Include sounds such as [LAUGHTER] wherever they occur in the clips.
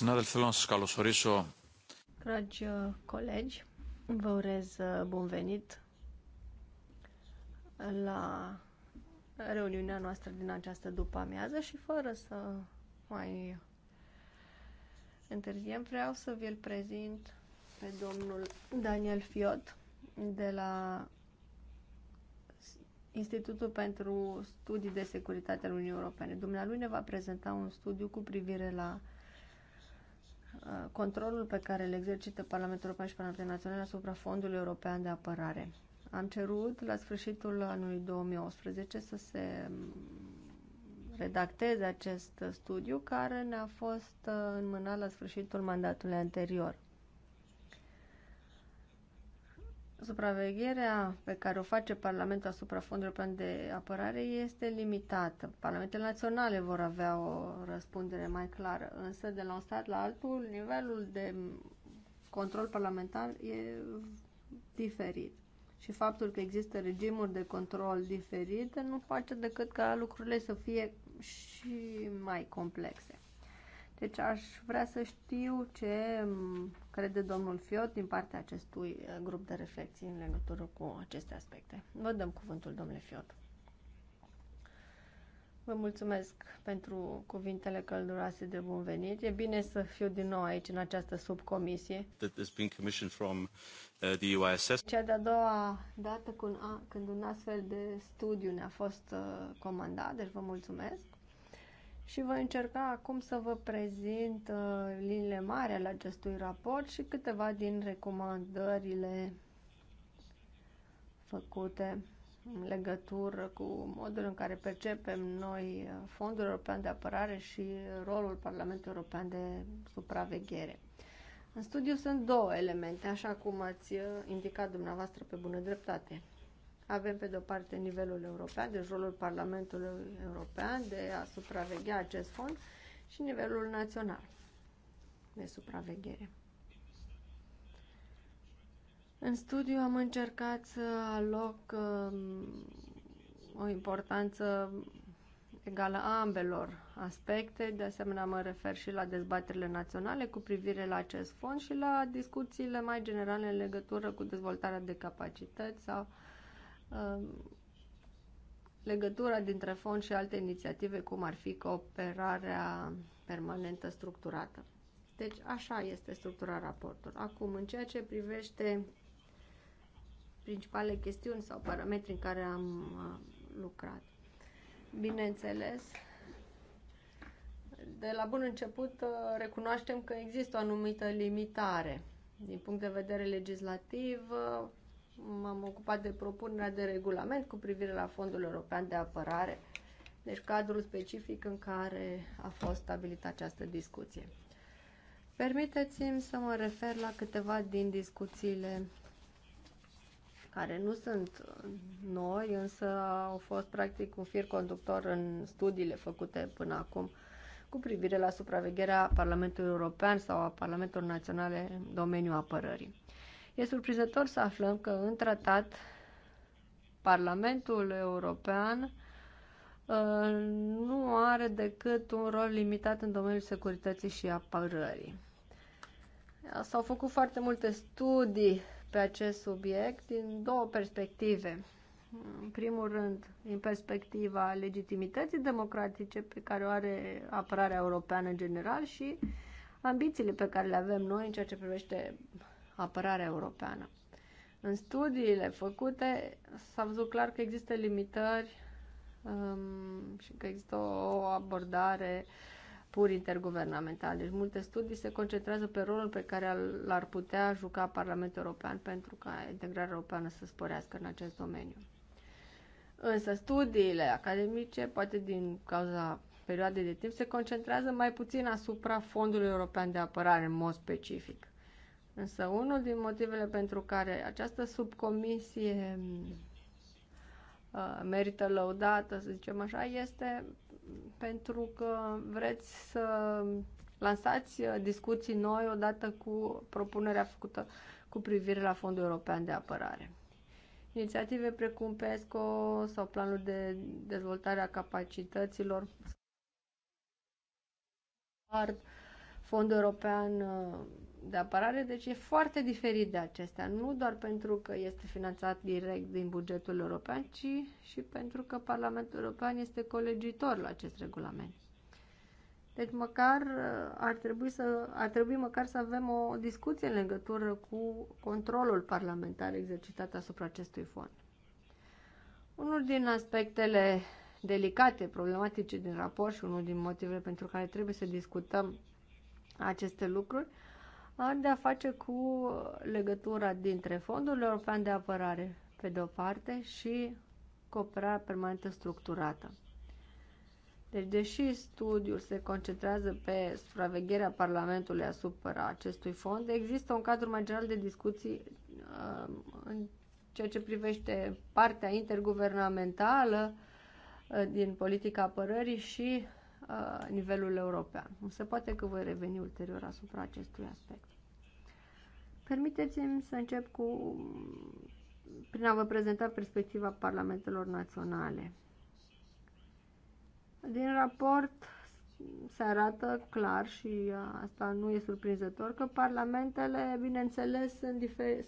Συνάδελφε, θέλω να σας καλωσορίσω. Dragi uh, colegi, vă urez uh, bun venit la reuniunea noastră din această după-amiază și fără să mai întârziem, vreau să vi-l prezint pe domnul Daniel Fiot de la Institutul pentru Studii de Securitate al Uniunii Europene. Dumnealui ne va prezenta un studiu cu privire la Uh, controlul pe care îl exercită Parlamentul European și Parlamentul Național asupra Fondului European de Apărare. Am cerut la sfârșitul anului 2018 să se redacteze acest studiu care ne-a fost uh, înmânat la sfârșitul mandatului anterior. Supravegherea pe care o face Parlamentul asupra Fondului European de Apărare este limitată. Parlamentele naționale vor avea o răspundere mai clară, însă de la un stat la altul, nivelul de control parlamentar e diferit. Și faptul că există regimuri de control diferite nu face decât ca lucrurile să fie și mai complexe. Deci aș vrea să știu ce crede domnul Fiot din partea acestui eh, grup de reflexii în legătură cu aceste aspecte. Vă dăm cuvântul, domnule Fiot. Vă mulțumesc pentru cuvintele călduroase de bun venit. E bine să fiu din nou aici, în această subcomisie. Eh, Cea de-a doua dată când, când un astfel de studiu ne-a fost eh, comandat, deci vă mulțumesc și voi încerca acum să vă prezint uh, liniile mari ale acestui raport și câteva din recomandările făcute în legătură cu modul în care percepem noi uh, Fondul European de Apărare și rolul Parlamentului European de supraveghere. În studiu sunt două elemente, așa cum ați uh, indicat dumneavoastră pe bună dreptate. Avem pe de o parte nivelul european, deci rolul Parlamentului European de a supraveghea acest fond și nivelul național de supraveghere. În studiu am încercat să aloc um, o importanță egală a ambelor aspecte. De asemenea, mă refer și la dezbaterile naționale cu privire la acest fond și la discuțiile mai generale în legătură cu dezvoltarea de capacități sau legătura dintre fond și alte inițiative, cum ar fi cooperarea permanentă structurată. Deci așa este structura raportului. Acum, în ceea ce privește principale chestiuni sau parametri în care am lucrat. Bineînțeles, de la bun început ă, recunoaștem că există o anumită limitare din punct de vedere legislativ, ă, m-am ocupat de propunerea de regulament cu privire la Fondul European de Apărare, deci cadrul specific în care a fost stabilită această discuție. Permiteți-mi să mă refer la câteva din discuțiile care nu sunt noi, însă au fost practic un fir conductor în studiile făcute până acum cu privire la supravegherea Parlamentului European sau a Parlamentului Naționale în domeniul apărării. E surprinzător să aflăm că în tratat Parlamentul European uh, nu are decât un rol limitat în domeniul securității și apărării. S-au făcut foarte multe studii pe acest subiect din două perspective. În primul rând, din perspectiva legitimității democratice pe care o are apărarea europeană în general și ambițiile pe care le avem noi în ceea ce privește apărarea europeană. În studiile făcute s-a văzut clar că există limitări um, și că există o abordare pur interguvernamentală. Deci multe studii se concentrează pe rolul pe care l-ar putea juca Parlamentul European pentru ca integrarea europeană să sporească în acest domeniu. Însă studiile academice, poate din cauza perioadei de timp, se concentrează mai puțin asupra Fondului European de Apărare în mod specific. Însă unul din motivele pentru care această subcomisie uh, merită lăudată, să zicem așa, este pentru că vreți să lansați uh, discuții noi odată cu propunerea făcută cu privire la Fondul European de Apărare. Inițiative precum PESCO sau planul de dezvoltare a capacităților, Fondul European uh, de apărare, deci e foarte diferit de acestea, nu doar pentru că este finanțat direct din bugetul european, ci și pentru că Parlamentul European este colegitor la acest regulament. Deci măcar uh, ar trebui, să, ar trebui măcar să avem o discuție în legătură cu controlul parlamentar exercitat asupra acestui fond. Unul din aspectele delicate, problematice din raport și unul din motivele pentru care trebuie să discutăm aceste lucruri are de a face cu legătura dintre fondurile European de Apărare, pe de-o parte, și cooperarea permanentă structurată. Deci, deși studiul se concentrează pe supravegherea Parlamentului asupra acestui fond, există un cadru mai general de discuții uh, în ceea ce privește partea interguvernamentală uh, din politica apărării și uh, nivelul european. Se poate că voi reveni ulterior asupra acestui aspect. Permiteți-mi să încep cu prin a vă prezenta perspectiva parlamentelor naționale. Din raport se arată clar și asta nu e surprinzător că parlamentele, bineînțeles, sunt,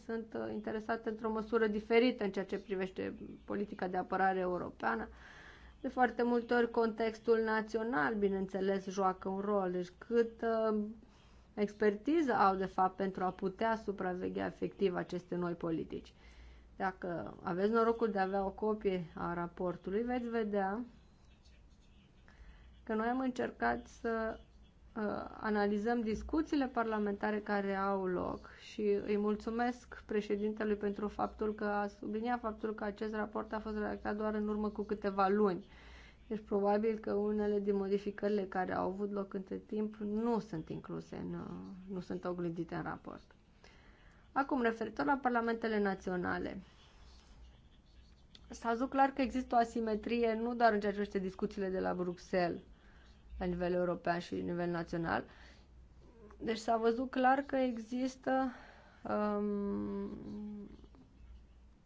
sunt interesate într-o măsură diferită în ceea ce privește politica de apărare europeană. De foarte multe ori contextul național, bineînțeles, joacă un rol. Deci cât expertiză au, de fapt, pentru a putea supraveghea efectiv aceste noi politici. Dacă aveți norocul de a avea o copie a raportului, veți vedea că noi am încercat să uh, analizăm discuțiile parlamentare care au loc și îi mulțumesc președintelui pentru faptul că a subliniat faptul că acest raport a fost redactat doar în urmă cu câteva luni. Deci probabil că unele din modificările care au avut loc între timp nu sunt incluse, în, uh, nu sunt oglindite în raport. Acum, referitor la parlamentele naționale, s-a văzut clar că există o asimetrie nu doar în ceea ce privește discuțiile de la Bruxelles, la nivel european și la nivel național, deci s-a văzut clar că există um,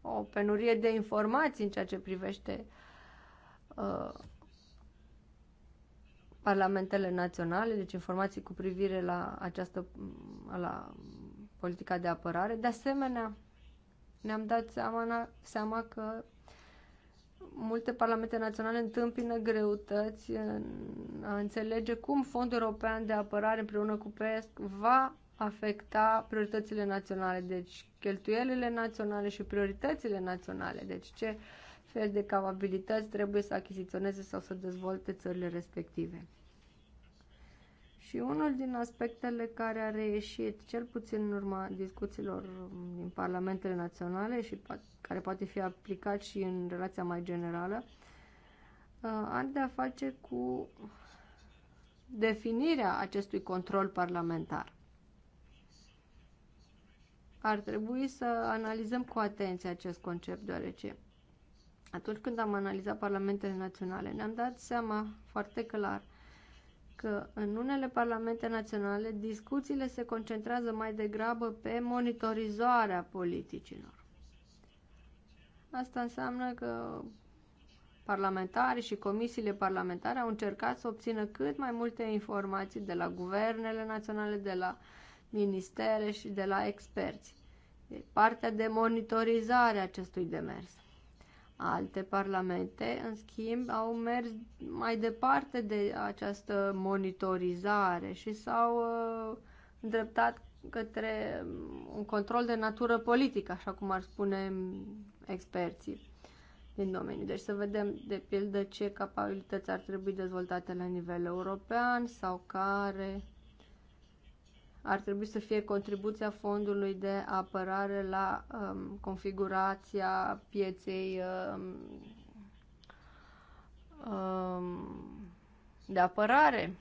o penurie de informații în ceea ce privește uh, parlamentele naționale, deci informații cu privire la această la politica de apărare. De asemenea, ne-am dat seama, seama că multe parlamente naționale întâmpină greutăți în a înțelege cum Fondul European de Apărare împreună cu PESC va afecta prioritățile naționale, deci cheltuielile naționale și prioritățile naționale, deci ce fel de capabilități trebuie să achiziționeze sau să dezvolte țările respective. Și unul din aspectele care a reieșit, cel puțin în urma discuțiilor din parlamentele naționale și care poate fi aplicat și în relația mai generală, uh, are de a face cu definirea acestui control parlamentar. Ar trebui să analizăm cu atenție acest concept, deoarece atunci când am analizat parlamentele naționale, ne-am dat seama foarte clar – că în unele parlamente naționale discuțiile se concentrează mai degrabă pe monitorizarea politicilor. Asta înseamnă că parlamentarii și comisiile parlamentare au încercat să obțină cât mai multe informații de la guvernele naționale, de la ministere și de la experți. Deci partea de monitorizare a acestui demers. Alte parlamente, în schimb, au mers mai departe de această monitorizare și s-au uh, îndreptat către um, un control de natură politică, așa cum ar spune um, experții din domeniu. Deci să vedem, de pildă, ce capabilități ar trebui dezvoltate la nivel european sau care ar trebui să fie contribuția fondului de apărare la um, configurația pieței um, um, de apărare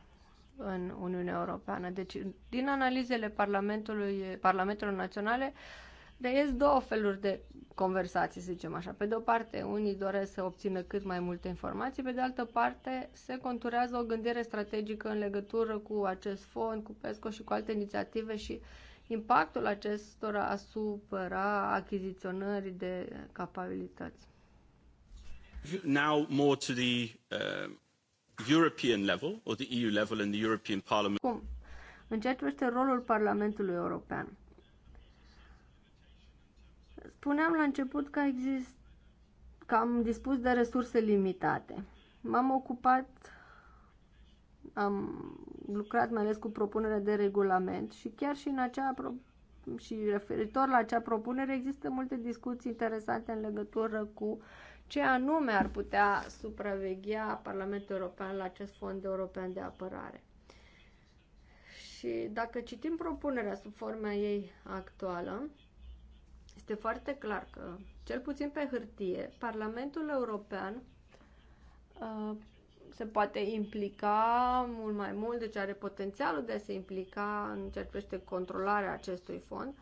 în Uniunea Europeană. Deci, din analizele Parlamentului, Parlamentelor Naționale, uh, ies două feluri de conversații, să zicem așa. Pe de o parte, unii doresc să obțină cât mai multe informații, pe de altă parte, se conturează o gândire strategică în legătură cu acest fond, cu PESCO și cu alte inițiative și impactul acestora asupra achiziționării de capabilități. Now more to the uh, European level or the EU level and the European Parliament. Cum? În ceea ce rolul Parlamentului European. Spuneam la început că, exist, că am dispus de resurse limitate. M-am ocupat, am lucrat mai ales cu propunerea de regulament și chiar și în acea pro- și referitor la acea propunere există multe discuții interesante în legătură cu ce anume ar putea supraveghea Parlamentul European la acest fond european de apărare. Și dacă citim propunerea sub forma ei actuală, este foarte clar că, cel puțin pe hârtie, Parlamentul European uh, se poate implica mult mai mult, deci are potențialul de a se implica în ceea ce privește controlarea acestui fond,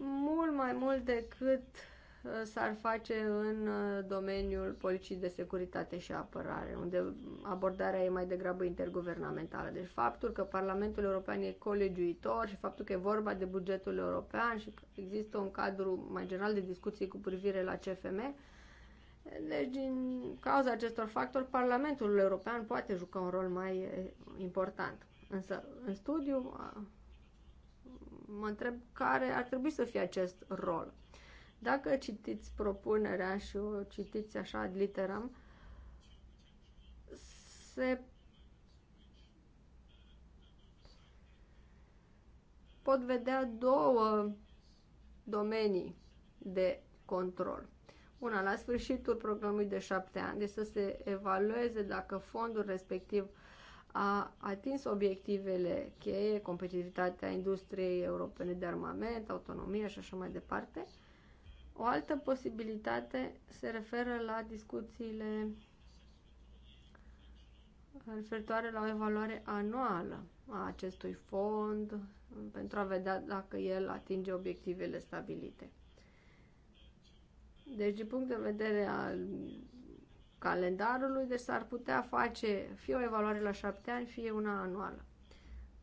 mult mai mult decât uh, s-ar face în uh, domeniul politicii de securitate și apărare, unde abordarea e mai degrabă interguvernamentală. Deci faptul că Parlamentul European e colegiuitor și faptul că e vorba de bugetul european și că există un cadru mai general de discuții cu privire la CFM, deci, din cauza acestor factori, Parlamentul European poate juca un rol mai eh, important. Însă, în studiu, mă întreb care ar trebui să fie acest rol dacă citiți propunerea și o citiți așa ad literam, se pot vedea două domenii de control. Una, la sfârșitul programului de șapte ani, de să se evalueze dacă fondul respectiv a atins obiectivele cheie, competitivitatea industriei europene de armament, autonomia și așa mai departe. O altă posibilitate se referă la discuțiile referitoare la o evaluare anuală a acestui fond pentru a vedea dacă el atinge obiectivele stabilite. Deci, din punct de vedere al calendarului, deci s-ar putea face fie o evaluare la șapte ani, fie una anuală.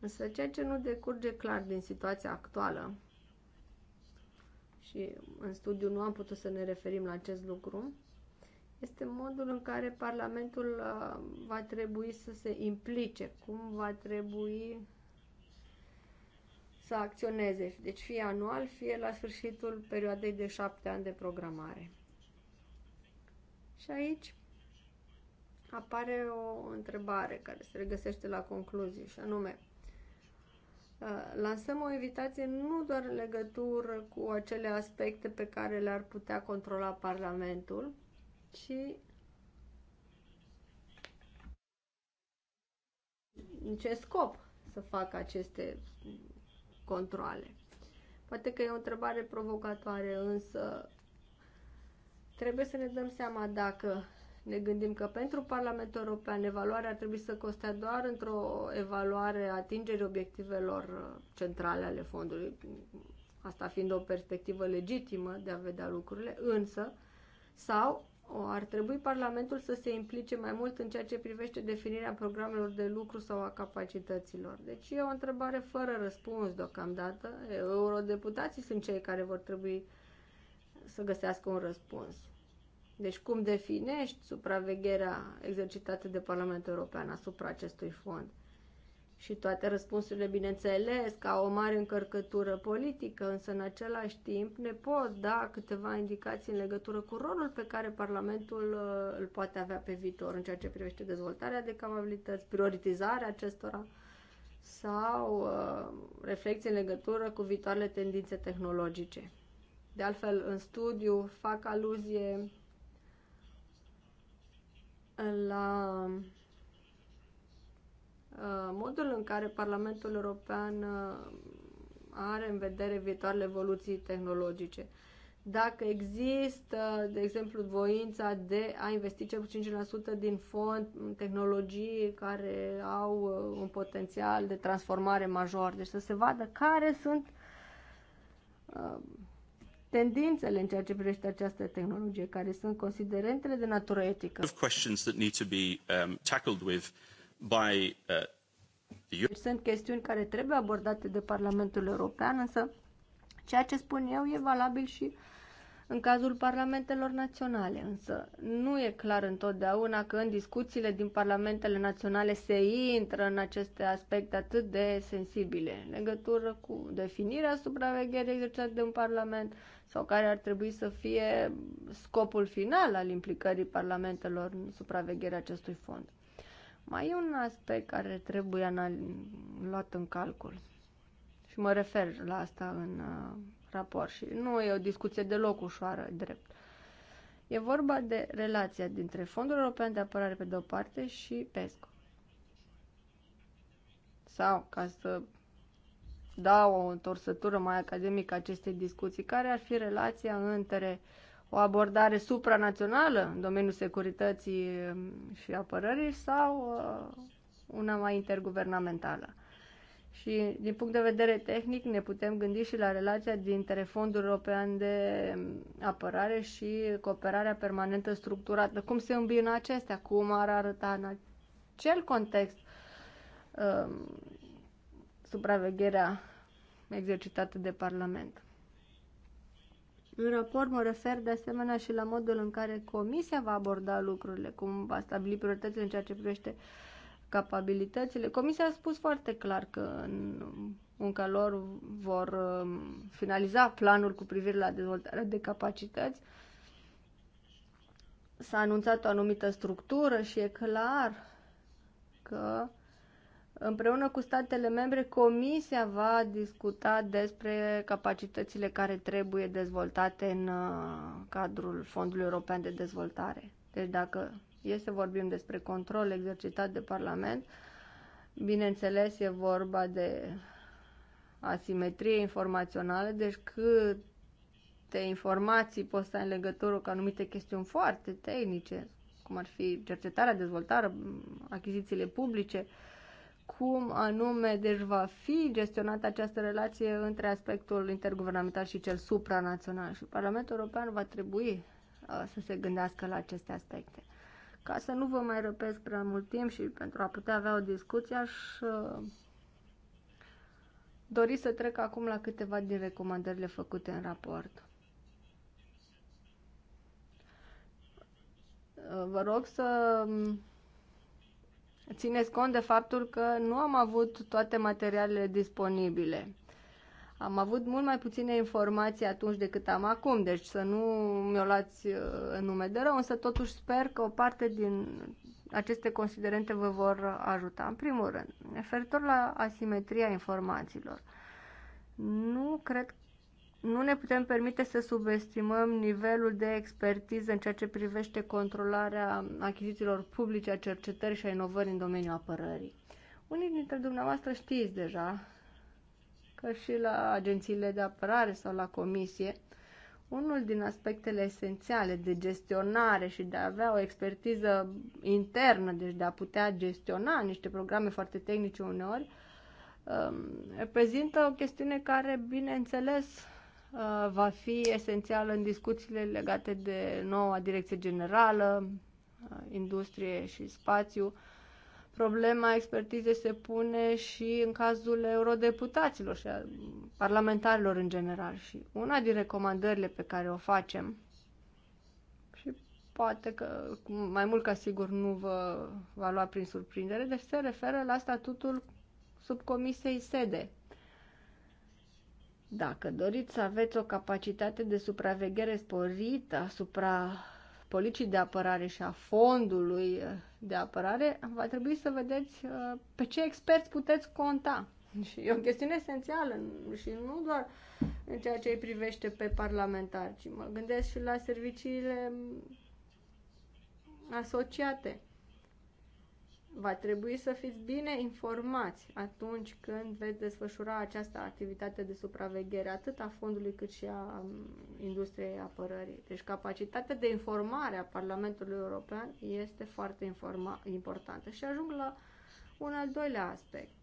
Însă ceea ce nu decurge clar din situația actuală și în studiu nu am putut să ne referim la acest lucru, este modul în care Parlamentul uh, va trebui să se implice, cum va trebui să acționeze, deci fie anual, fie la sfârșitul perioadei de șapte ani de programare. Și aici apare o întrebare care se regăsește la concluzie, și anume, Uh, lansăm o invitație nu doar în legătură cu acele aspecte pe care le-ar putea controla Parlamentul, ci în ce scop să facă aceste controle. Poate că e o întrebare provocatoare, însă trebuie să ne dăm seama dacă ne gândim că pentru Parlamentul European evaluarea ar trebui să coste doar într-o evaluare atingerii obiectivelor uh, centrale ale fondului, asta fiind o perspectivă legitimă de a vedea lucrurile, însă, sau ar trebui Parlamentul să se implice mai mult în ceea ce privește definirea programelor de lucru sau a capacităților. Deci e o întrebare fără răspuns deocamdată. Eurodeputații sunt cei care vor trebui să găsească un răspuns. Deci cum definești supravegherea exercitată de Parlamentul European asupra acestui fond? Și toate răspunsurile, bineînțeles, ca o mare încărcătură politică, însă în același timp ne pot da câteva indicații în legătură cu rolul pe care Parlamentul uh, îl poate avea pe viitor în ceea ce privește dezvoltarea de capabilități, prioritizarea acestora sau uh, reflexii în legătură cu viitoarele tendințe tehnologice. De altfel, în studiu fac aluzie la uh, modul în care Parlamentul European uh, are în vedere viitoarele evoluții tehnologice. Dacă există, de exemplu, voința de a investi cel puțin 5% din fond în tehnologii care au uh, un potențial de transformare major. Deci să se vadă care sunt tendințele în ceea ce privește această tehnologie, care sunt considerentele de natură etică. Um, uh, sunt chestiuni care trebuie abordate de Parlamentul European, însă ceea ce spun eu e valabil și în cazul parlamentelor naționale, însă nu e clar întotdeauna că în discuțiile din parlamentele naționale se intră în aceste aspecte atât de sensibile, în legătură cu definirea supravegherii exercitate de un parlament, uh, sau care ar trebui să fie scopul final al implicării parlamentelor în supravegherea acestui fond. Mai e un aspect care trebuie luat în calcul și mă refer la asta în uh, raport și nu e o discuție deloc ușoară, drept. E vorba de relația dintre Fondul European de Apărare pe de-o parte și PESCO. Sau, ca să da o întorsătură mai academică acestei discuții, care ar fi relația între o abordare supranațională în domeniul securității um, și apărării sau uh, una mai interguvernamentală. Și din punct de vedere tehnic ne putem gândi și la relația dintre Fondul European de um, Apărare și cooperarea permanentă structurată. Cum se îmbină acestea? Cum ar arăta în acel context um, supravegherea exercitată de Parlament. În raport mă refer de asemenea și la modul în care Comisia va aborda lucrurile, cum va stabili prioritățile în ceea ce privește capabilitățile. Comisia a spus foarte clar că în munca lor vor um, finaliza planul cu privire la dezvoltarea de capacități. S-a anunțat o anumită structură și e clar că Împreună cu statele membre, Comisia va discuta despre capacitățile care trebuie dezvoltate în uh, cadrul Fondului European de Dezvoltare. Deci dacă e să vorbim despre control exercitat de Parlament, bineînțeles e vorba de asimetrie informațională, deci câte informații poți să ai în legătură cu anumite chestiuni foarte tehnice, cum ar fi cercetarea, dezvoltarea, achizițiile publice, cum anume deci va fi gestionată această relație între aspectul interguvernamental și cel supranațional și Parlamentul European va trebui uh, să se gândească la aceste aspecte. Ca să nu vă mai răpesc prea mult timp și pentru a putea avea o discuție, aș uh, dori să trec acum la câteva din recomandările făcute în raport. Uh, vă rog să um, țineți cont de faptul că nu am avut toate materialele disponibile. Am avut mult mai puține informații atunci decât am acum, deci să nu mi-o luați uh, în nume de rău, însă totuși sper că o parte din aceste considerente vă vor ajuta. În primul rând, referitor la asimetria informațiilor, nu cred nu ne putem permite să subestimăm nivelul de expertiză în ceea ce privește controlarea achizițiilor publice, a cercetării și a inovării în domeniul apărării. Unii dintre dumneavoastră știți deja că și la agențiile de apărare sau la comisie, unul din aspectele esențiale de gestionare și de a avea o expertiză internă, deci de a putea gestiona niște programe foarte tehnice uneori, um, reprezintă o chestiune care, bineînțeles, Uh, va fi esențială în discuțiile legate de noua direcție generală, uh, industrie și spațiu. Problema expertizei se pune și în cazul eurodeputaților și a parlamentarilor în general. Și una din recomandările pe care o facem, și poate că mai mult ca sigur nu vă va lua prin surprindere, deci se referă la statutul subcomisiei sede dacă doriți să aveți o capacitate de supraveghere sporită asupra policii de apărare și a fondului de apărare, va trebui să vedeți uh, pe ce experți puteți conta. Și e o chestiune esențială și nu doar în ceea ce îi privește pe parlamentari, ci mă gândesc și la serviciile asociate. Va trebui să fiți bine informați atunci când veți desfășura această activitate de supraveghere, atât a fondului cât și a um, industriei apărării. Deci capacitatea de informare a Parlamentului European este foarte importantă. Și ajung la un al doilea aspect.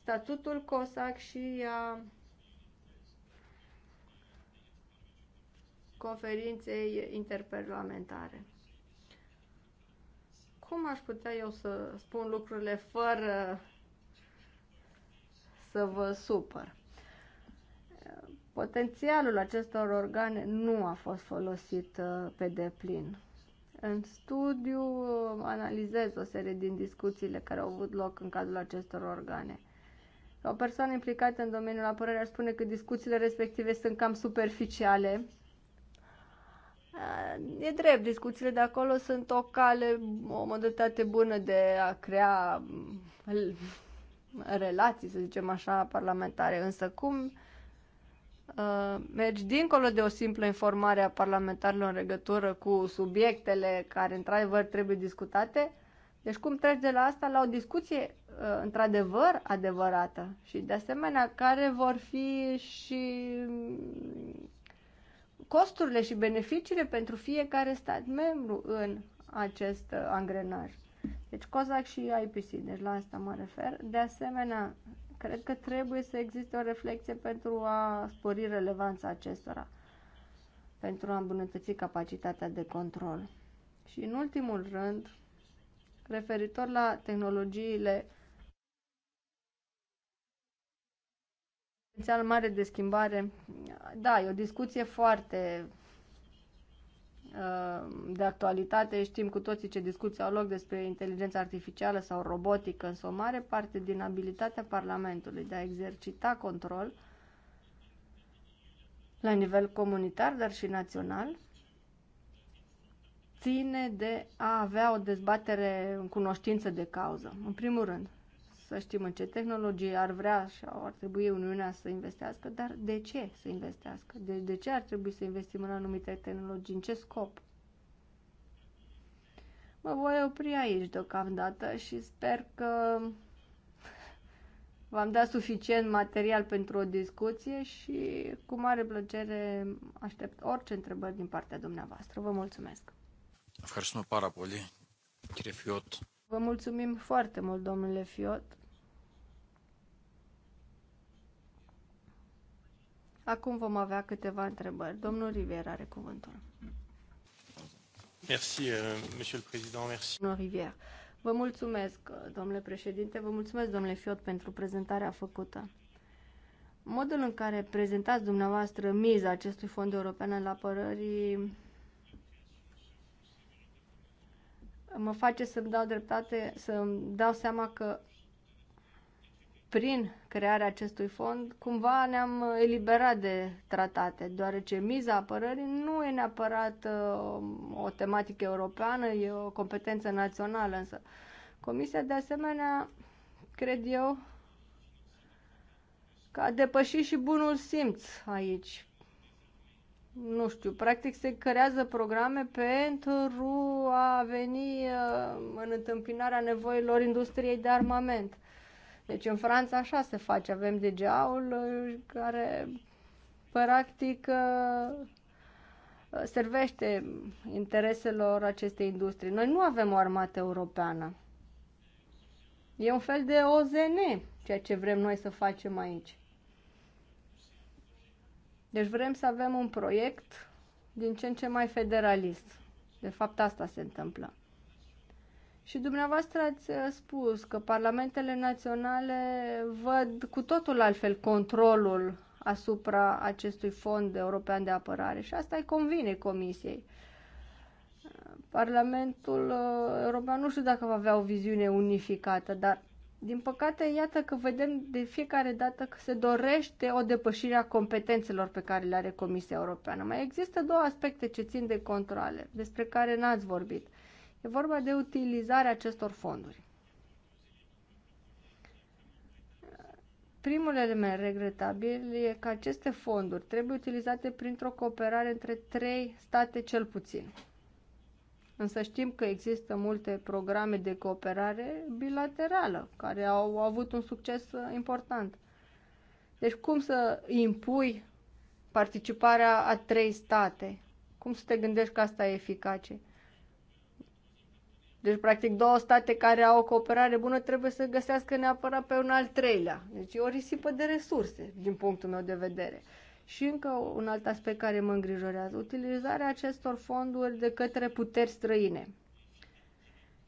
Statutul COSAC și a conferinței interparlamentare. Cum aș putea eu să spun lucrurile fără să vă supăr? Potențialul acestor organe nu a fost folosit uh, pe deplin. În studiu uh, analizez o serie din discuțiile care au avut loc în cadrul acestor organe. O persoană implicată în domeniul apărării ar spune că discuțiile respective sunt cam superficiale E drept, discuțiile de acolo sunt o cale, o modalitate bună de a crea mm, relații, să zicem așa, parlamentare. Însă cum uh, mergi dincolo de o simplă informare a parlamentarilor în legătură cu subiectele care într-adevăr trebuie discutate, deci cum treci de la asta la o discuție uh, într-adevăr adevărată și de asemenea care vor fi și costurile și beneficiile pentru fiecare stat membru în acest uh, angrenaj. Deci COSAC și IPC, deci la asta mă refer. De asemenea, cred că trebuie să existe o reflexie pentru a spori relevanța acestora, pentru a îmbunătăți capacitatea de control. Și în ultimul rând, referitor la tehnologiile potențial mare de schimbare. Da, e o discuție foarte uh, de actualitate. Știm cu toții ce discuții au loc despre inteligența artificială sau robotică, însă o mare parte din abilitatea Parlamentului de a exercita control la nivel comunitar, dar și național, ține de a avea o dezbatere în cunoștință de cauză, în primul rând să știm în ce tehnologie ar vrea și ar trebui Uniunea să investească, dar de ce să investească? De, de ce ar trebui să investim în anumite tehnologii? În ce scop? Mă voi opri aici deocamdată și sper că [LAUGHS] v-am dat suficient material pentru o discuție și cu mare plăcere aștept orice întrebări din partea dumneavoastră. Vă mulțumesc! Vă mulțumim foarte mult, domnule Fiot. Acum vom avea câteva întrebări. Domnul Rivier are cuvântul. Merci, euh, monsieur le président, merci. Domnul Rivier. Vă mulțumesc, domnule președinte, vă mulțumesc, domnule Fiot, pentru prezentarea făcută. Modul în care prezentați dumneavoastră miza acestui fond european al apărării mă face să-mi dau dreptate, să-mi dau seama că prin crearea acestui fond, cumva ne-am uh, eliberat de tratate, deoarece miza apărării nu e neapărat uh, o tematică europeană, e o competență națională, însă Comisia, de asemenea, cred eu, că a depășit și bunul simț aici. Nu știu, practic se creează programe pentru a veni uh, în întâmpinarea nevoilor industriei de armament. Deci în Franța așa se face, avem DGA-ul uh, care practic uh, servește intereselor acestei industrii. Noi nu avem o armată europeană. E un fel de OZN, ceea ce vrem noi să facem aici. Deci vrem să avem un proiect din ce în ce mai federalist. De fapt, asta se întâmplă. Și dumneavoastră ați uh, spus că parlamentele naționale văd cu totul altfel controlul asupra acestui fond european de apărare și asta îi convine Comisiei. Parlamentul uh, European nu știu dacă va avea o viziune unificată, dar din păcate, iată că vedem de fiecare dată că se dorește o depășire a competențelor pe care le are Comisia Europeană. Mai există două aspecte ce țin de controle, despre care n-ați vorbit. Uh, E vorba de utilizarea acestor fonduri. Primul element regretabil e că aceste fonduri trebuie utilizate printr-o cooperare între trei state cel puțin. Însă știm că există multe programe de cooperare bilaterală care au avut un succes important. Deci cum să impui participarea a trei state? Cum să te gândești că asta e eficace? Deci, practic, două state care au o cooperare bună trebuie să găsească neapărat pe un al treilea. Deci e o risipă de resurse, din punctul meu de vedere. Și încă un alt aspect care mă îngrijorează, utilizarea acestor fonduri de către puteri străine.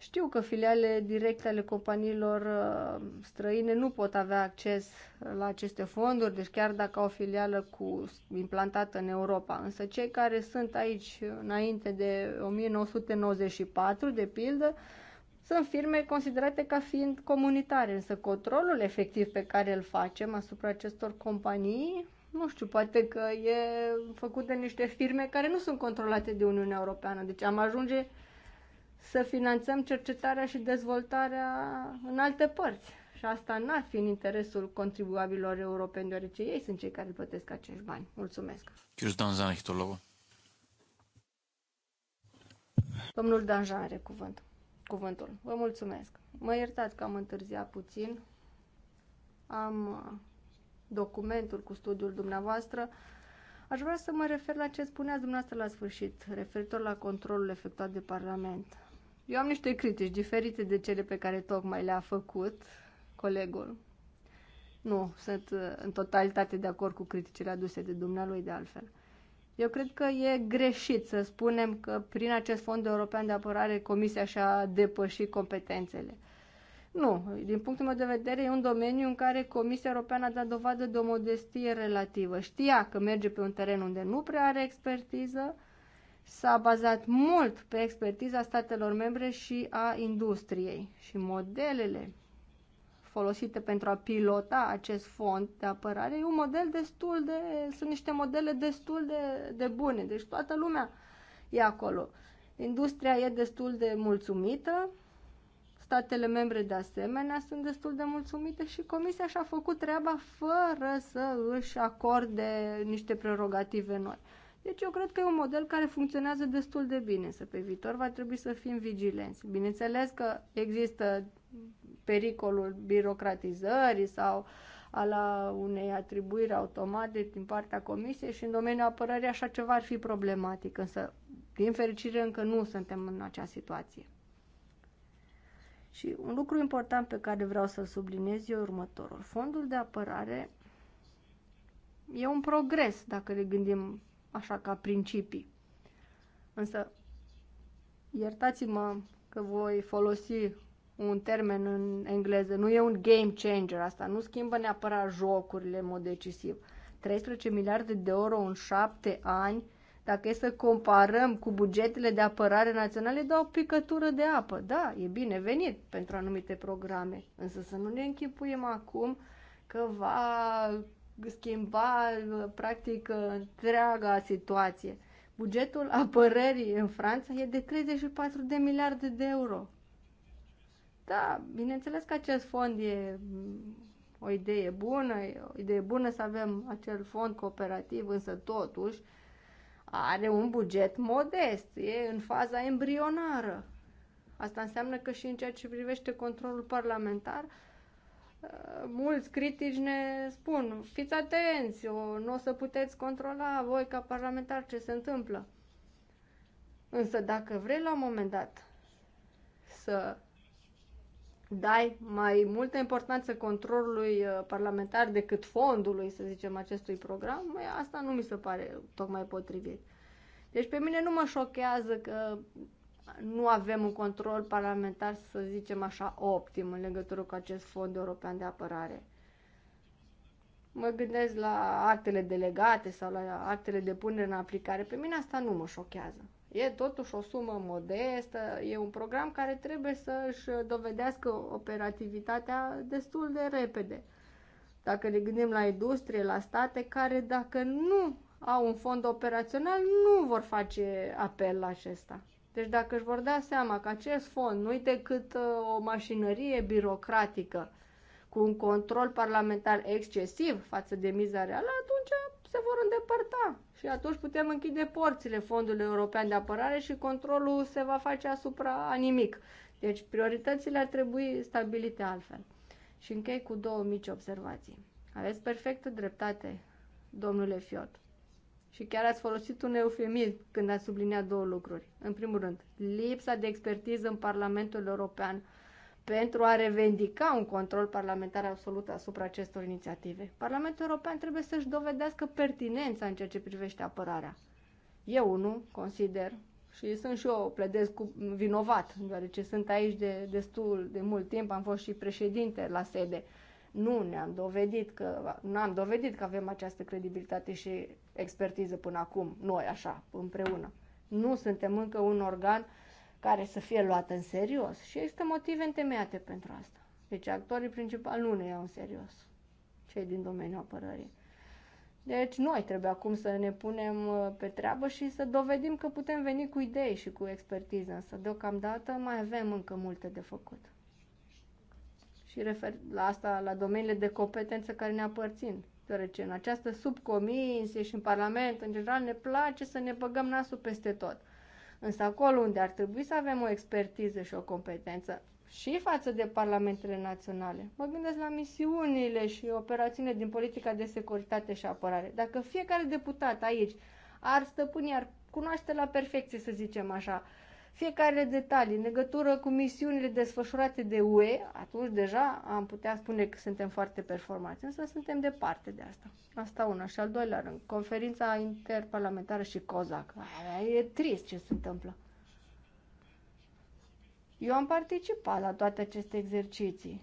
Știu că filiale directe ale companiilor uh, străine nu pot avea acces la aceste fonduri, deci chiar dacă au o filială cu, implantată în Europa. Însă cei care sunt aici înainte de 1994, de pildă, sunt firme considerate ca fiind comunitare, însă controlul efectiv pe care îl facem asupra acestor companii, nu știu, poate că e făcut de niște firme care nu sunt controlate de Uniunea Europeană. Deci am ajunge să finanțăm cercetarea și dezvoltarea în alte părți. Și asta n-ar fi în interesul contribuabilor europeni, deoarece ei sunt cei care plătesc acești bani. Mulțumesc. Domnul Danjan are cuvânt. cuvântul. Vă mulțumesc. Mă iertați că am întârziat puțin. Am uh, documentul cu studiul dumneavoastră. Aș vrea să mă refer la ce spuneați dumneavoastră la sfârșit, referitor la controlul efectuat de Parlament. Eu am niște critici diferite de cele pe care tocmai le-a făcut colegul. Nu, sunt uh, în totalitate de acord cu criticile aduse de dumnealui de altfel. Eu cred că e greșit să spunem că prin acest fond european de apărare Comisia și-a depășit competențele. Nu, din punctul meu de vedere e un domeniu în care Comisia Europeană a dat dovadă de o modestie relativă. Știa că merge pe un teren unde nu prea are expertiză, s-a bazat mult pe expertiza statelor membre și a industriei și modelele folosite pentru a pilota acest fond de apărare e un model destul de, sunt niște modele destul de, de bune, deci toată lumea e acolo. Industria e destul de mulțumită, statele membre de asemenea sunt destul de mulțumite și Comisia și-a făcut treaba fără să își acorde niște prerogative noi. Deci eu cred că e un model care funcționează destul de bine, să pe viitor va trebui să fim vigilenți. Bineînțeles că există pericolul birocratizării sau a la unei atribuiri automate din partea comisiei și în domeniul apărării așa ceva ar fi problematic, însă din fericire încă nu suntem în acea situație. Și un lucru important pe care vreau să-l subliniez e următorul. Fondul de apărare e un progres dacă ne gândim așa ca principii. Însă, iertați-mă că voi folosi un termen în engleză, nu e un game changer asta, nu schimbă neapărat jocurile în mod decisiv. 13 miliarde de euro în 7 ani, dacă e să comparăm cu bugetele de apărare naționale, dau o picătură de apă. Da, e bine venit pentru anumite programe, însă să nu ne închipuim acum că va schimba uh, practic uh, întreaga situație. Bugetul apărării în Franța e de 34 de miliarde de euro. Da, bineînțeles că acest fond e mm, o idee bună, e o idee bună să avem acel fond cooperativ, însă totuși are un buget modest, e în faza embrionară. Asta înseamnă că și în ceea ce privește controlul parlamentar, uh, mulți critici ne spun, fiți atenți, nu o să puteți controla voi ca parlamentar ce se întâmplă. Însă dacă vrei la un moment dat să dai mai multă importanță controlului uh, parlamentar decât fondului, să zicem, acestui program, asta nu mi se pare tocmai potrivit. Deci pe mine nu mă șochează că nu avem un control parlamentar, să zicem așa, optim în legătură cu acest fond european de apărare. Mă gândesc la actele delegate sau la actele de punere în aplicare. Pe mine asta nu mă șochează. E totuși o sumă modestă, e un program care trebuie să-și dovedească operativitatea destul de repede. Dacă ne gândim la industrie, la state care dacă nu au un fond operațional, nu vor face apel la acesta. Deci dacă își vor da seama că acest fond nu-i decât uh, o mașinărie birocratică cu un control parlamentar excesiv față de miza reală, atunci se vor îndepărta. Și atunci putem închide porțile Fondului European de Apărare și controlul se va face asupra a nimic. Deci prioritățile ar trebui stabilite altfel. Și închei cu două mici observații. Aveți perfectă dreptate, domnule Fiot. Și chiar ați folosit un eufemism când ați subliniat două lucruri. În primul rând, lipsa de expertiză în Parlamentul European pentru a revendica un control parlamentar absolut asupra acestor inițiative. Parlamentul European trebuie să-și dovedească pertinența în ceea ce privește apărarea. Eu nu consider și sunt și eu pledez cu vinovat, deoarece sunt aici de destul de mult timp, am fost și președinte la sede. Uh, nu ne-am dovedit că, n-am dovedit că avem această credibilitate și expertiză până acum, noi așa, împreună. Nu suntem încă un organ care să fie luat în serios și există motive întemeiate pentru asta. Deci actorii principali nu ne iau în serios, cei din domeniul apărării. Deci noi trebuie acum să ne punem uh, pe treabă și să dovedim că putem veni cu idei și cu expertiză, însă deocamdată mai avem încă multe de făcut și refer la asta la domeniile de competență care ne aparțin. Deoarece în această subcomisie și în Parlament, în general, ne place să ne băgăm nasul peste tot. Însă acolo unde ar trebui să avem o expertiză și o competență și față de parlamentele naționale. Mă gândesc la misiunile și operațiunile din politica de securitate și apărare. Dacă fiecare deputat aici ar stăpâni, ar cunoaște la perfecție, să zicem așa, uh, fiecare detalii în legătură cu misiunile desfășurate de UE, atunci deja am putea spune că suntem foarte performați, însă suntem departe de asta. Asta una. Și al doilea rând, conferința interparlamentară și COZAC. E trist ce se întâmplă. Eu am participat la toate aceste exerciții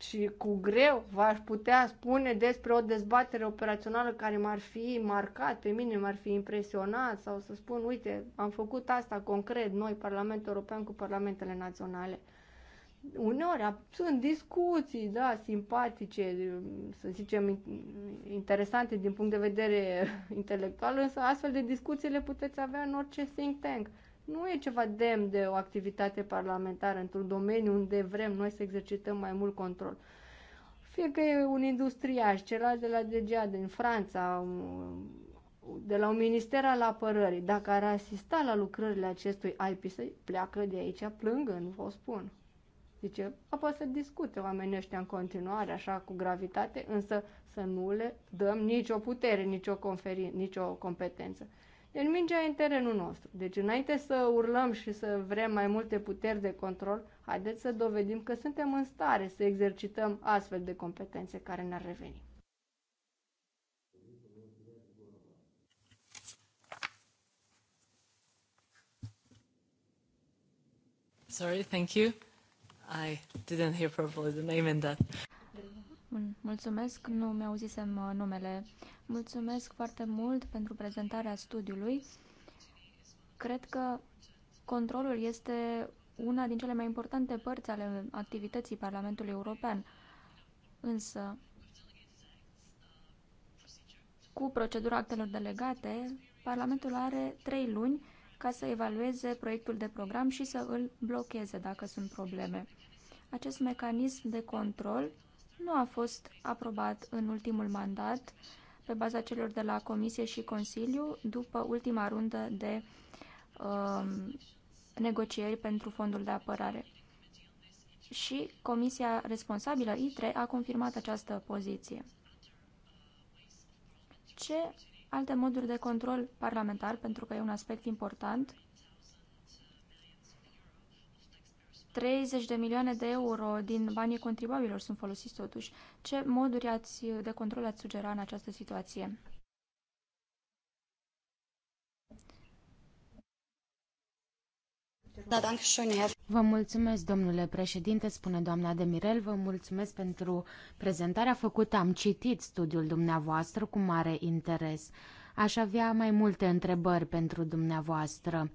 și cu greu v-aș putea spune despre o dezbatere operațională care m-ar fi marcat pe mine, m-ar fi impresionat sau să spun, uite, am făcut asta concret noi, Parlamentul European cu Parlamentele Naționale. Uneori sunt discuții, da, simpatice, să zicem, interesante din punct de vedere [LAUGHS] intelectual, însă astfel de discuții le puteți avea în orice think tank nu e ceva demn de o activitate parlamentară într-un domeniu unde vrem noi să exercităm mai mult control. Fie că e un industriaș, celălalt de la DGA din Franța, um, de la un minister al apărării, dacă ar asista la lucrările acestui IP, să pleacă de aici plângând, vă spun. Zice, apoi să discute oamenii ăștia în continuare, așa, cu gravitate, însă să nu le dăm nicio putere, nicio, conferință, nicio competență. El deci mingea e în terenul nostru. Deci înainte să urlăm și să vrem mai multe puteri de control, haideți să dovedim că suntem în stare să exercităm astfel de competențe care ne-ar reveni. Sorry, thank you. I didn't hear properly the name in that. Mulțumesc, nu mi-auzisem uh, numele. Mulțumesc foarte mult pentru prezentarea studiului. Cred că controlul este una din cele mai importante părți ale activității Parlamentului European. Însă, cu procedura actelor delegate, Parlamentul are trei luni ca să evalueze proiectul de program și să îl blocheze dacă sunt probleme. Acest mecanism de control nu a fost aprobat în ultimul mandat pe baza celor de la Comisie și Consiliu după ultima rundă de uh, negocieri pentru fondul de apărare. Și comisia responsabilă, ITRE, a confirmat această poziție. Ce alte moduri de control parlamentar, pentru că e un aspect important, 30 de milioane de euro din banii contribuabilor sunt folosiți totuși. Ce moduri ați, de control ați sugera în această situație? Da, vă mulțumesc, domnule președinte, spune doamna Demirel, vă mulțumesc pentru prezentarea făcută. Am citit studiul dumneavoastră cu mare interes. Aș avea mai multe întrebări pentru dumneavoastră.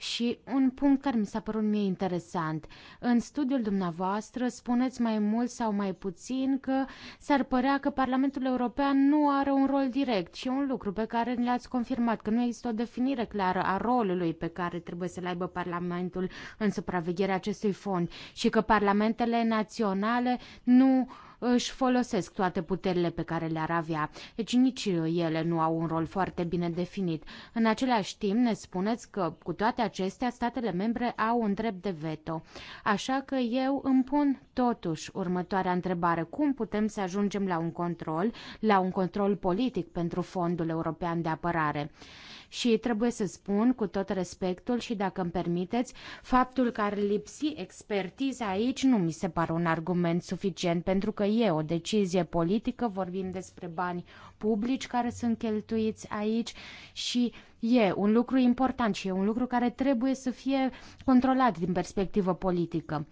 Și un punct care mi s-a părut mie interesant. În studiul dumneavoastră spuneți mai mult sau mai puțin că s-ar părea că Parlamentul European nu are un rol direct și un lucru pe care ne l-ați confirmat, că nu există o definire clară a rolului pe care trebuie să-l aibă Parlamentul în supravegherea acestui fond și că parlamentele naționale nu uh, își folosesc toate puterile pe care le-ar avea, deci nici ele nu au un rol foarte bine definit. În același timp ne spuneți că cu toate acestea statele membre au un drept de veto. Așa că eu îmi pun totuși următoarea întrebare. Cum putem să ajungem la un control, la un control politic pentru Fondul European de Apărare? și trebuie să spun cu tot respectul și dacă îmi permiteți, faptul că ar lipsi expertiza aici nu mi se pare un argument suficient pentru că e o decizie politică, vorbim despre bani publici care sunt cheltuiți aici și e un lucru important și e un lucru care trebuie să fie controlat din perspectivă politică.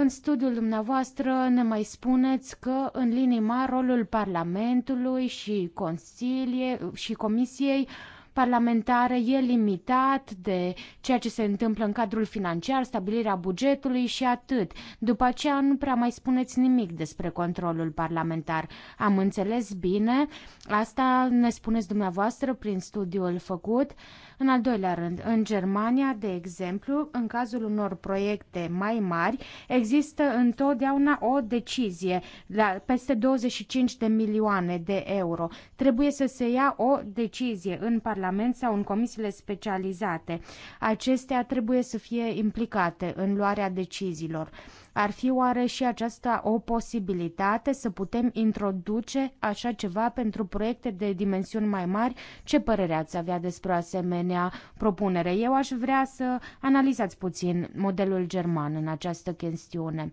În studiul dumneavoastră ne mai spuneți că, în linii mari, rolul Parlamentului și, Consilie, și Comisiei parlamentare e limitat de ceea ce se întâmplă în cadrul financiar, stabilirea bugetului și atât. După aceea nu prea mai spuneți nimic despre controlul parlamentar. Am înțeles bine, asta ne spuneți dumneavoastră prin studiul făcut. Uh, în al doilea rând, în Germania, de exemplu, în cazul unor proiecte mai mari, există întotdeauna o decizie la peste 25 de milioane de euro. Trebuie să se ia o decizie în Parlament sau în comisiile specializate. Acestea trebuie să fie implicate în luarea deciziilor. Ar fi oare și aceasta o posibilitate să putem introduce așa ceva pentru proiecte de dimensiuni mai mari? Ce părere ați avea despre o asemenea propunere? Eu aș vrea să analizați puțin modelul german în această chestiune.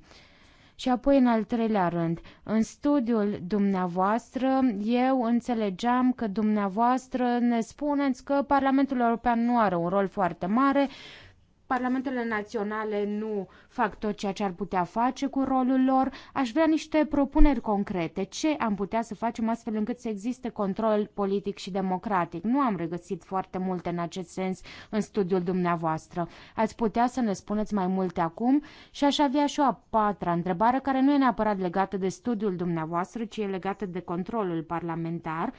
Și apoi, în al treilea rând, în studiul dumneavoastră, eu înțelegeam că dumneavoastră ne spuneți că Parlamentul European nu are un rol foarte mare Parlamentele naționale nu fac tot ceea ce ar putea face cu rolul lor. Aș vrea niște propuneri concrete. Ce am putea să facem astfel încât să existe control politic și democratic? Nu am regăsit foarte multe în acest sens în studiul dumneavoastră. Ați putea să ne spuneți mai multe acum? Și aș avea și o a patra întrebare care nu e neapărat legată de studiul dumneavoastră, ci e legată de controlul parlamentar.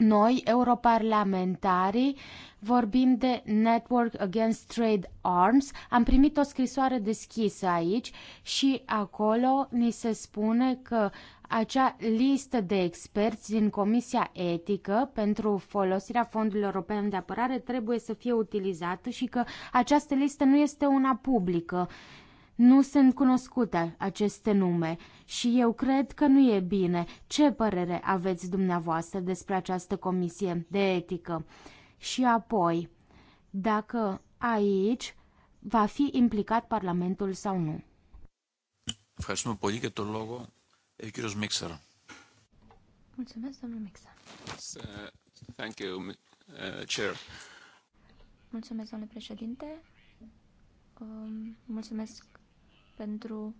Noi, europarlamentarii, vorbim de Network Against Trade Arms. Am primit o scrisoare deschisă aici și acolo ni se spune că acea listă de experți din Comisia Etică pentru folosirea fondurilor europene de Apărare trebuie să fie utilizată și că această listă nu este una publică. Nu sunt cunoscute aceste nume și eu cred că nu e bine. Ce părere aveți dumneavoastră despre această comisie de etică? Și apoi, dacă aici va fi implicat Parlamentul sau nu. Mulțumesc, domnul Mixer. Thank you, uh, Chair. Mulțumesc, domnule președinte. Mulțumesc pentru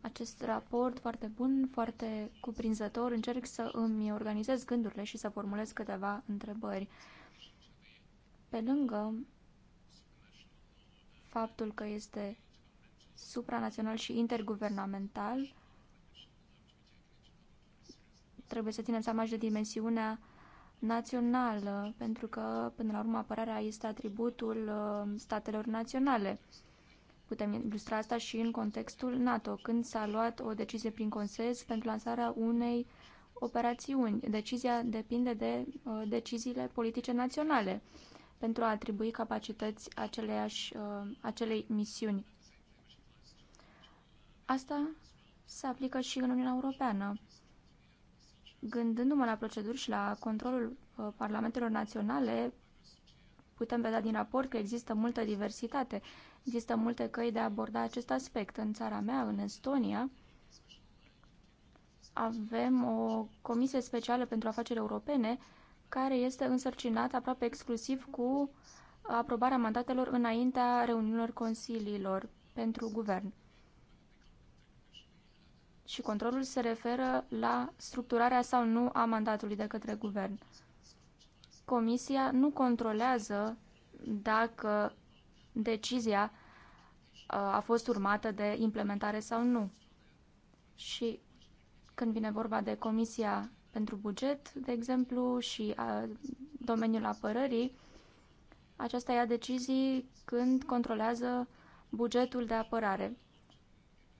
acest raport foarte bun, foarte cuprinzător. Încerc să îmi organizez gândurile și să formulez câteva întrebări. Pe lângă faptul că este supranațional și interguvernamental, trebuie să ținem seama și de dimensiunea națională, pentru că, până la urmă, apărarea este atributul uh, statelor naționale. Putem ilustra asta și în contextul NATO, când s-a luat o decizie prin consens pentru lansarea unei operațiuni. Decizia depinde de uh, deciziile politice naționale pentru a atribui capacități aceleiași, uh, acelei misiuni. Asta se aplică și în Uniunea Europeană. Gândându-mă la proceduri și la controlul uh, parlamentelor naționale, putem vedea din raport că există multă diversitate. Există multe căi de a aborda acest aspect. În țara mea, în Estonia, avem o comisie specială pentru afaceri europene care este însărcinată aproape exclusiv cu aprobarea mandatelor înaintea reuniunilor consiliilor pentru guvern. Și controlul se referă la structurarea sau nu a mandatului de către guvern. Comisia nu controlează dacă decizia uh, a fost urmată de implementare sau nu. Și când vine vorba de Comisia pentru Buget, de exemplu, și a uh, domeniul apărării, aceasta ia decizii când controlează bugetul de apărare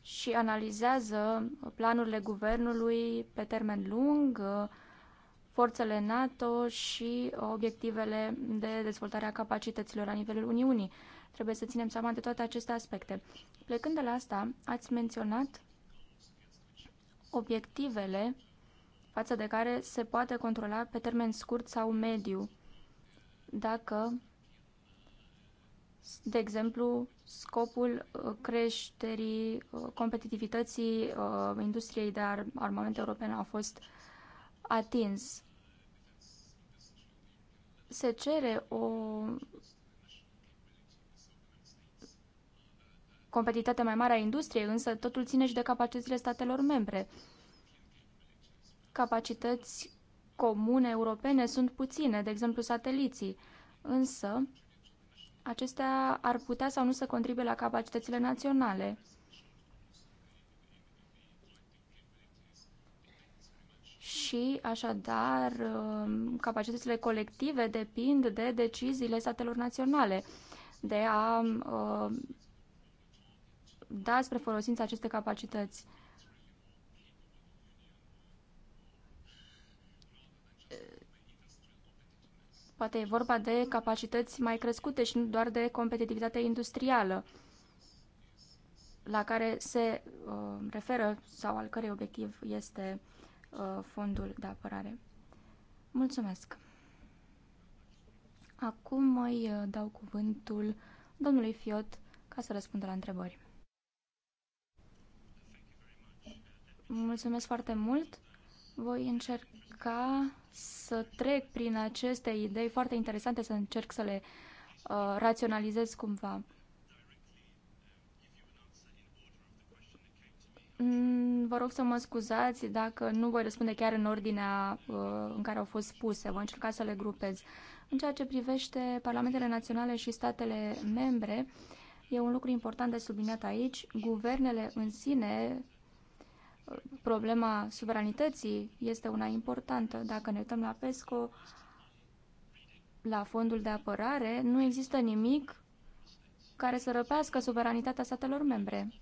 și analizează planurile guvernului pe termen lung, uh, forțele NATO și obiectivele de dezvoltare a capacităților la nivelul Uniunii. Trebuie să ținem seama de toate aceste aspecte. Plecând de la asta, ați menționat obiectivele față de care se poate controla pe termen scurt sau mediu, dacă, de exemplu, scopul uh, creșterii uh, competitivității uh, industriei de armament europene a fost atins. Se cere o competitivitate mai mare a industriei, însă totul ține și de capacitățile statelor membre. Capacități comune europene sunt puține, de exemplu sateliții, însă acestea ar putea sau nu să contribuie la capacitățile naționale. și, așadar, um, capacitățile colective depind de deciziile statelor naționale de a um, da spre folosința acestei capacități. Poate e vorba de capacități mai crescute și nu doar de competitivitate industrială la care se uh, referă sau al cărei obiectiv este uh, fondul de apărare. Mulțumesc! Acum mai uh, dau cuvântul domnului Fiot ca să răspundă la întrebări. Mulțumesc foarte mult. Voi încerca să trec prin aceste idei foarte interesante, să încerc să le uh, raționalizez cumva. Mm, vă rog să mă scuzați dacă nu voi răspunde chiar în ordinea uh, în care au fost spuse. Voi încerca să le grupez. În ceea ce privește parlamentele naționale și statele membre, e un lucru important de subliniat aici. Guvernele în sine problema suveranității este una importantă. Dacă ne uităm la PESCO, la fondul de apărare, nu există nimic care să răpească suveranitatea statelor membre.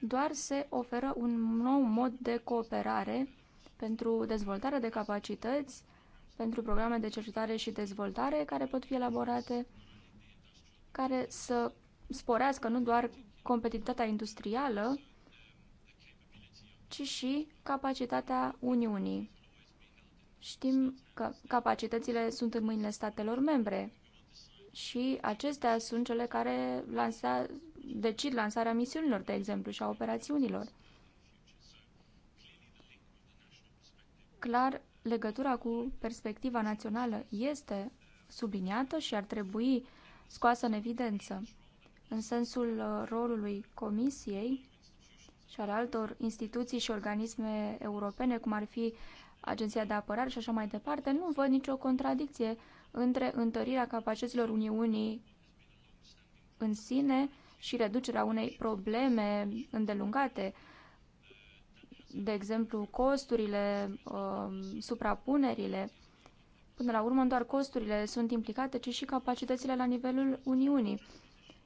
Doar se oferă un nou mod de cooperare pentru dezvoltarea de capacități, pentru programe de cercetare și dezvoltare care pot fi elaborate, care să sporească nu doar competitivitatea industrială, ci și capacitatea Uniunii. Știm că capacitățile sunt în mâinile statelor membre și acestea sunt cele care lansa, decid lansarea misiunilor, de exemplu, și a operațiunilor. Clar, legătura cu perspectiva națională este subliniată și ar trebui scoasă în evidență. În sensul uh, rolului Comisiei, și ale altor instituții și organisme europene, cum ar fi Agenția de Apărare și așa mai departe, nu văd nicio contradicție între întărirea capacităților Uniunii în sine și reducerea unei probleme îndelungate, de exemplu, costurile, um, suprapunerile. Până la urmă, doar costurile sunt implicate, ci și capacitățile la nivelul Uniunii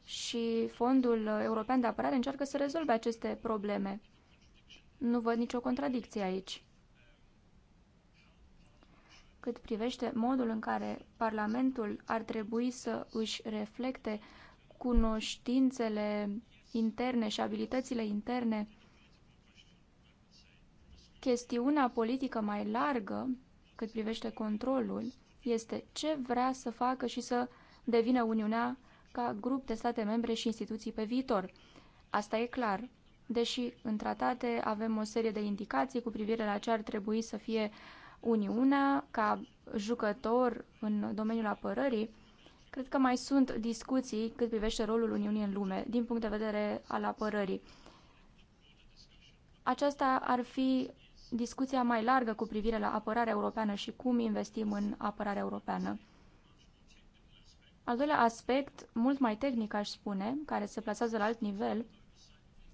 și Fondul European de Apărare încearcă să rezolve aceste probleme. Nu văd nicio contradicție aici. Cât privește modul în care Parlamentul ar trebui să își reflecte cunoștințele interne și abilitățile interne, chestiunea politică mai largă, cât privește controlul, este ce vrea să facă și să devină Uniunea ca grup de state membre și instituții pe viitor. Asta e clar, deși în tratate avem o serie de indicații cu privire la ce ar trebui să fie Uniunea ca jucător în domeniul apărării, cred că mai sunt discuții cât privește rolul Uniunii în lume, din punct de vedere al apărării. Aceasta ar fi discuția mai largă cu privire la apărarea europeană și cum investim în apărarea europeană. Al doilea aspect, mult mai tehnic aș spune, care se plasează la alt nivel,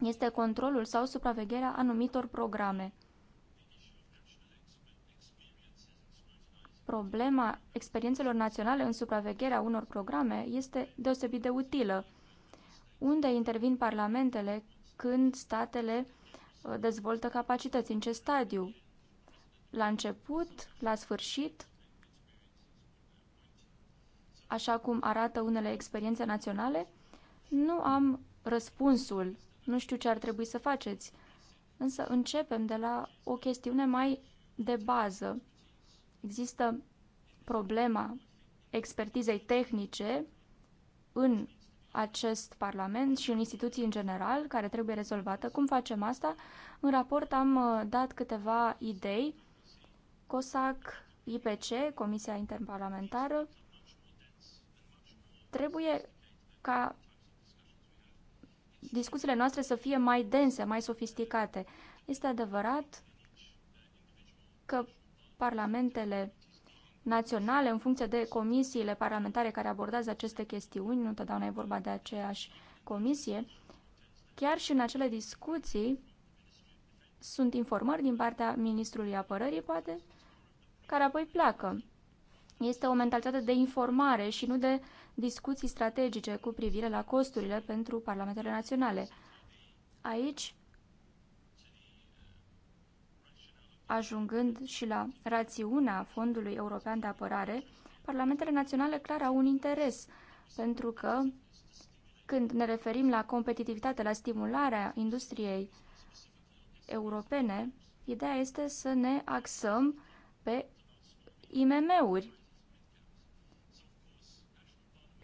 este controlul sau supravegherea anumitor programe. Problema experiențelor naționale în supravegherea unor programe este deosebit de utilă. Unde intervin parlamentele când statele uh, dezvoltă capacități? În ce stadiu? La început? La sfârșit? așa cum arată unele experiențe naționale, nu am răspunsul, nu știu ce ar trebui să faceți, însă începem de la o chestiune mai de bază. Există problema expertizei tehnice în acest Parlament și în instituții în general, care trebuie rezolvată. Cum facem asta? În raport am uh, dat câteva idei. COSAC, IPC, Comisia Interparlamentară, Trebuie ca discuțiile noastre să fie mai dense, mai sofisticate. Este adevărat că parlamentele naționale, în funcție de comisiile parlamentare care abordează aceste chestiuni, nu întotdeauna e vorba de aceeași comisie, chiar și în acele discuții sunt informări din partea Ministrului Apărării, poate, care apoi pleacă. Este o mentalitate de informare și nu de discuții strategice cu privire la costurile pentru parlamentele naționale. Aici, ajungând și la rațiunea Fondului European de Apărare, parlamentele naționale clar au un interes, pentru că când ne referim la competitivitate, la stimularea industriei europene, ideea este să ne axăm pe IMM-uri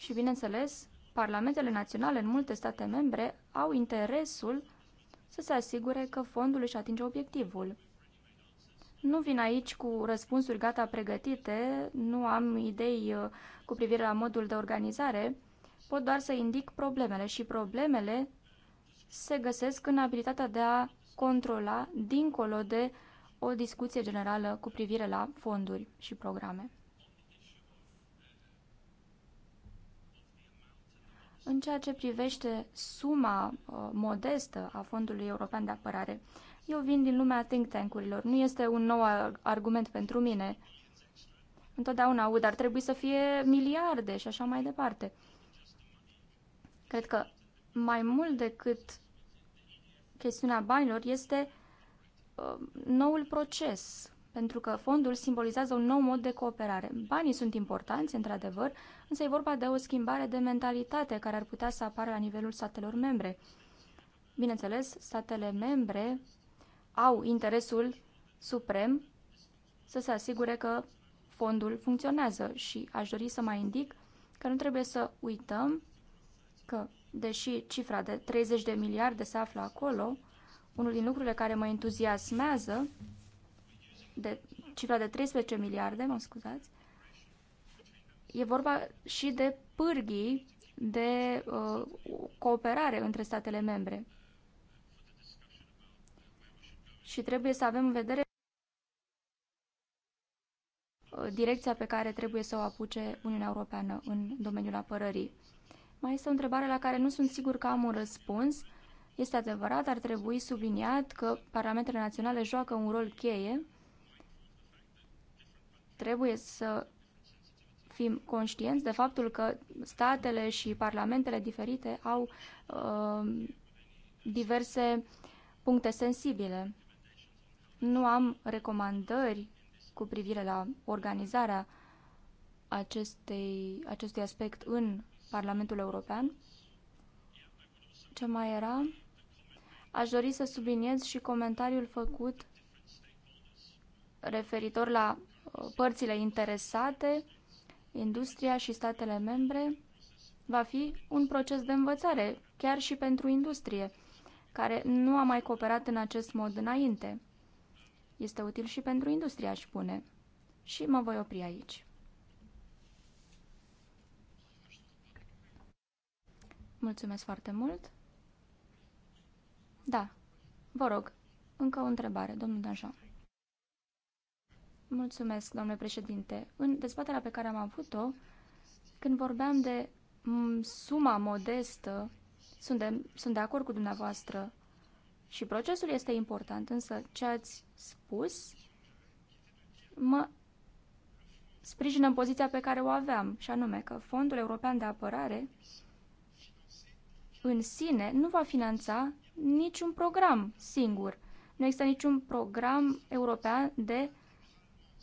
și, bineînțeles, parlamentele naționale în multe state membre au interesul să se asigure că fondul își atinge obiectivul. Nu vin aici cu răspunsuri gata pregătite, nu am idei uh, cu privire la modul de organizare, pot doar să indic problemele și problemele se găsesc în abilitatea de a controla dincolo de o discuție generală cu privire la fonduri și programe. În ceea ce privește suma uh, modestă a Fondului European de Apărare, eu vin din lumea think tank-urilor. Nu este un nou argument pentru mine. Întotdeauna aud, ar trebui să fie miliarde și așa mai departe. Cred că mai mult decât chestiunea banilor este uh, noul proces pentru că fondul simbolizează un nou mod de cooperare. Banii sunt importanți, într-adevăr, însă e vorba de o schimbare de mentalitate care ar putea să apară la nivelul statelor membre. Bineînțeles, statele membre au interesul suprem să se asigure că fondul funcționează și aș dori să mai indic că nu trebuie să uităm că, deși cifra de 30 de miliarde se află acolo, unul din lucrurile care mă entuziasmează de cifra de 13 miliarde, mă scuzați, e vorba și de pârghii de uh, cooperare între statele membre. Și trebuie să avem în vedere uh, direcția pe care trebuie să o apuce Uniunea Europeană în domeniul apărării. Mai este o întrebare la care nu sunt sigur că am un răspuns. Este adevărat, ar trebui subliniat că parlamentele naționale joacă un rol cheie Trebuie să fim conștienți de faptul că statele și parlamentele diferite au uh, diverse puncte sensibile. Nu am recomandări cu privire la organizarea acestei, acestui aspect în Parlamentul European. Ce mai era? Aș dori să subliniez și comentariul făcut referitor la părțile interesate, industria și statele membre, va fi un proces de învățare, chiar și pentru industrie, care nu a mai cooperat în acest mod înainte. Este util și pentru industrie, aș spune. Și mă voi opri aici. Mulțumesc foarte mult. Da, vă rog, încă o întrebare, domnul Danjean. Mulțumesc, domnule președinte. În dezbaterea pe care am avut-o, când vorbeam de mm, suma modestă, sunt de, sunt de acord cu dumneavoastră și procesul este important, însă ce ați spus mă sprijină în poziția pe care o aveam, și anume că Fondul European de Apărare în sine nu va finanța niciun program singur. Nu există niciun program european de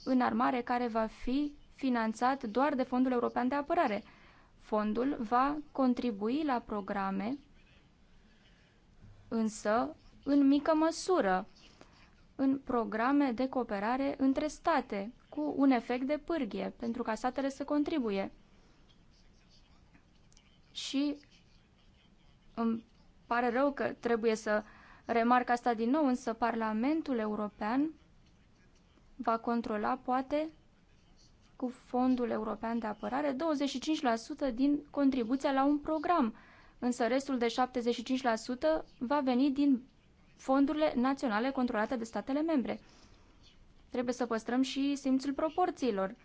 în armare care va fi finanțat doar de Fondul European de Apărare. Fondul va contribui la programe, însă în mică măsură, în programe de cooperare între state, cu un efect de pârghie, pentru ca statele să contribuie. Și îmi pare rău că trebuie să remarc asta din nou, însă Parlamentul European va controla poate cu Fondul European de Apărare 25% din contribuția la un program, însă restul de 75% va veni din fondurile naționale controlate de statele membre. Trebuie să păstrăm și simțul proporțiilor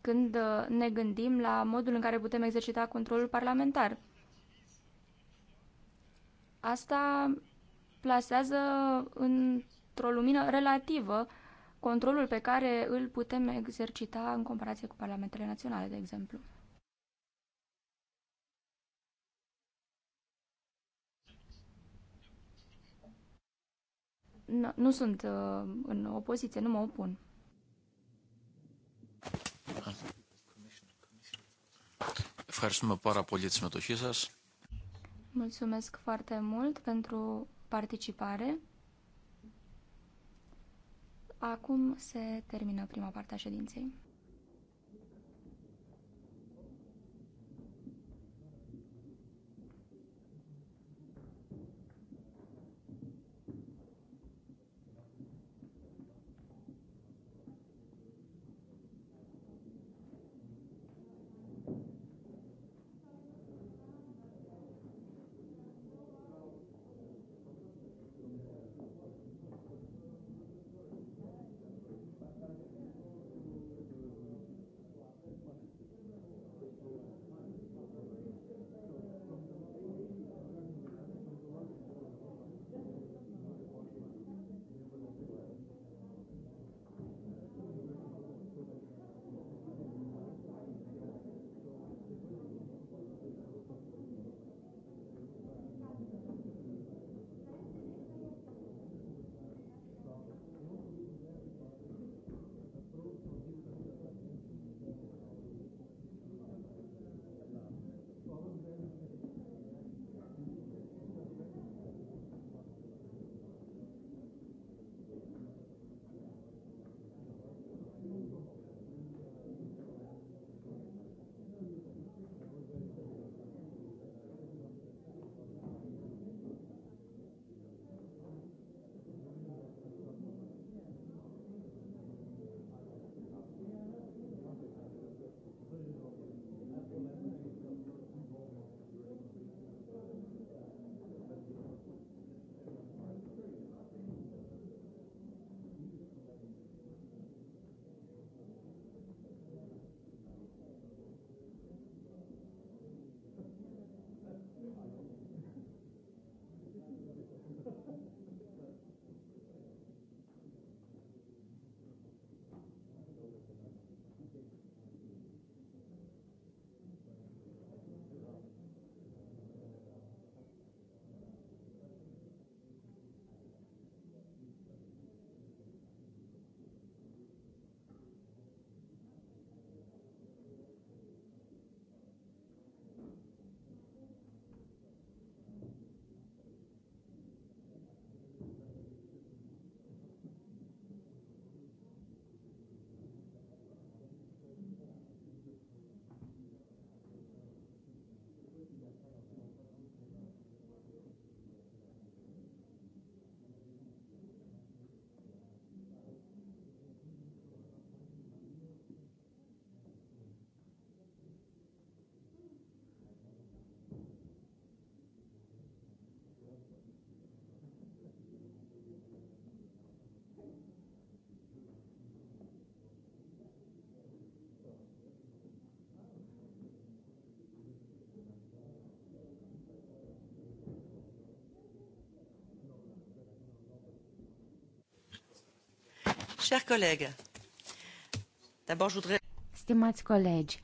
când uh, ne gândim la modul în care putem exercita controlul parlamentar. Asta plasează într-o lumină relativă controlul pe care îl putem exercita în comparație cu parlamentele naționale, de exemplu. Nu, nu sunt uh, în opoziție, nu mă opun. Mulțumesc foarte mult pentru participare. Acum se termină prima parte a ședinței. Chers collègues, d'abord je voudrais... Stimați colegi,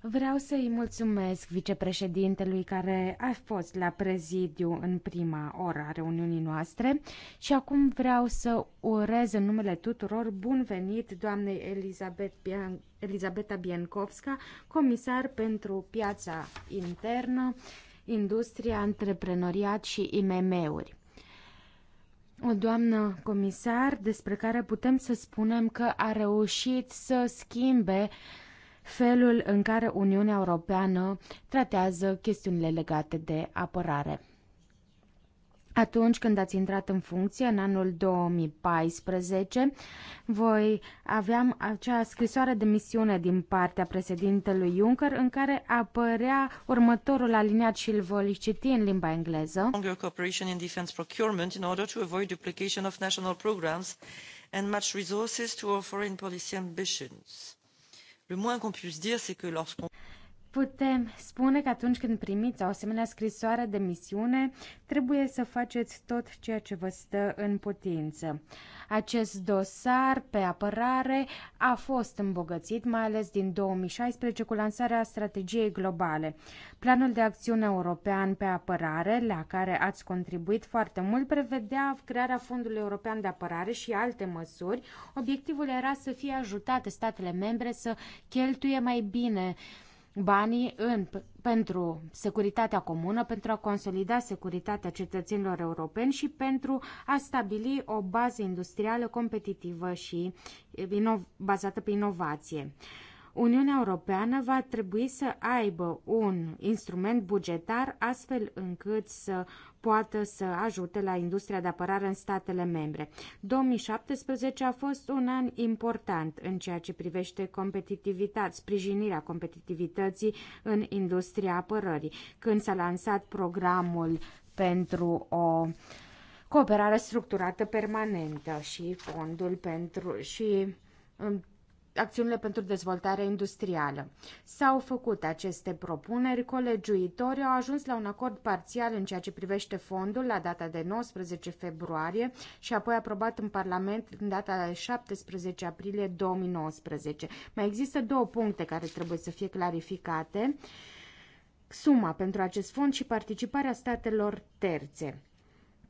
vreau să-i mulțumesc vicepreședintelui care a fost la prezidiu în prima oră a reuniunii noastre și acum vreau să urez în numele tuturor bun venit doamnei Elizabeth Bian Elizabeta Biencovska, comisar pentru piața internă, industria, antreprenoriat și IMM-uri o doamnă comisar despre care putem să spunem că a reușit să schimbe felul în care Uniunea Europeană tratează chestiunile legate de apărare atunci când ați intrat în funcție, în anul 2014, voi aveam acea scrisoare de misiune din partea președintelui Juncker în care apărea următorul aliniat și îl voi citi în limba engleză. Longer cooperation in defense procurement in order to avoid duplication of national programs and match resources to our foreign policy ambitions. Le moins qu'on puisse dire, c'est que lorsqu'on Putem spune că atunci când primiți o asemenea scrisoare de misiune, trebuie să faceți tot ceea ce vă stă în putință. Acest dosar pe apărare a fost îmbogățit, mai ales din 2016, cu lansarea strategiei globale. Planul de acțiune european pe apărare, la care ați contribuit foarte mult, prevedea crearea Fondului European de Apărare și alte măsuri. Obiectivul era să fie ajutate statele membre să cheltuie mai bine uh, banii în, pentru securitatea comună, pentru a consolida securitatea cetățenilor europeni și pentru a stabili o bază industrială competitivă și eh, bazată pe inovație. Uniunea Europeană va trebui să aibă un instrument bugetar astfel încât să poată să ajute la industria de apărare în statele membre. 2017 a fost un an important în ceea ce privește competitivitatea, sprijinirea competitivității în industria apărării, când s-a lansat programul pentru o cooperare structurată permanentă și fondul pentru și um, acțiunile pentru dezvoltare industrială. S-au făcut aceste propuneri, colegiuitorii au ajuns la un acord parțial în ceea ce privește fondul la data de 19 februarie și apoi aprobat în Parlament în data de 17 aprilie 2019. Mai există două puncte care trebuie să fie clarificate. Suma pentru acest fond și participarea statelor terțe.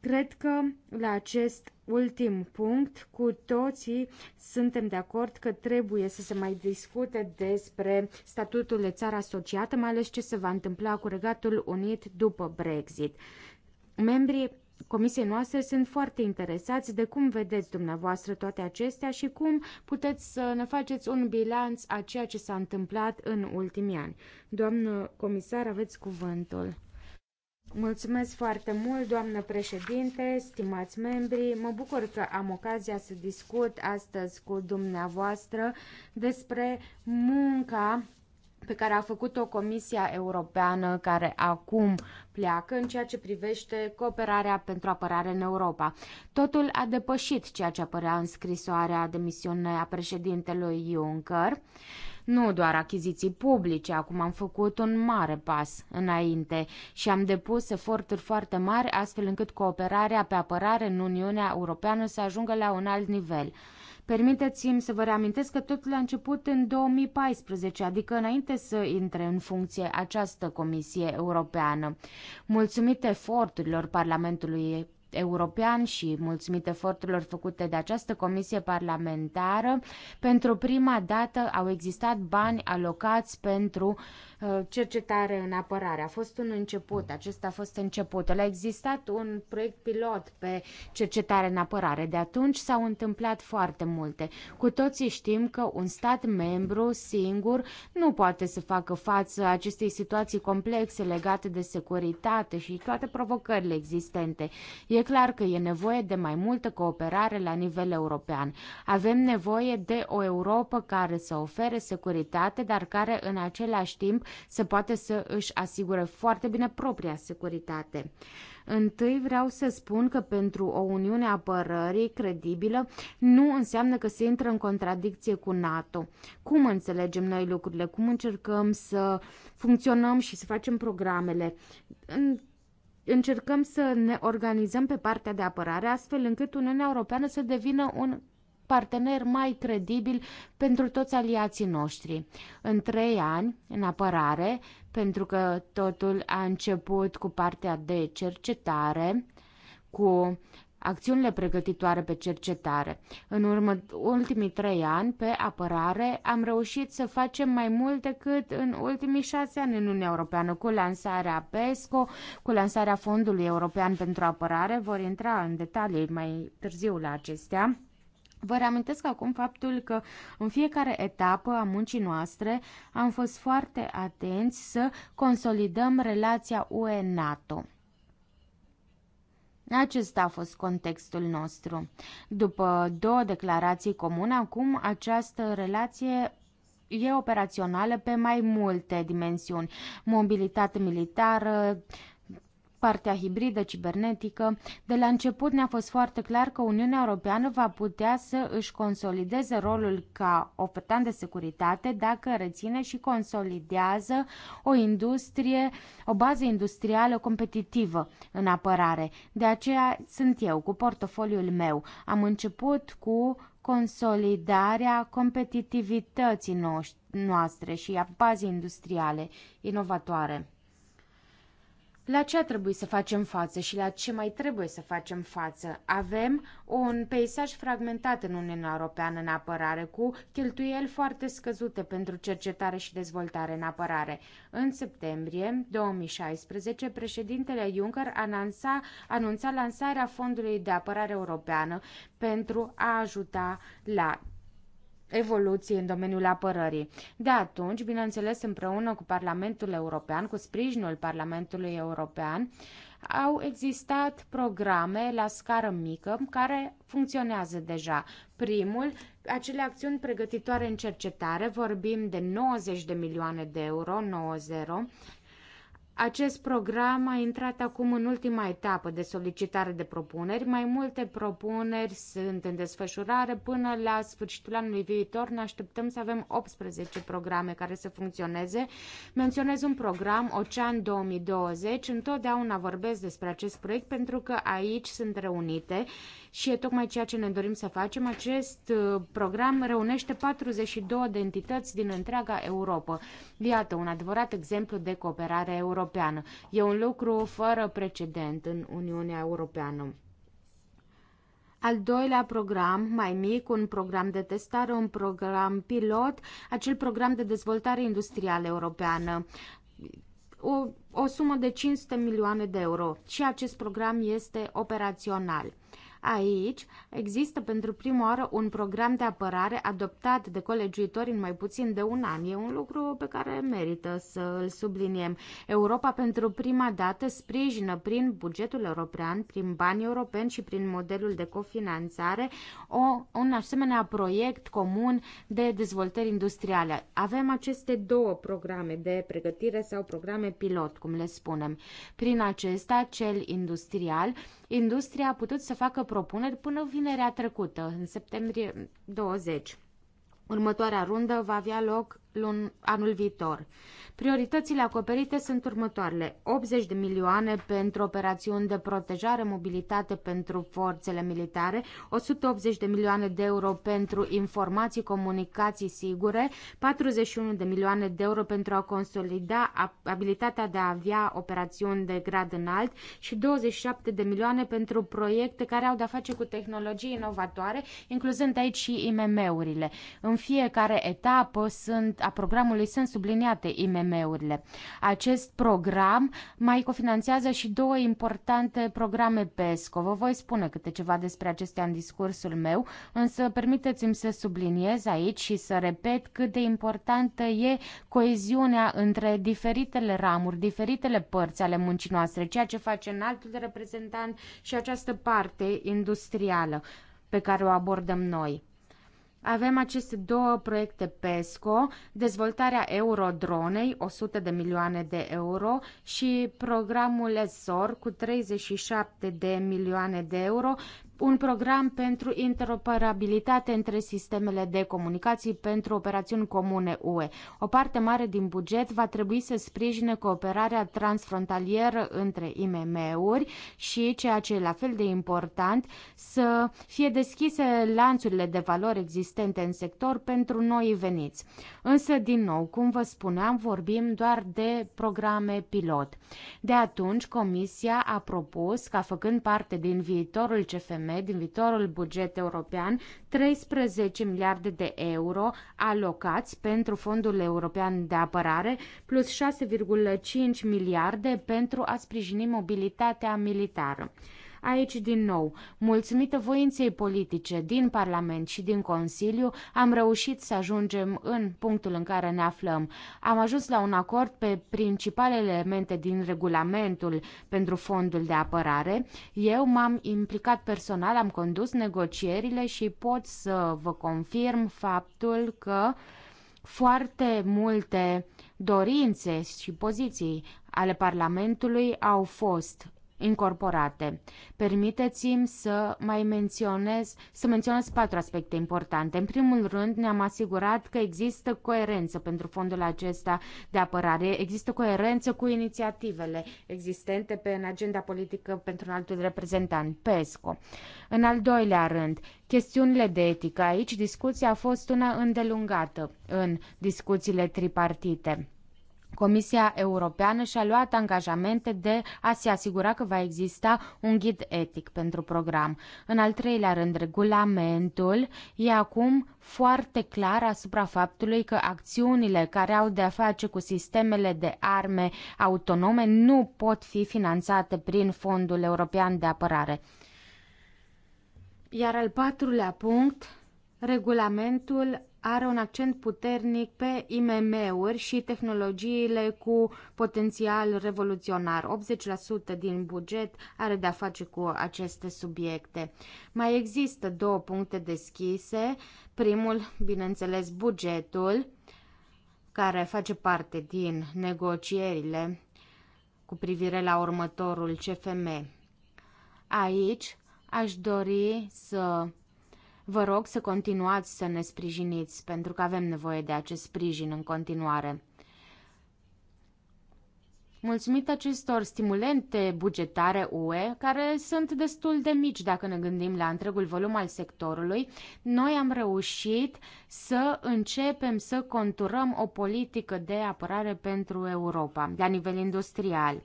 Cred că la acest ultim punct cu toții suntem de acord că trebuie să se mai discute despre statutul de țară asociată, mai ales ce se va întâmpla cu Regatul Unit după Brexit. Membrii Comisiei noastre sunt foarte interesați de cum vedeți dumneavoastră toate acestea și cum puteți să ne faceți un bilanț a ceea ce s-a întâmplat în ultimii ani. Doamnă comisar, aveți cuvântul. Mulțumesc foarte mult, doamnă președinte, stimați membri. Mă bucur că am ocazia să discut astăzi cu dumneavoastră despre munca pe care a făcut-o Comisia Europeană care acum pleacă în ceea ce privește cooperarea pentru apărare în Europa. Totul a depășit ceea ce apărea în scrisoarea de misiune a președintelui Juncker. Uh, nu doar achiziții publice, acum am făcut un mare pas înainte și am depus eforturi foarte mari astfel încât cooperarea pe apărare în Uniunea Europeană să ajungă la un alt nivel. Permiteți-mi să vă reamintesc că totul a început în 2014, adică înainte să intre în funcție această Comisie Europeană. Mulțumit eforturilor Parlamentului european și mulțumit eforturilor făcute de această comisie parlamentară, pentru prima dată au existat bani alocați pentru uh, cercetare în apărare. A fost un început, acesta a fost începutul. A existat un proiect pilot pe cercetare în apărare. De atunci s-au întâmplat foarte multe. Cu toții știm că un stat membru singur nu poate să facă față acestei situații complexe legate de securitate și toate provocările existente. E E clar că e nevoie de mai multă cooperare la nivel european. Avem nevoie de o Europa care să ofere securitate, dar care în același timp să poate să își asigure foarte bine propria securitate. Întâi vreau să spun că pentru o Uniune apărării credibilă nu înseamnă că se intră în contradicție cu NATO. Cum înțelegem noi lucrurile? Cum încercăm să funcționăm și să facem programele? În încercăm să ne organizăm pe partea de apărare, astfel încât Uniunea Europeană să devină un partener mai credibil pentru toți aliații noștri. În trei ani, în apărare, pentru că totul a început cu partea de cercetare, cu acțiunile pregătitoare pe cercetare. În urmă, ultimii trei ani, pe apărare, am reușit să facem mai mult decât în ultimii șase ani în Uniunea Europeană, cu lansarea PESCO, cu lansarea Fondului European pentru Apărare. Vor intra în detalii mai târziu la acestea. Vă reamintesc acum faptul că în fiecare etapă a muncii noastre am fost foarte atenți să consolidăm relația UE-NATO. Acesta a fost contextul nostru. După două declarații comune, acum această relație e operațională pe mai multe dimensiuni. Mobilitate militară, partea hibridă cibernetică, de la început ne-a fost foarte clar că Uniunea Europeană va putea să își consolideze rolul ca ofertant de securitate dacă reține și consolidează o industrie, o bază industrială competitivă în apărare. De aceea sunt eu cu portofoliul meu. Am început cu consolidarea competitivității noastre și a bazei industriale inovatoare la ce a trebuit să facem față și la ce mai trebuie să facem față. Avem un peisaj fragmentat în Uniunea Europeană în apărare, cu cheltuieli foarte scăzute pentru cercetare și dezvoltare în apărare. În septembrie 2016, președintele Juncker anunța, anunța lansarea Fondului de Apărare Europeană pentru a ajuta la evoluții în domeniul apărării. De atunci, bineînțeles, împreună cu Parlamentul European, cu sprijinul Parlamentului European, au existat programe la scară mică care funcționează deja. Primul, acele acțiuni pregătitoare în cercetare, vorbim de 90 de milioane de euro, 90, acest program a intrat acum în ultima etapă de solicitare de propuneri. Mai multe propuneri sunt în desfășurare. Până la sfârșitul anului viitor ne așteptăm să avem 18 programe care să funcționeze. Menționez un program, Ocean 2020. Întotdeauna vorbesc despre acest proiect pentru că aici sunt reunite și e tocmai ceea ce ne dorim să facem. Acest uh, program reunește 42 de entități din întreaga Europa. Iată, un adevărat exemplu de cooperare europeană. E un lucru fără precedent în Uniunea Europeană. Al doilea program, mai mic, un program de testare, un program pilot, acel program de dezvoltare industrială europeană. O, o sumă de 500 milioane de euro și acest program este operațional. Aici Există pentru prima oară un program de apărare adoptat de colegiuitori în mai puțin de un an. E un lucru pe care merită să îl subliniem. Europa pentru prima dată sprijină prin bugetul european, prin bani europeni și prin modelul de cofinanțare o, un asemenea proiect comun de dezvoltări industriale. Avem aceste două programe de pregătire sau programe pilot, cum le spunem. Prin acesta, cel industrial, industria a putut să facă propuneri până vin vinerea trecută, în septembrie 20. Următoarea rundă va avea loc lun, anul viitor. Prioritățile acoperite sunt următoarele. 80 de milioane pentru operațiuni de protejare, mobilitate pentru forțele militare, 180 de milioane de euro pentru informații, comunicații sigure, 41 de milioane de euro pentru a consolida abilitatea de a avea operațiuni de grad înalt și 27 de milioane pentru proiecte care au de-a face cu tehnologii inovatoare, incluzând aici și IMM-urile. În fiecare etapă sunt a programului sunt subliniate IMM-urile. Acest program mai cofinanțează și două importante programe PESCO. Vă voi spune câte ceva despre acestea în discursul meu, însă permiteți-mi să subliniez aici și să repet cât de importantă e coeziunea între diferitele ramuri, diferitele părți ale muncii noastre, ceea ce face altul de reprezentant și această parte industrială pe care o abordăm noi. Avem aceste două proiecte PESCO, dezvoltarea eurodronei, 100 de milioane de euro, și programul ESOR cu 37 de milioane de euro un program pentru interoperabilitate între sistemele de comunicații pentru operațiuni comune UE. O parte mare din buget va trebui să sprijine cooperarea transfrontalieră între IMM-uri și, ceea ce e la fel de important, să fie deschise lanțurile de valori existente în sector pentru noi veniți. Însă, din nou, cum vă spuneam, vorbim doar de programe pilot. De atunci, Comisia a propus ca făcând parte din viitorul CFM anume din viitorul buget european 13 miliarde de euro alocați pentru Fondul European de Apărare plus 6,5 miliarde pentru a sprijini mobilitatea militară. Aici, din nou, mulțumită voinței politice din Parlament și din Consiliu, am reușit să ajungem în punctul în care ne aflăm. Am ajuns la un acord pe principalele elemente din regulamentul pentru fondul de apărare. Eu m-am implicat personal, am condus negocierile și pot să vă confirm faptul că foarte multe dorințe și poziții ale Parlamentului au fost incorporate. Permiteți-mi să mai menționez, să menționez patru aspecte importante. În primul rând, ne-am asigurat că există coerență pentru fondul acesta de apărare, există coerență cu inițiativele existente pe în agenda politică pentru un altul reprezentant, PESCO. În al doilea rând, chestiunile de etică. Aici discuția a fost una îndelungată în discuțiile tripartite. Comisia Europeană și-a luat angajamente de a se asigura că va exista un ghid etic pentru program. În al treilea rând, regulamentul e acum foarte clar asupra faptului că acțiunile care au de a face cu sistemele de arme autonome nu pot fi finanțate prin Fondul European de Apărare. Iar al patrulea punct, regulamentul are un accent puternic pe IMM-uri și tehnologiile cu potențial revoluționar. 80% din buget are de-a face cu aceste subiecte. Mai există două puncte deschise. Primul, bineînțeles, bugetul, care face parte din negocierile cu privire la următorul CFM. Aici aș dori să Vă rog să continuați să ne sprijiniți, pentru că avem nevoie de acest sprijin în continuare. Mulțumit acestor stimulente bugetare UE, care sunt destul de mici dacă ne gândim la întregul volum al sectorului, noi am reușit să începem să conturăm o politică de apărare pentru Europa, la nivel industrial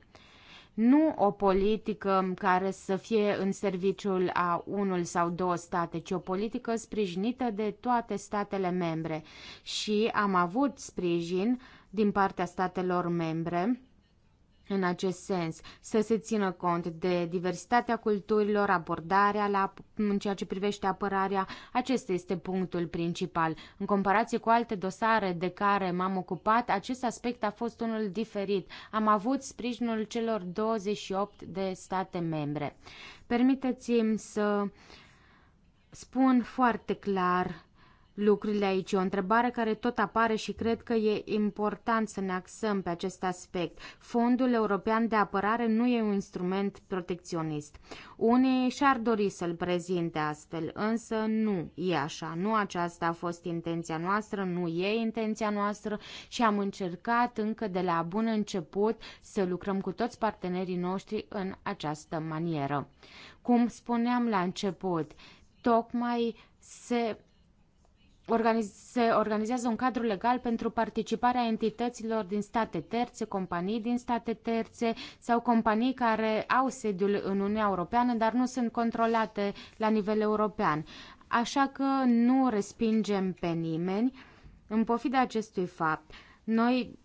nu o politică care să fie în serviciul a unul sau două state, ci o politică sprijinită de toate statele membre. Și am avut sprijin din partea statelor membre în acest sens, să se țină cont de diversitatea culturilor, abordarea la, în ceea ce privește apărarea. Acesta este punctul principal. În comparație cu alte dosare de care m-am ocupat, acest aspect a fost unul diferit. Am avut sprijinul celor 28 de state membre. Permiteți-mi să spun foarte clar lucrurile aici. E o întrebare care tot apare și cred că e important să ne axăm pe acest aspect. Fondul European de Apărare nu e un instrument protecționist. Unii și-ar dori să-l prezinte astfel, însă nu e așa. Nu aceasta a fost intenția noastră, nu e intenția noastră și am încercat încă de la bun început să lucrăm cu toți partenerii noștri în această manieră. Cum spuneam la început, tocmai se se organizează un cadru legal pentru participarea entităților din state terțe, companii din state terțe sau companii care au sediul în Uniunea Europeană, dar nu sunt controlate la nivel european. Așa că nu respingem pe nimeni. În pofida acestui fapt, noi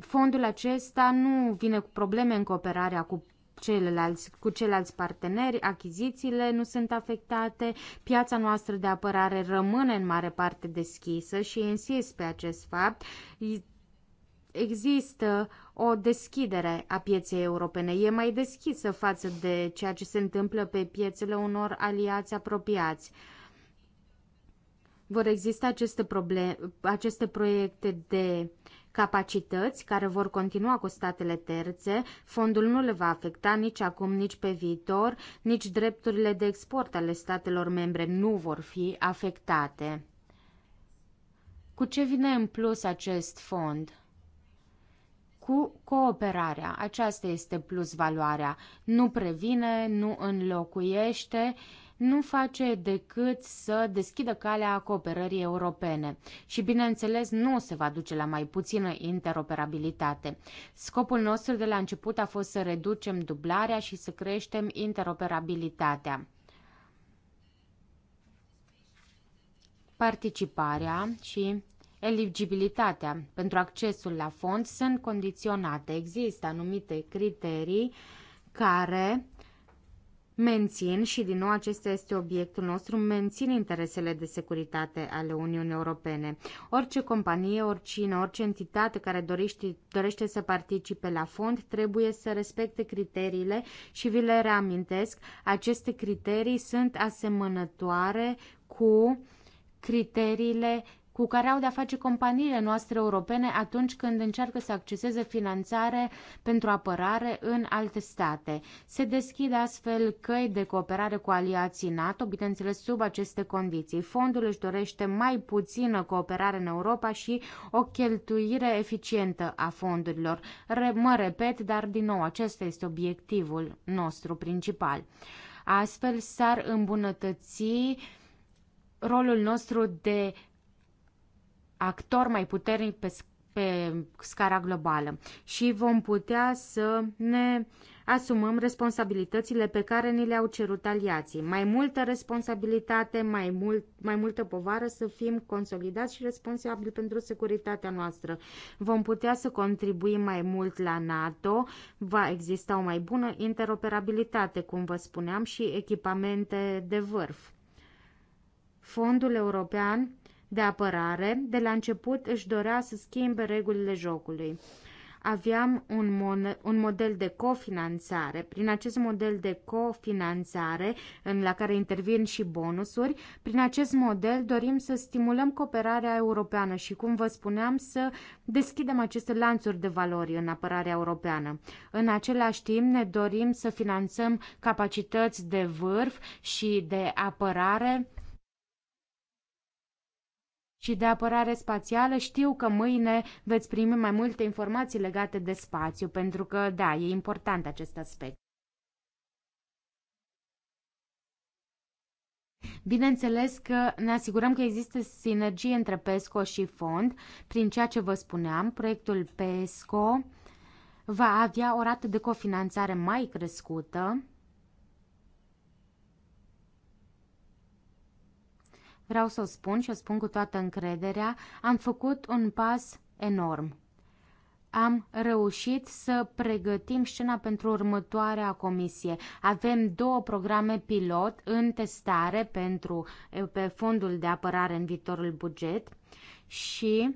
fondul acesta nu vine cu probleme în cooperarea cu celălalt, cu ceilalți parteneri, achizițiile nu sunt afectate, piața noastră de apărare rămâne în mare parte deschisă și insist pe acest fapt. Există o deschidere a pieței europene. E mai deschisă față de ceea ce se întâmplă pe piețele unor aliați apropiați vor exista aceste, probleme, aceste proiecte de capacități care vor continua cu statele terțe, fondul nu le va afecta nici acum, nici pe viitor, nici drepturile de export ale statelor membre nu vor fi afectate. Cu ce vine în plus acest fond? Cu cooperarea. Aceasta este plus valoarea. Nu previne, nu înlocuiește, uh, nu face decât să deschidă calea cooperării europene și, bineînțeles, nu se va duce la mai puțină interoperabilitate. Scopul nostru de la început a fost să reducem dublarea și să creștem interoperabilitatea. Participarea și eligibilitatea pentru accesul la fond sunt condiționate. Există anumite criterii care mențin, și din nou acesta este obiectul nostru, mențin interesele de securitate ale Uniunii Europene. Orice companie, oricine, orice entitate care dorește, dorește să participe la fond trebuie să respecte criteriile și vi le reamintesc, aceste criterii sunt asemănătoare cu criteriile cu care au de-a face companiile noastre europene atunci când încearcă să acceseze finanțare pentru apărare în alte state. Se deschid astfel căi de cooperare cu aliații NATO, bineînțeles sub aceste condiții. Fondul își dorește mai puțină cooperare în Europa și o cheltuire eficientă a fondurilor. Re- mă repet, dar din nou acesta este obiectivul nostru principal. Astfel s-ar îmbunătăți rolul nostru de actor mai puternic pe, pe scara globală și vom putea să ne asumăm responsabilitățile pe care ni le-au cerut aliații. Mai multă responsabilitate, mai, mult, mai multă povară să fim consolidați și responsabili pentru securitatea noastră. Vom putea să contribuim mai mult la NATO, va exista o mai bună interoperabilitate, cum vă spuneam, și echipamente de vârf. Fondul European de apărare, de la început își dorea să schimbe regulile jocului. Aveam un, mon- un model de cofinanțare. Prin acest model de cofinanțare, în la care intervin și bonusuri, prin acest model dorim să stimulăm cooperarea europeană și, cum vă spuneam, să deschidem aceste lanțuri de valori în apărarea europeană. În același timp, ne dorim să finanțăm capacități de vârf și de apărare și de apărare spațială, știu că mâine veți primi mai multe informații legate de spațiu, pentru că, da, e important acest aspect. Bineînțeles că ne asigurăm că există sinergie între PESCO și fond. Prin ceea ce vă spuneam, proiectul PESCO va avea o rată de cofinanțare mai crescută Vreau să o spun și o spun cu toată încrederea, am făcut un pas enorm. Am reușit să pregătim scena pentru următoarea comisie. Avem două programe pilot în testare pentru pe fondul de apărare în viitorul buget și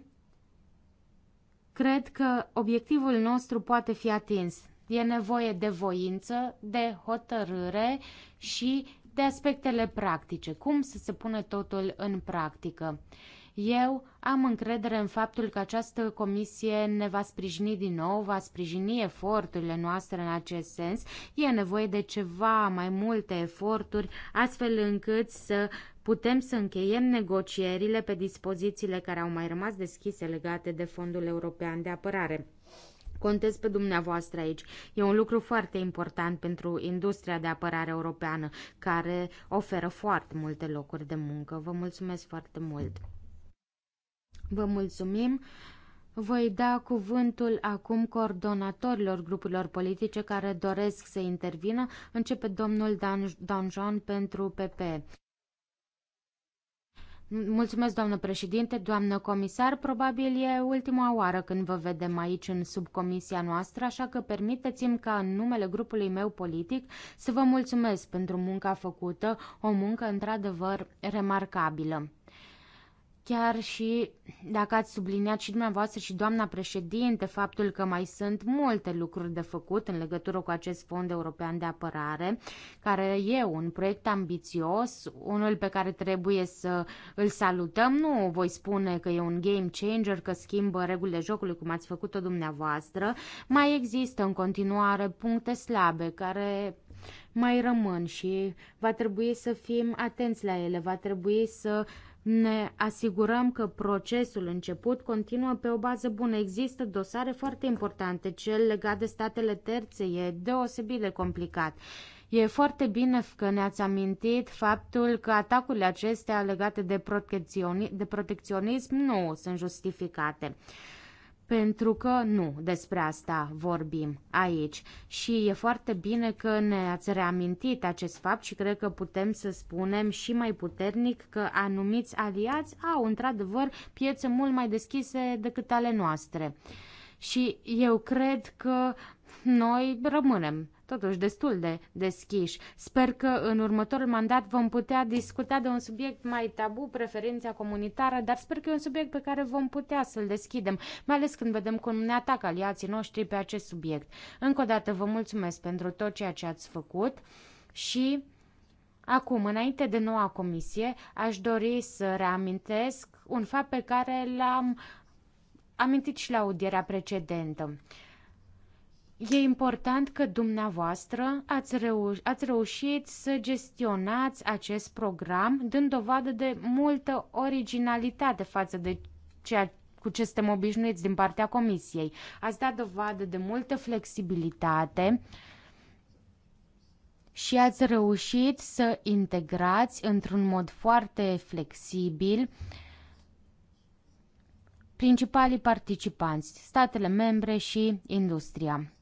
cred că obiectivul nostru poate fi atins. E nevoie de voință, de hotărâre și de aspectele practice, cum să se pune totul în practică. Eu am încredere în faptul că această comisie ne va sprijini din nou, va sprijini eforturile noastre în acest sens. E nevoie de ceva mai multe eforturi, astfel încât să putem să încheiem negocierile pe dispozițiile care au mai rămas deschise legate de Fondul European de Apărare. Contez pe dumneavoastră aici. E un lucru foarte important pentru industria de apărare europeană, care oferă foarte multe locuri de muncă. Vă mulțumesc foarte mult! Vă mulțumim! Voi da cuvântul acum coordonatorilor grupurilor politice care doresc să intervină. Începe domnul Dan Danjon pentru PP. Mulțumesc, doamnă președinte, doamnă comisar. Probabil e ultima oară când vă vedem aici în subcomisia noastră, așa că permiteți-mi ca în numele grupului meu politic să vă mulțumesc pentru munca făcută, o muncă într-adevăr remarcabilă. Chiar și dacă ați subliniat și dumneavoastră și doamna președinte faptul că mai sunt multe lucruri de făcut în legătură cu acest fond european de apărare, care e un proiect ambițios, unul pe care trebuie să îl salutăm. Nu voi spune că e un game changer, că schimbă regulile jocului cum ați făcut-o dumneavoastră. Mai există în continuare puncte slabe care mai rămân și va trebui să fim atenți la ele, va trebui să ne asigurăm că procesul început continuă pe o bază bună. Există dosare foarte importante, cel legat de statele terțe e deosebit de complicat. E foarte bine că ne-ați amintit faptul că atacurile acestea legate de protecționism, de protecționism nu sunt justificate pentru că nu despre asta vorbim aici și e foarte bine că ne-ați reamintit acest fapt și cred că putem să spunem și mai puternic că anumiți aliați au într-adevăr piețe mult mai deschise decât ale noastre. Și eu cred că noi rămânem totuși destul de deschiși. Sper că în următorul mandat vom putea discuta de un subiect mai tabu, preferința comunitară, dar sper că e un subiect pe care vom putea să-l deschidem, mai ales când vedem cum ne atacă aliații noștri pe acest subiect. Încă o dată vă mulțumesc pentru tot ceea ce ați făcut și acum, înainte de noua comisie, aș dori să reamintesc un fapt pe care l-am amintit și la audierea precedentă. E important că dumneavoastră ați, reu- ați reușit să gestionați acest program dând dovadă de multă originalitate față de ceea cu ce suntem obișnuiți din partea comisiei. Ați dat dovadă de multă flexibilitate și ați reușit să integrați într-un mod foarte flexibil principalii participanți, statele membre și industria.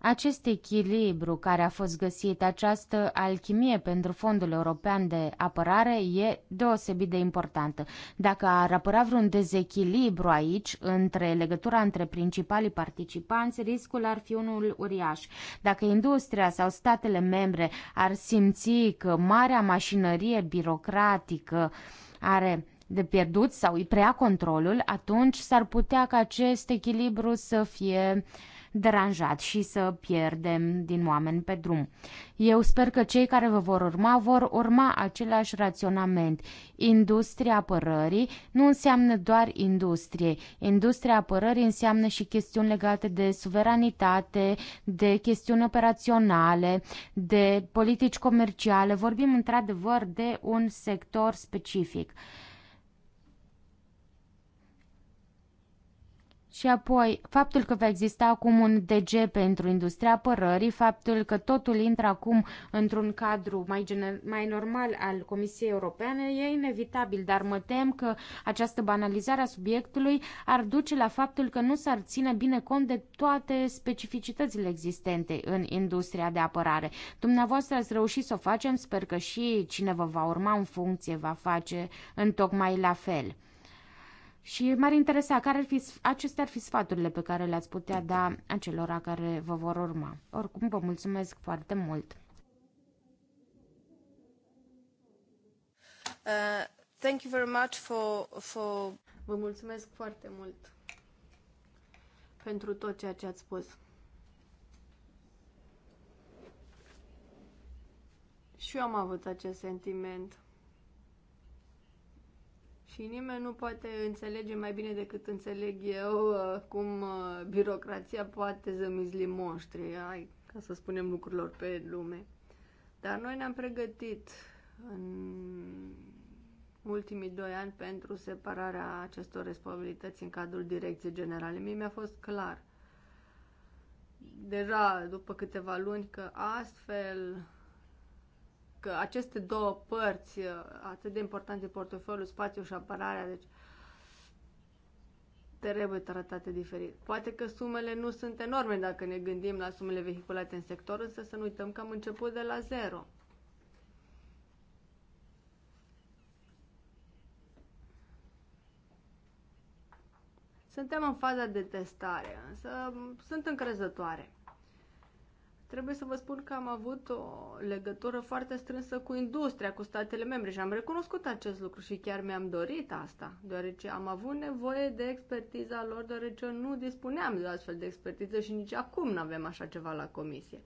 Acest echilibru care a fost găsit, această alchimie pentru Fondul European de Apărare e deosebit de importantă. Dacă ar apărea vreun dezechilibru aici între legătura între principalii participanți, riscul ar fi unul uriaș. Dacă industria sau statele membre ar simți că marea mașinărie birocratică are de pierdut sau îi prea controlul, atunci s-ar putea ca acest echilibru să fie uh, deranjat și să pierdem din oameni pe drum. Eu sper că cei care vă vor urma vor urma același raționament. Industria apărării nu înseamnă doar industrie. Industria apărării înseamnă și chestiuni legate de suveranitate, de chestiuni operaționale, de politici comerciale. Vorbim într-adevăr de un sector specific. Și apoi, faptul că va exista acum un DG pentru industria apărării, faptul că totul intră acum într-un cadru mai, gener- mai normal al Comisiei Europene, e inevitabil, dar mă tem că această banalizare a subiectului ar duce la faptul că nu s-ar ține bine cont de toate specificitățile existente în industria de apărare. Dumneavoastră ați reușit să o facem, sper că și cine vă va urma în funcție va face întocmai la fel. Și m-ar interesa care ar fi, acestea ar fi sfaturile pe care le-ați putea da acelora care vă vor urma. Oricum, vă mulțumesc foarte mult! Uh, thank you very much for, for... Vă mulțumesc foarte mult pentru tot ceea ce ați spus. Și eu am avut acest sentiment și nimeni nu poate înțelege mai bine decât înțeleg eu uh, cum uh, birocrația poate zămizli monștri, ai, ca să spunem lucrurilor pe lume. Dar noi ne-am pregătit în ultimii doi ani pentru separarea acestor responsabilități în cadrul Direcției Generale. Mie mi-a fost clar deja după câteva luni că astfel că aceste două părți uh, atât de importante, portofoliul, spațiu și apărarea, deci trebuie tratate diferit. Poate că sumele nu sunt enorme dacă ne gândim la sumele vehiculate în sector, însă să nu uităm că am început de la zero. Suntem în faza de testare, însă sunt încrezătoare. Trebuie să vă spun că am avut o legătură foarte strânsă cu industria, cu statele membre și am recunoscut acest lucru și chiar mi-am dorit asta, deoarece am avut nevoie de expertiza lor, deoarece nu dispuneam de astfel de expertiză și nici acum nu avem așa ceva la comisie.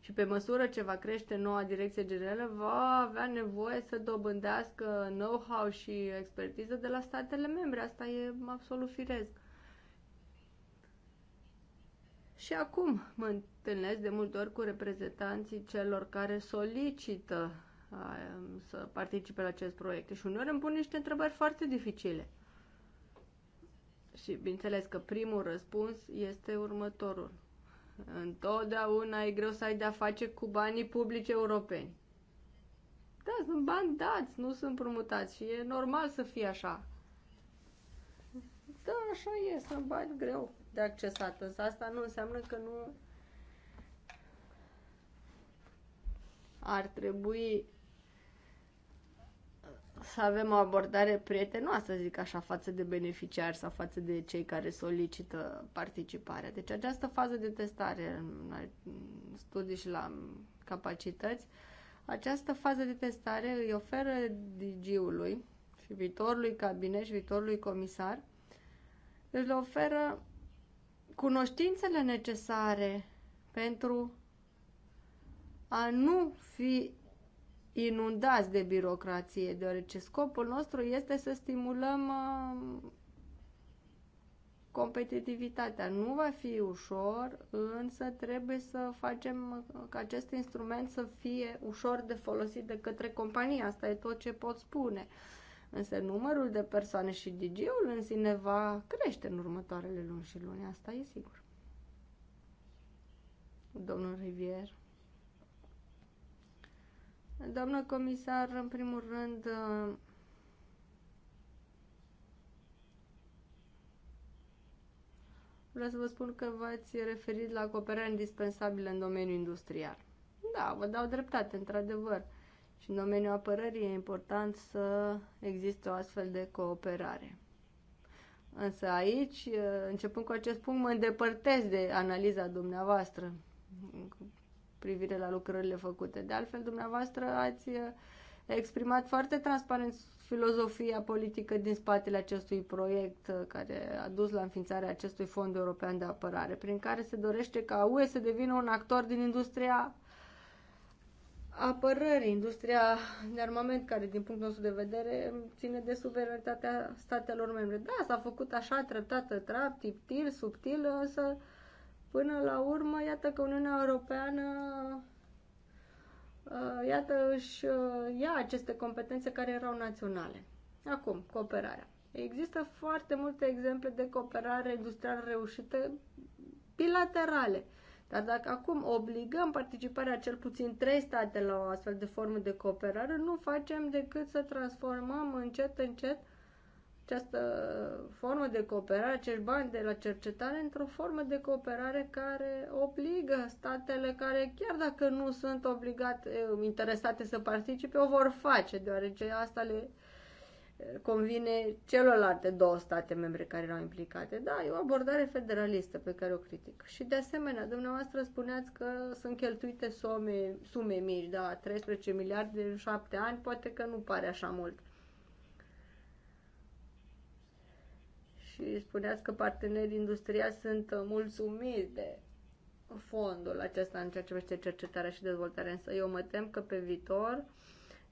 Și pe măsură ce va crește noua direcție generală, va avea nevoie să dobândească know-how și expertiză de la statele membre. Asta e absolut firesc. Și acum mă întâlnesc de multe ori cu reprezentanții celor care solicită um, să participe la acest proiect și uneori îmi pun niște întrebări foarte dificile. Și bineînțeles că primul răspuns este următorul. Întotdeauna e greu să ai de-a face cu banii publici europeni. Da, sunt bani dați, nu sunt promutați și e normal să fie așa. Da, așa e, sunt bani greu de accesat. Însă asta nu înseamnă că nu ar trebui să avem o abordare prietenoasă, zic așa, față de beneficiari sau față de cei care solicită participarea. Deci această fază de testare în studii și la capacități, această fază de testare îi oferă DG-ului și viitorului cabinet și viitorului comisar, le oferă cunoștințele necesare pentru a nu fi inundați de birocrație, deoarece scopul nostru este să stimulăm uh, competitivitatea. Nu va fi ușor, însă trebuie să facem uh, ca acest instrument să fie ușor de folosit de către companie. Asta e tot ce pot spune. Uh, Însă numărul de persoane și digiul ul în sine va crește în următoarele luni și luni, asta e sigur. Domnul Rivier. Doamnă comisar, în primul rând, vreau să vă spun că v-ați referit la cooperare indispensabilă în domeniul industrial. Da, vă dau dreptate, într-adevăr. Și în domeniul apărării e important să existe o astfel de cooperare. Însă aici, începând cu acest punct, mă îndepărtez de analiza dumneavoastră cu privire la lucrările făcute. De altfel, dumneavoastră ați exprimat foarte transparent filozofia politică din spatele acestui proiect care a dus la înființarea acestui Fond European de Apărare, prin care se dorește ca UE să devină un actor din industria apărării, industria de armament, care din punctul nostru de vedere ține de suveranitatea statelor membre. Da, s-a făcut așa treptat, trap, tiptil, subtil, însă până la urmă, iată că Uniunea Europeană uh, iată își uh, ia aceste competențe care erau naționale. Acum, cooperarea. Există foarte multe exemple de cooperare industrială reușită bilaterale. Dar dacă acum obligăm participarea cel puțin trei state la o astfel de formă de cooperare, nu facem decât să transformăm încet, încet această formă de cooperare, acești bani de la cercetare, într-o formă de cooperare care obligă statele care, chiar dacă nu sunt obligate, interesate să participe, o vor face, deoarece asta le convine celorlalte două state membre care erau implicate. Da, e o abordare federalistă pe care o critic. Și de asemenea, dumneavoastră spuneați că sunt cheltuite sume, sume mici, da, 13 miliarde în șapte ani, poate că nu pare așa mult. Și spuneați că partenerii industriali sunt mulțumiți de fondul acesta în ceea ce privește cercetarea și dezvoltarea, însă eu mă tem că pe viitor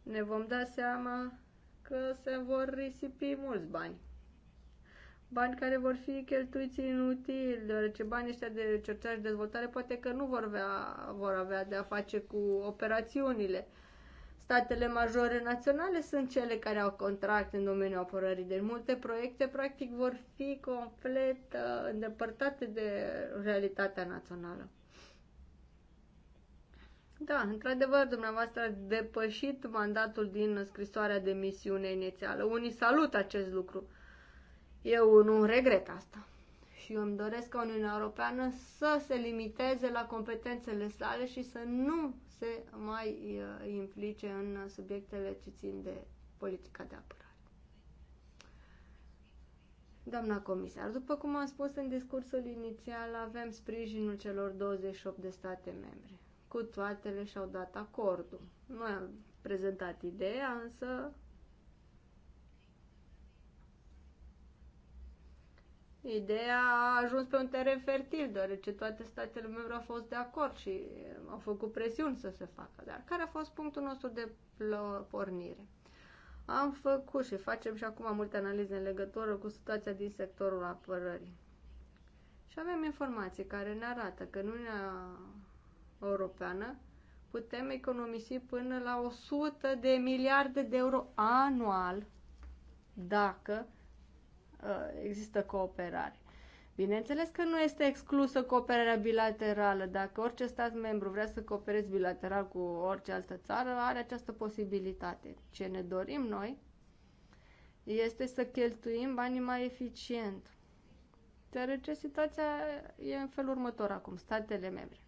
ne vom da seama că se vor risipi mulți bani. Bani care vor fi cheltuiți inutil, deoarece banii ăștia de cercetare și dezvoltare poate că nu vor avea, vor avea de a face cu operațiunile. Statele majore naționale sunt cele care au contracte în domeniul apărării, deci multe proiecte practic vor fi complet uh, îndepărtate de realitatea națională. Da, într-adevăr, dumneavoastră ați depășit mandatul din scrisoarea de misiune inițială. Unii salut acest lucru. Eu nu regret asta. Și eu îmi doresc ca Uniunea Europeană să se limiteze la competențele sale și să nu se mai uh, implice în subiectele ce țin de politica de apărare. Doamna comisar, după cum am spus în discursul inițial, avem sprijinul celor 28 de state membre cu toatele și-au dat acordul. Nu am prezentat ideea, însă Ideea a ajuns pe un teren fertil, deoarece toate statele membre au fost de acord și au făcut presiuni să se facă. Dar care a fost punctul nostru de pornire? Am făcut și facem și acum multe analize în legătură cu situația din sectorul apărării. Și avem informații care ne arată că în Uniunea Europeană, putem economisi până la 100 de miliarde de euro anual dacă uh, există cooperare. Bineînțeles că nu este exclusă cooperarea bilaterală. Dacă orice stat membru vrea să coopereze bilateral cu orice altă țară, are această posibilitate. Ce ne dorim noi este să cheltuim banii mai eficient. Deoarece situația e în felul următor acum, statele membre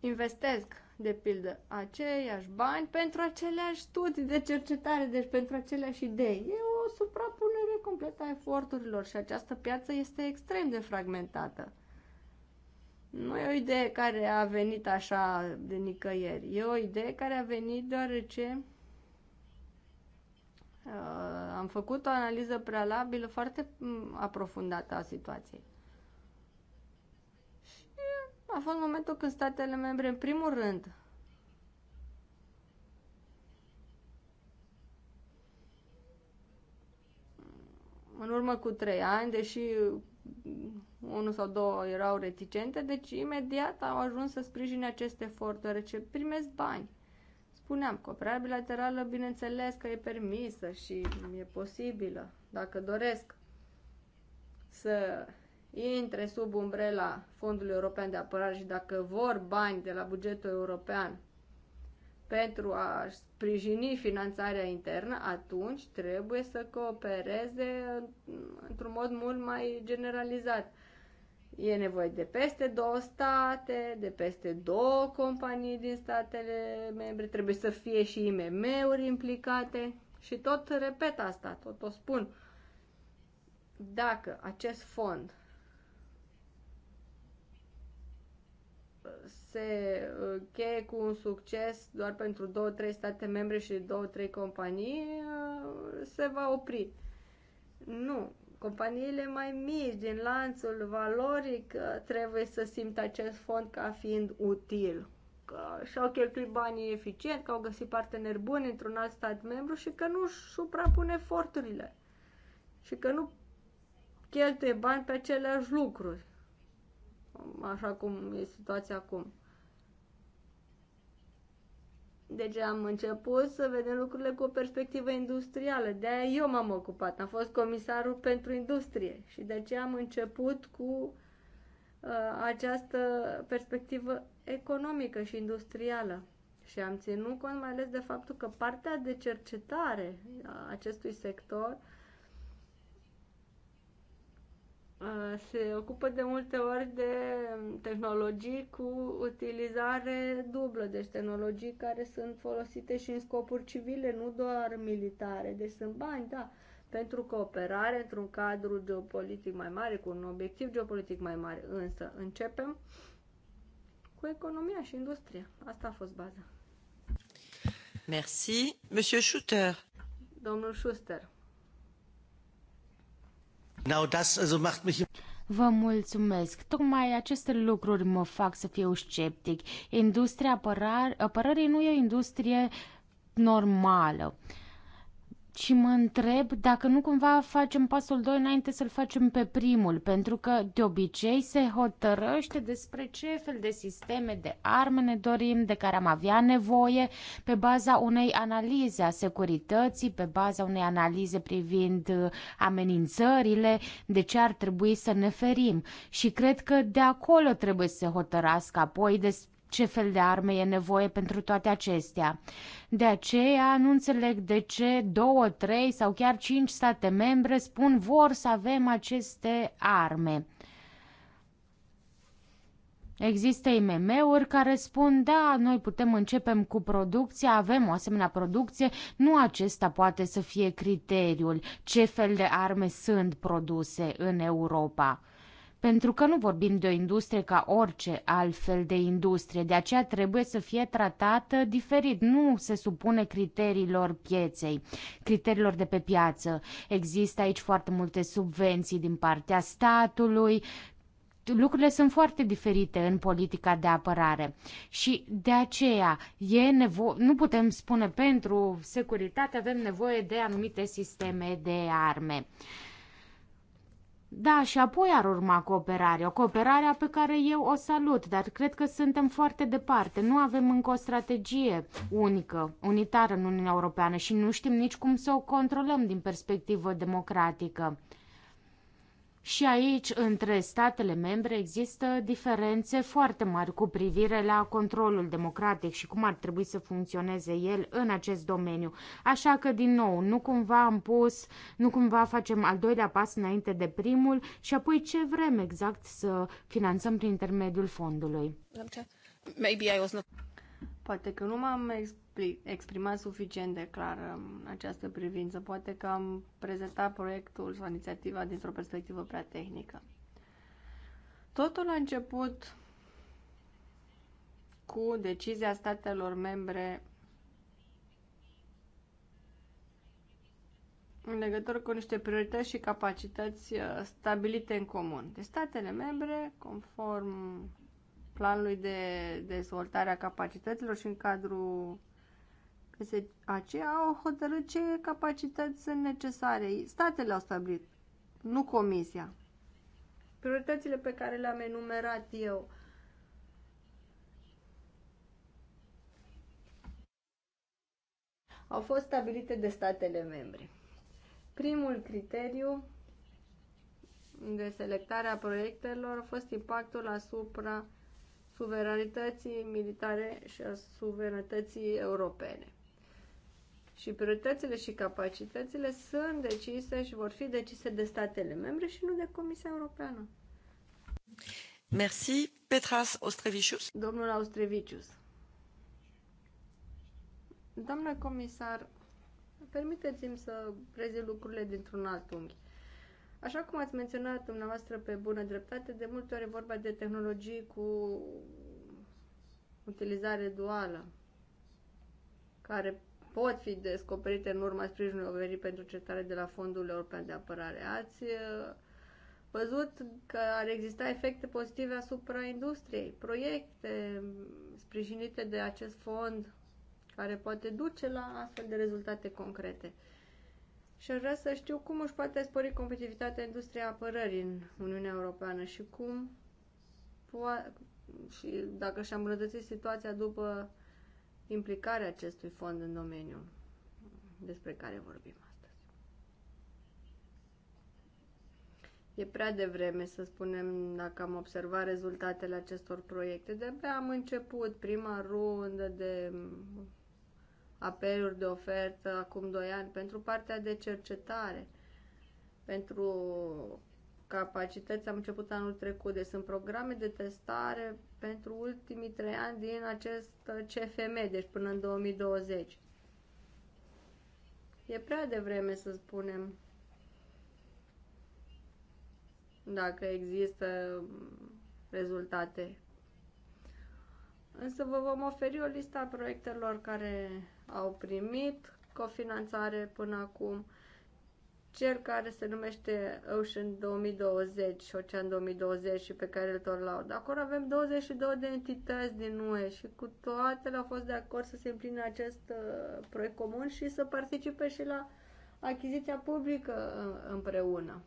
investesc, de pildă, aceiași bani pentru aceleași studii de cercetare, deci pentru aceleași idei. E o suprapunere completă a eforturilor și această piață este extrem de fragmentată. Nu e o idee care a venit așa de nicăieri. E o idee care a venit deoarece uh, am făcut o analiză prealabilă foarte mm, aprofundată a situației a fost momentul când statele membre, în primul rând, în urmă cu trei ani, deși unul sau două erau reticente, deci imediat au ajuns să sprijine acest efort, deoarece primesc bani. Spuneam, cooperarea bilaterală, bineînțeles că e permisă și e posibilă, dacă doresc să intre sub umbrela Fondului European de Apărare și dacă vor bani de la bugetul european pentru a sprijini finanțarea internă, atunci trebuie să coopereze într-un mod mult mai generalizat. E nevoie de peste două state, de peste două companii din statele membre, trebuie să fie și IMM-uri implicate și tot repet asta, tot o spun. Dacă acest fond se uh, cheie cu un succes doar pentru 2-3 state membre și 2-3 companii, uh, se va opri. Nu. Companiile mai mici din lanțul valoric uh, trebuie să simtă acest fond ca fiind util. Că și-au cheltuit banii eficient, că au găsit parteneri buni într-un alt stat membru și că nu suprapun eforturile. Și că nu cheltuie bani pe aceleași lucruri așa cum e situația acum. Deci am început să vedem lucrurile cu o perspectivă industrială. de eu m-am ocupat. Am fost comisarul pentru industrie și de aceea am început cu uh, această perspectivă economică și industrială. Și am ținut cont mai ales de faptul că partea de cercetare a acestui sector uh, Uh, se ocupă de multe ori de tehnologii cu utilizare dublă, deci tehnologii care sunt folosite și în scopuri civile, nu doar militare. Deci sunt bani, da, pentru cooperare într-un cadru geopolitic mai mare, cu un obiectiv geopolitic mai mare. Însă începem cu economia și industria. Asta a fost baza. Merci. Monsieur Schuster. Domnul Schuster. Vă mulțumesc. Tocmai aceste lucruri mă fac să fiu sceptic. Industria apărării nu e o industrie normală și mă întreb dacă nu cumva facem pasul 2 înainte să-l facem pe primul, pentru că de obicei se hotărăște despre ce fel de sisteme de arme ne dorim, de care am avea nevoie, pe baza unei analize a securității, pe baza unei analize privind uh, amenințările, de ce ar trebui să ne ferim. Și cred că de acolo trebuie să se hotărască apoi des ce fel de arme e nevoie pentru toate acestea. De aceea nu înțeleg de ce două, trei sau chiar cinci state membre spun vor să avem aceste arme. Există IMM-uri care spun, da, noi putem începem cu producția, avem o asemenea producție, nu acesta poate să fie criteriul ce fel de arme sunt produse în Europa. Pentru că nu vorbim de o industrie ca orice altfel de industrie, de aceea trebuie să fie tratată diferit. Nu se supune criteriilor pieței, criteriilor de pe piață. Există aici foarte multe subvenții din partea statului, lucrurile sunt foarte diferite în politica de apărare și de aceea e nevo- nu putem spune pentru securitate avem nevoie de anumite sisteme de arme. Uh, da, și apoi ar urma cooperarea, cooperarea pe care eu o salut, dar cred că suntem foarte departe. Nu avem încă o strategie unică, unitară în Uniunea Europeană și nu știm nici cum să o controlăm din perspectivă democratică. Și aici, între statele membre, există diferențe foarte mari cu privire la controlul democratic și cum ar trebui să funcționeze el în acest domeniu. Așa că, din nou, nu cumva am pus, nu cumva facem al doilea pas înainte de primul și apoi ce vrem exact să finanțăm prin intermediul fondului. Poate că nu m-am exprimat suficient de clar în această privință. Poate că am prezentat proiectul sau inițiativa dintr-o perspectivă prea tehnică. Totul a început cu decizia statelor membre în legătură cu niște priorități și capacități uh, stabilite în comun. Deci statele membre, conform planului de dezvoltare a capacităților și în cadrul pe aceea au hotărât ce capacități sunt necesare. Statele au stabilit, nu comisia. Prioritățile pe care le-am enumerat eu. au fost stabilite de statele membre. Primul criteriu de selectare a proiectelor a fost impactul asupra suveranității militare și a suveranității europene și prioritățile și capacitățile sunt decise și vor fi decise de statele membre și nu de Comisia Europeană. Merci. Petras Ostrevicius. Domnul Ostrevicius. Doamna comisar, permiteți-mi să prezint lucrurile dintr-un alt unghi. Așa cum ați menționat dumneavoastră pe bună dreptate, de multe ori e vorba de tehnologii cu utilizare duală, care pot fi descoperite în urma sprijinului oferit pentru cercetare de la Fondul European de Apărare. Ați uh, văzut că ar exista efecte pozitive asupra industriei, proiecte sprijinite de acest fond care poate duce la astfel de rezultate concrete. Și aș vrea să știu cum își poate spori competitivitatea industriei apărării în Uniunea Europeană și cum și dacă și-a îmbunătățit situația după implicarea acestui fond în domeniu despre care vorbim astăzi. E prea devreme să spunem dacă am observat rezultatele acestor proiecte. de pe am început prima rundă de apeluri de ofertă acum 2 ani pentru partea de cercetare, pentru capacități am început anul trecut, deci sunt programe de testare pentru ultimii trei ani din acest uh, CFM, deci până în 2020. E prea devreme să spunem dacă există mm, rezultate. Însă vă vom oferi o listă a proiectelor care au primit cofinanțare până acum cel care se numește Ocean 2020, și Ocean 2020 și pe care îl tot laud. Acolo avem 22 de entități din UE și cu toate le au fost de acord să se împlină acest uh, proiect comun și să participe și la achiziția publică uh, împreună.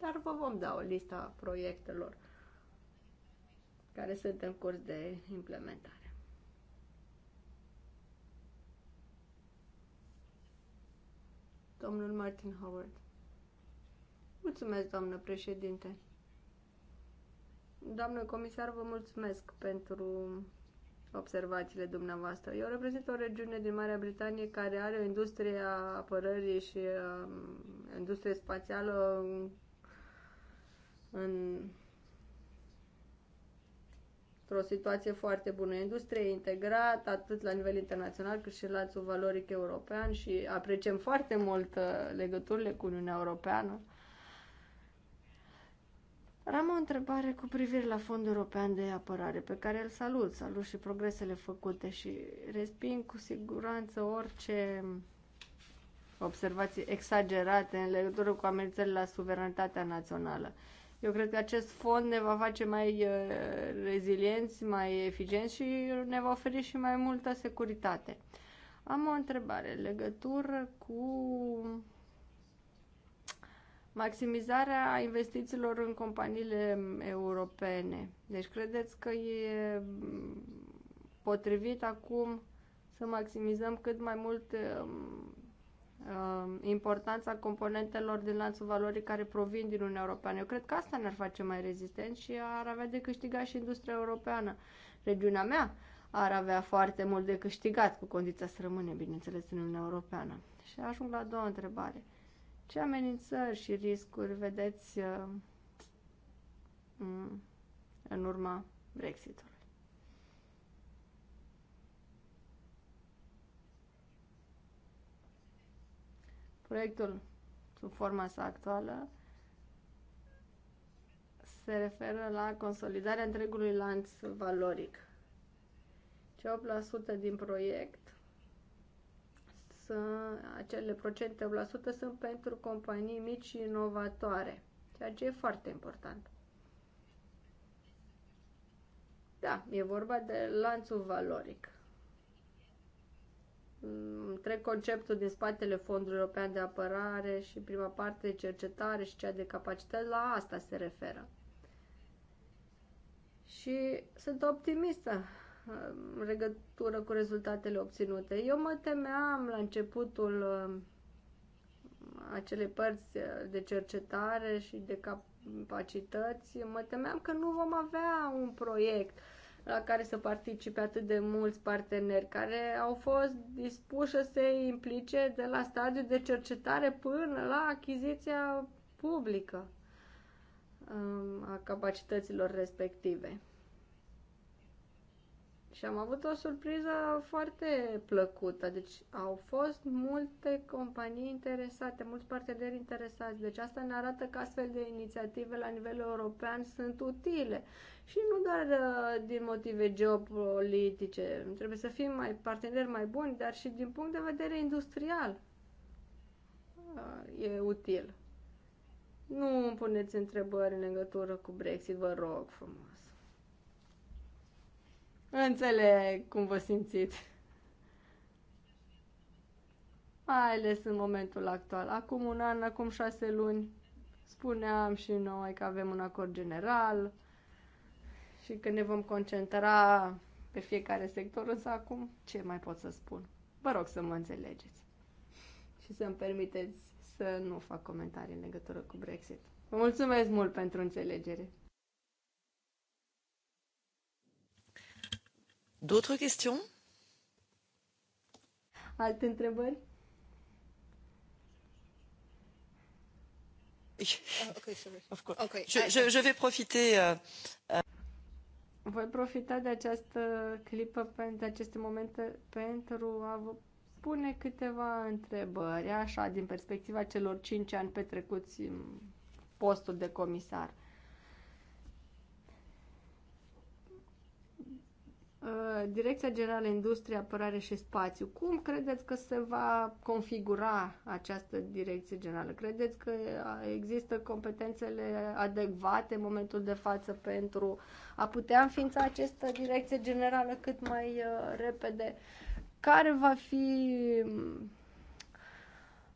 Dar vă vom da o listă a proiectelor care sunt în curs de implementare. domnul Martin Howard. Mulțumesc, doamnă președinte. Doamnă comisar, vă mulțumesc pentru observațiile dumneavoastră. Eu reprezint o regiune din Marea Britanie care are o industrie a apărării și um, industrie spațială în, în într-o situație foarte bună. Industrie integrată, atât la nivel internațional cât și lațul valoric european și apreciem foarte mult uh, legăturile cu Uniunea Europeană. Am o întrebare cu privire la Fondul European de Apărare, pe care îl salut, salut și progresele făcute și resping cu siguranță orice observații exagerate în legătură cu amenințările la suveranitatea națională. Uh, eu cred că acest fond ne va face mai uh, rezilienți, mai eficienți și ne va oferi și mai multă securitate. Am o întrebare legătură cu maximizarea investițiilor în companiile europene. Deci credeți că e potrivit acum să maximizăm cât mai mult um, Um, importanța componentelor din lanțul valorii care provin din Uniunea Europeană. Eu cred că asta ne-ar face mai rezistent și ar avea de câștigat și industria europeană. Regiunea mea ar avea foarte mult de câștigat, cu condiția să rămâne, bineînțeles, în Uniunea Europeană. Și ajung la a doua întrebare. Ce amenințări și riscuri vedeți uh, în urma Brexitului? Proiectul, sub forma sa actuală, se referă la consolidarea întregului lanț valoric. Ce 8% din proiect sunt, acele procente 8% sunt pentru companii mici și inovatoare, ceea ce e foarte important. Da, e vorba de lanțul valoric întreg mm, conceptul din spatele Fondului European de Apărare și prima parte de cercetare și cea de capacitate la asta se referă. Și sunt optimistă mm, în legătură cu rezultatele obținute. Eu mă temeam la începutul mm, acele părți eh, de cercetare și de capacități, mă temeam că nu vom avea un proiect la care să participe atât de mulți parteneri care au fost dispuși să se implice de la stadiul de cercetare până la achiziția publică um, a capacităților respective și am avut o surpriză foarte plăcută. Deci au fost multe companii interesate, mulți parteneri interesați. Deci asta ne arată că astfel de inițiative la nivel european sunt utile și nu doar uh, din motive geopolitice. Trebuie să fim mai parteneri mai buni, dar și din punct de vedere industrial uh, e util. Nu îmi puneți întrebări în legătură cu Brexit, vă rog frumos. Înțeleg cum vă simțiți. Mai ales în momentul actual. Acum un an, acum șase luni, spuneam și noi că avem un acord general și că ne vom concentra pe fiecare sector, însă acum ce mai pot să spun? Vă rog să mă înțelegeți și să-mi permiteți să nu fac comentarii în legătură cu Brexit. Vă mulțumesc mult pentru înțelegere! D'autres questions? Alte întrebări? [LAUGHS] okay, sorry. Of course. Okay. Je, je, je vais profiter. Euh, euh. Voi profita de această clipă, de aceste momente, pentru a vă pune câteva întrebări, așa, din perspectiva celor cinci ani petrecuți în postul de comisar. Uh, Direcția Generală Industrie, Apărare și Spațiu. Cum credeți că se va configura această direcție generală? Credeți că uh, există competențele adecvate în momentul de față pentru a putea înființa această direcție generală cât mai uh, repede? Care va fi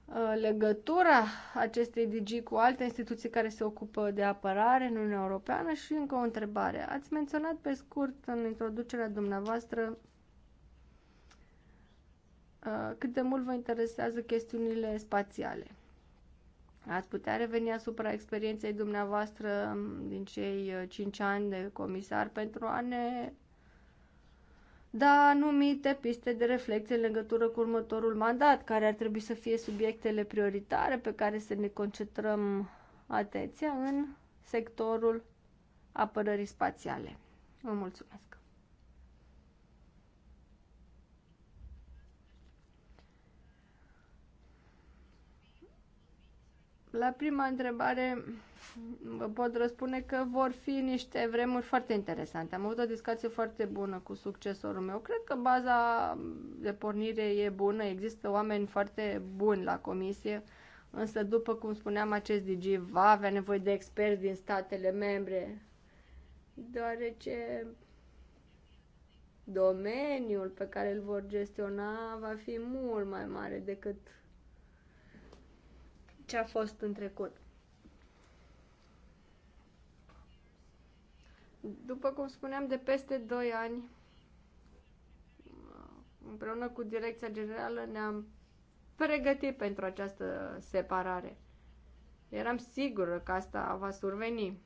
Uh, legătura acestei DG cu alte instituții care se ocupă de apărare în Uniunea Europeană și încă o întrebare. Ați menționat pe scurt în introducerea dumneavoastră uh, cât de mult vă interesează chestiunile spațiale. Ați putea reveni asupra experienței dumneavoastră um, din cei 5 uh, ani de comisar pentru a ne da anumite piste de reflexie în legătură cu următorul mandat, care ar trebui să fie subiectele prioritare pe care să ne concentrăm atenția în sectorul apărării spațiale. Vă mulțumesc! La prima întrebare, vă pot răspune că vor fi niște vremuri foarte interesante. Am avut o discuție foarte bună cu succesorul meu. Cred că baza de pornire e bună, există oameni foarte buni la comisie, însă, după cum spuneam, acest DG va avea nevoie de experți din statele membre, deoarece domeniul pe care îl vor gestiona va fi mult mai mare decât ce a fost în trecut. După cum spuneam, de peste 2 ani, împreună cu Direcția Generală, ne-am pregătit pentru această separare. Eram sigură că asta va surveni.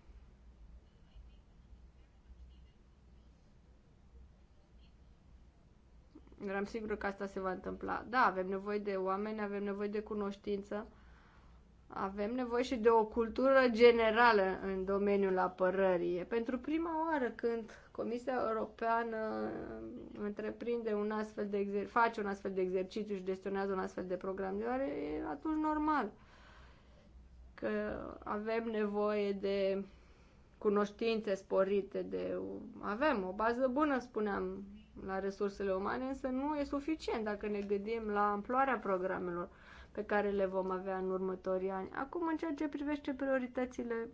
Eram sigură că asta se va întâmpla. Da, avem nevoie de oameni, avem nevoie de cunoștință avem nevoie și de o cultură generală în domeniul apărării. E pentru prima oară când Comisia Europeană um, întreprinde un astfel de exer- face un astfel de exercițiu și gestionează un astfel de program, deoarece e atunci normal că avem nevoie de cunoștințe sporite, de avem o bază bună, spuneam, la resursele umane, însă nu e suficient dacă ne gândim la amploarea programelor pe care le vom avea în următorii ani. Acum, în ceea ce privește prioritățile,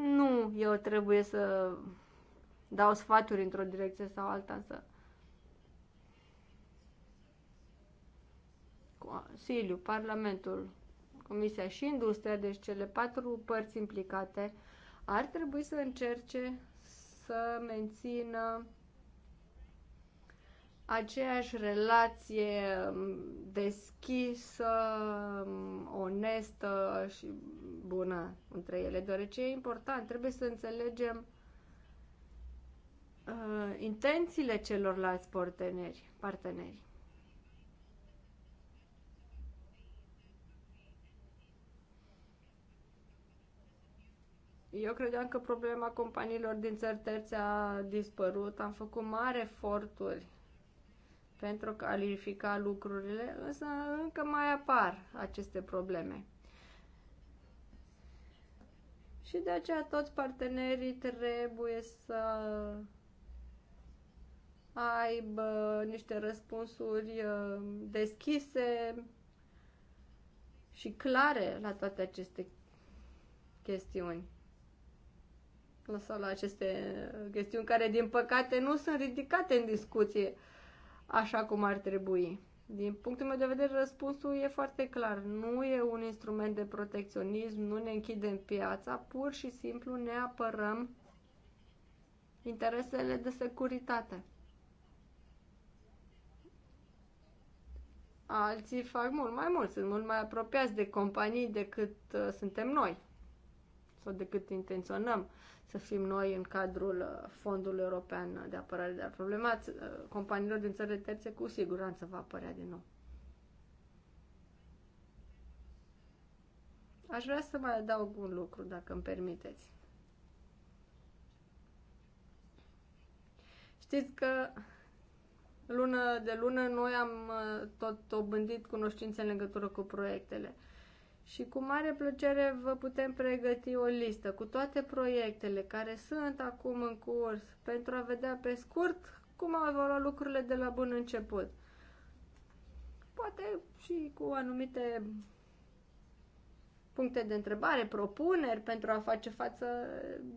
nu eu trebuie să dau sfaturi într-o direcție sau alta, însă Consiliul, Parlamentul, Comisia și Industria, deci cele patru părți implicate, ar trebui să încerce să mențină aceeași relație um, deschisă, um, onestă și bună între ele, deoarece e important, trebuie să înțelegem uh, intențiile celorlalți parteneri. parteneri. Eu credeam că problema companiilor din țări terțe a dispărut. Am făcut mari eforturi pentru a clarifica lucrurile, însă încă mai apar aceste probleme. Și de aceea toți partenerii trebuie să aibă niște răspunsuri uh, deschise și clare la toate aceste chestiuni. Sau la aceste chestiuni care, din păcate, nu sunt ridicate în discuție așa cum ar trebui. Din punctul meu de vedere, răspunsul e foarte clar. Nu e un instrument de protecționism, nu ne închidem piața, pur și simplu ne apărăm interesele de securitate. Alții fac mult mai mult, sunt mult mai apropiați de companii decât uh, suntem noi sau decât intenționăm să fim noi în cadrul uh, Fondului European de Apărare, de problema uh, companiilor din țările terțe cu siguranță va apărea din nou. Aș vrea să mai adaug un lucru, dacă îmi permiteți. Știți că lună de lună noi am uh, tot obândit cunoștințe în legătură cu proiectele. Și cu mare plăcere vă putem pregăti o listă cu toate proiectele care sunt acum în curs pentru a vedea pe scurt cum au evoluat lucrurile de la bun început. Poate și cu anumite puncte de întrebare, propuneri pentru a face față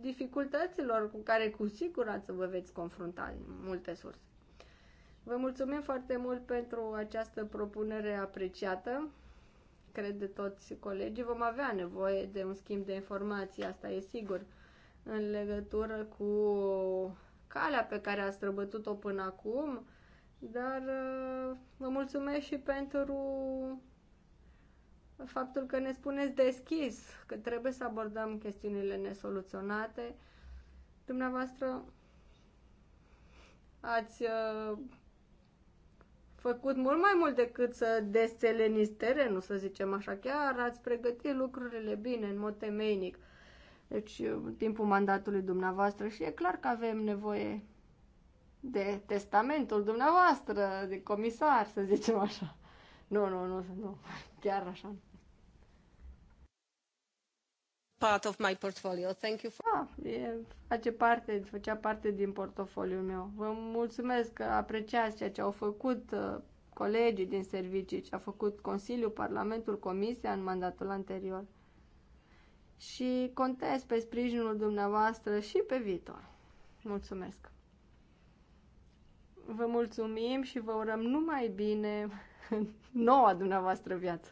dificultăților cu care cu siguranță vă veți confrunta în multe surse. Vă mulțumim foarte mult pentru această propunere apreciată cred de toți colegii, vom avea nevoie de un schimb de informații, asta e sigur, în legătură cu calea pe care a străbătut-o până acum, dar uh, vă mulțumesc și pentru faptul că ne spuneți deschis că trebuie să abordăm chestiunile nesoluționate. Dumneavoastră ați uh, făcut mult mai mult decât să desțeleniți terenul, să zicem așa. Chiar ați pregătit lucrurile bine, în mod temeinic. Deci, în timpul mandatului dumneavoastră și e clar că avem nevoie de testamentul dumneavoastră, de comisar, să zicem așa. Nu, nu, nu, nu, chiar așa nu part of my portfolio. Thank you for... Da, e, face parte, făcea parte din portofoliul meu. Vă mulțumesc că apreciați ceea ce au făcut uh, colegii din servicii, ce a făcut Consiliul, Parlamentul, Comisia în mandatul anterior. Și contez pe sprijinul dumneavoastră și pe viitor. Mulțumesc! Vă mulțumim și vă urăm numai bine în noua dumneavoastră viață.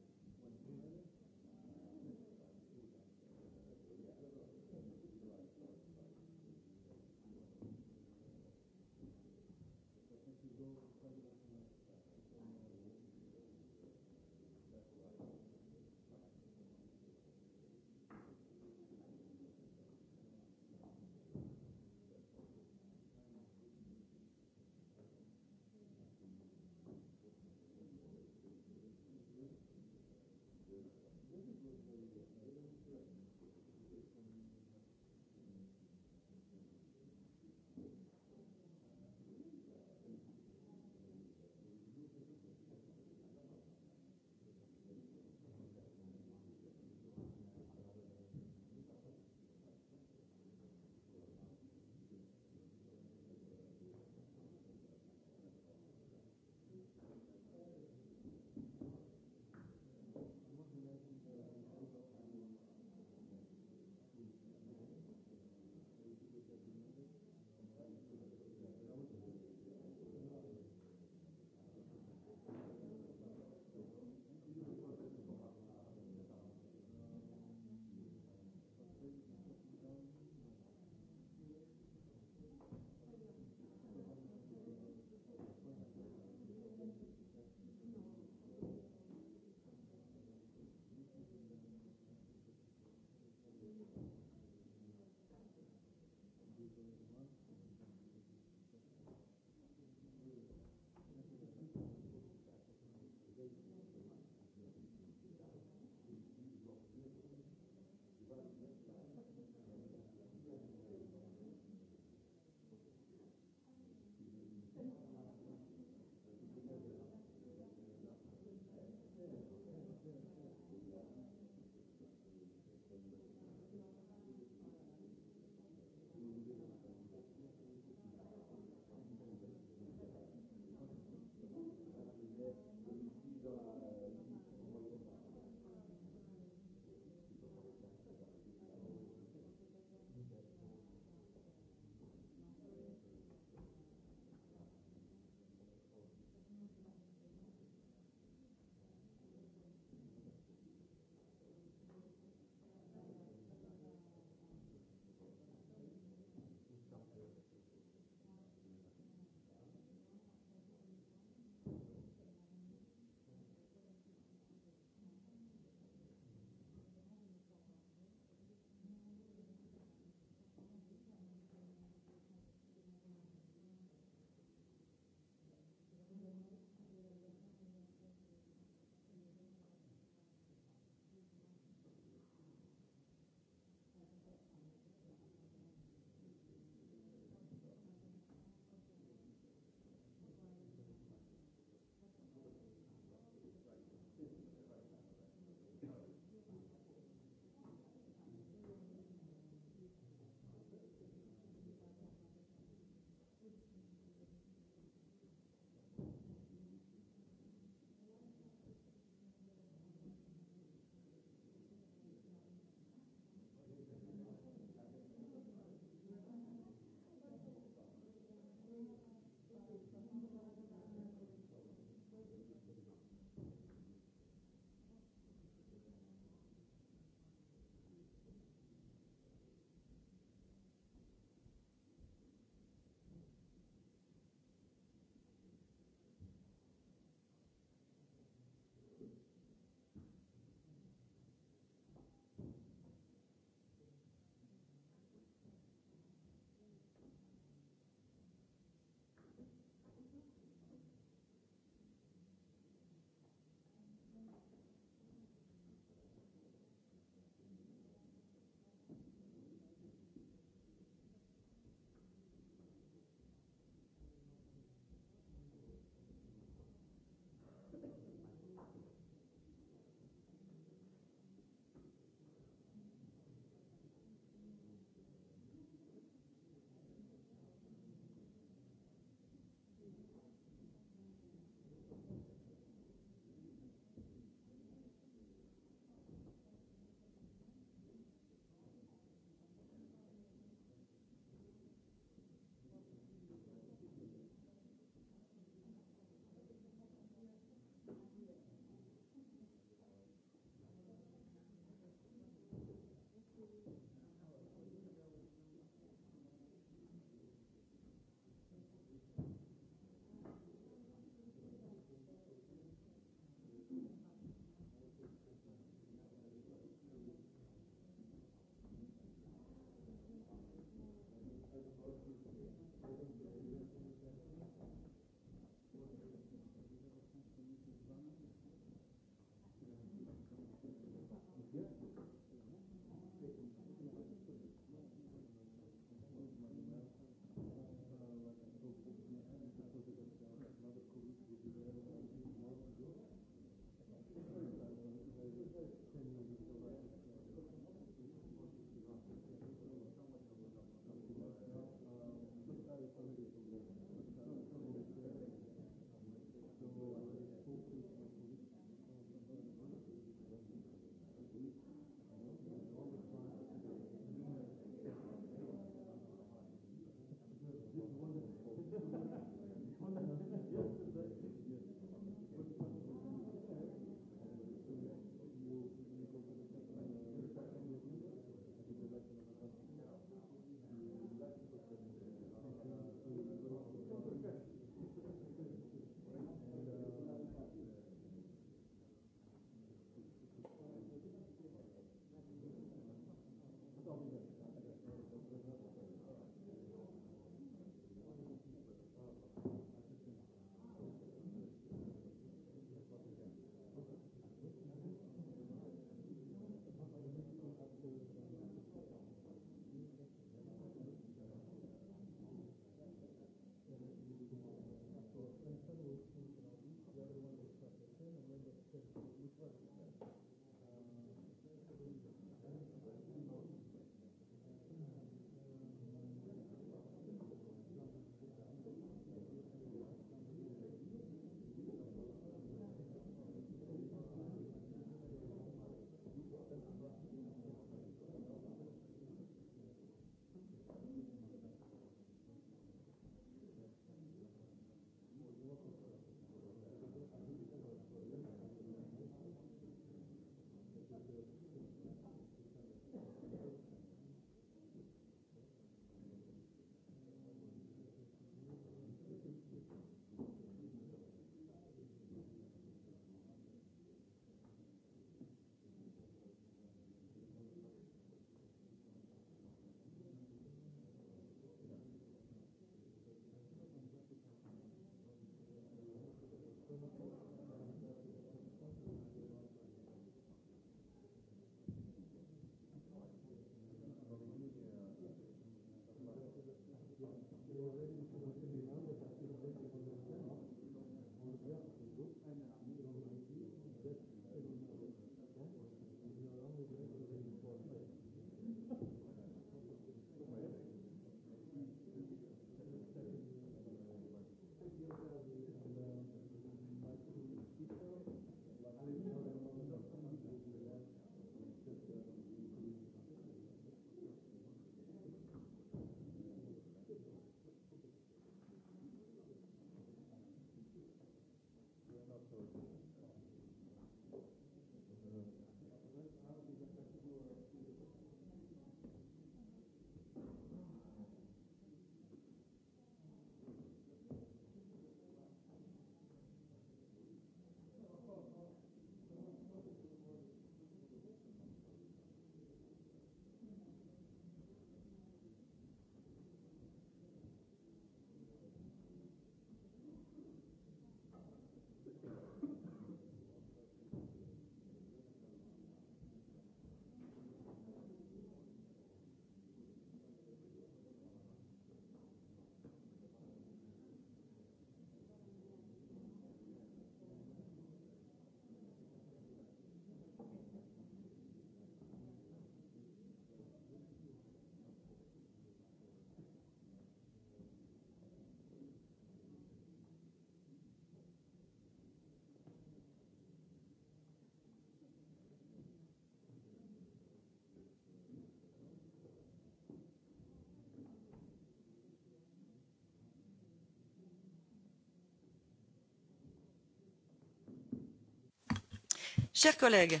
Chers collègues,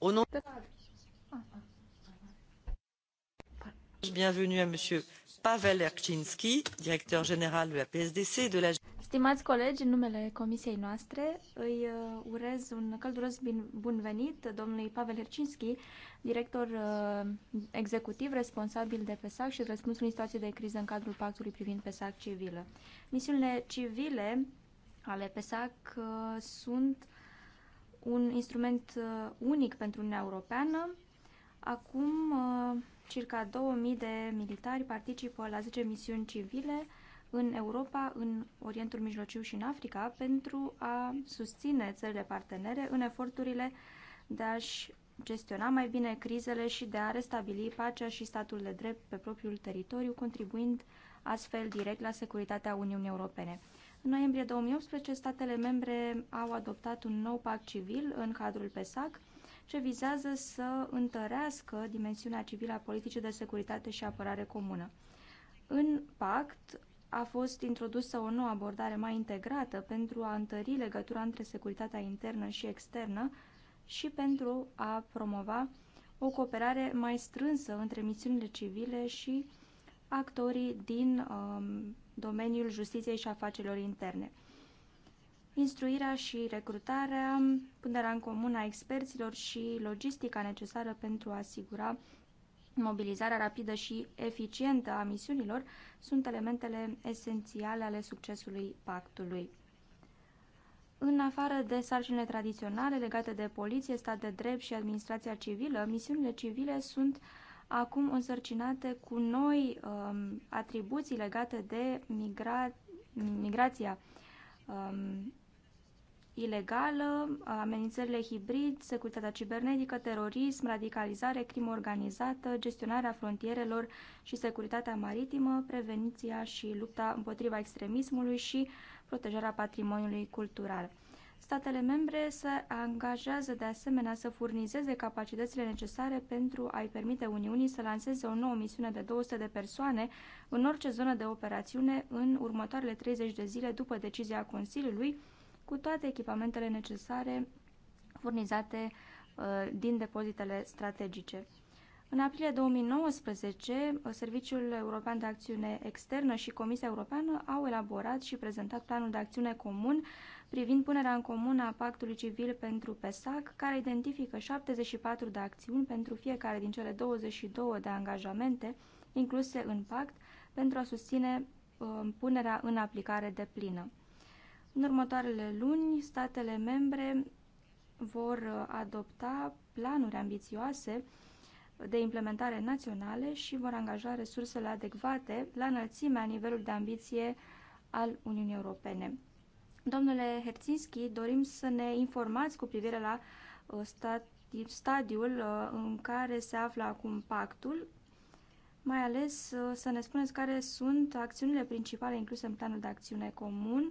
au nom bienvenue à Monsieur Pavel Erczynski, directeur général de la PSDC de la Stimați colegi, în numele comisiei noastre îi uh, urez un călduros bun venit domnului Pavel Hercinski, director uh, executiv responsabil de PESAC și răspunsul în situații de criză în cadrul pactului privind PESAC civilă. Misiunile civile ale PESAC uh, sunt un instrument uh, unic pentru Uniunea Europeană. Acum, uh, circa 2000 de militari participă la 10 misiuni civile în Europa, în Orientul Mijlociu și în Africa pentru a susține țările partenere în eforturile de a-și gestiona mai bine crizele și de a restabili pacea și statul de drept pe propriul teritoriu, contribuind astfel direct la securitatea Uniunii Europene. În noiembrie 2018, statele membre au adoptat un nou pact civil în cadrul PESAC, ce vizează să întărească dimensiunea civilă a politicii de securitate și apărare comună. În pact a fost introdusă o nouă abordare mai integrată pentru a întări legătura între securitatea internă și externă și pentru a promova o cooperare mai strânsă între misiunile civile și actorii din um, domeniul justiției și afacerilor interne. Instruirea și recrutarea, punerea în comun a experților și logistica necesară pentru a asigura mobilizarea rapidă și eficientă a misiunilor sunt elementele esențiale ale succesului pactului. În afară de sarcinile tradiționale legate de poliție, stat de drept și administrația civilă, misiunile civile sunt uh, acum însărcinate cu noi um, atribuții legate de migra migrația um, ilegală, amenințările hibrid, securitatea cibernetică, terorism, radicalizare, crimă organizată, gestionarea frontierelor și securitatea maritimă, preveniția și lupta împotriva extremismului și protejarea patrimoniului cultural. Statele membre se angajează de asemenea să furnizeze capacitățile necesare pentru a-i permite Uniunii să lanseze o nouă misiune de 200 de persoane în orice zonă de operațiune în următoarele 30 de zile după decizia Consiliului, cu toate echipamentele necesare furnizate uh, din depozitele strategice. În aprilie 2019, uh, Serviciul European de Acțiune Externă și Comisia Europeană au elaborat și prezentat planul de acțiune comun privind punerea în comună a Pactului Civil pentru PESAC, care identifică 74 de acțiuni pentru fiecare din cele 22 de angajamente incluse în pact pentru a susține uh, punerea în aplicare de plină. În următoarele luni, statele membre vor uh, adopta planuri ambițioase de implementare naționale și vor angaja resursele adecvate la înălțimea nivelului de ambiție al Uniunii Europene. Domnule Herținski, dorim să ne informați cu privire la uh, stadiul uh, în care se află acum pactul, mai ales uh, să ne spuneți care sunt acțiunile principale incluse în planul de acțiune comun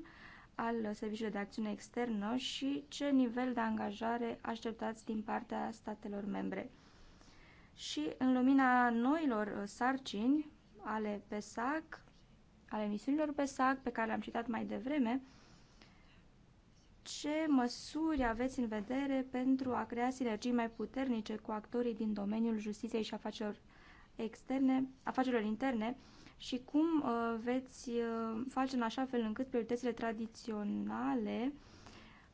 al Serviciului de Acțiune Externă și ce nivel de angajare așteptați din partea statelor membre. Și în lumina noilor sarcini ale PESAC, ale misiunilor PESAC pe care le-am citat mai devreme, ce măsuri aveți în vedere pentru a crea sinergii mai puternice cu actorii din domeniul justiției și afacerilor externe, afacerilor interne și cum uh, veți uh, face în așa fel încât prioritățile tradiționale,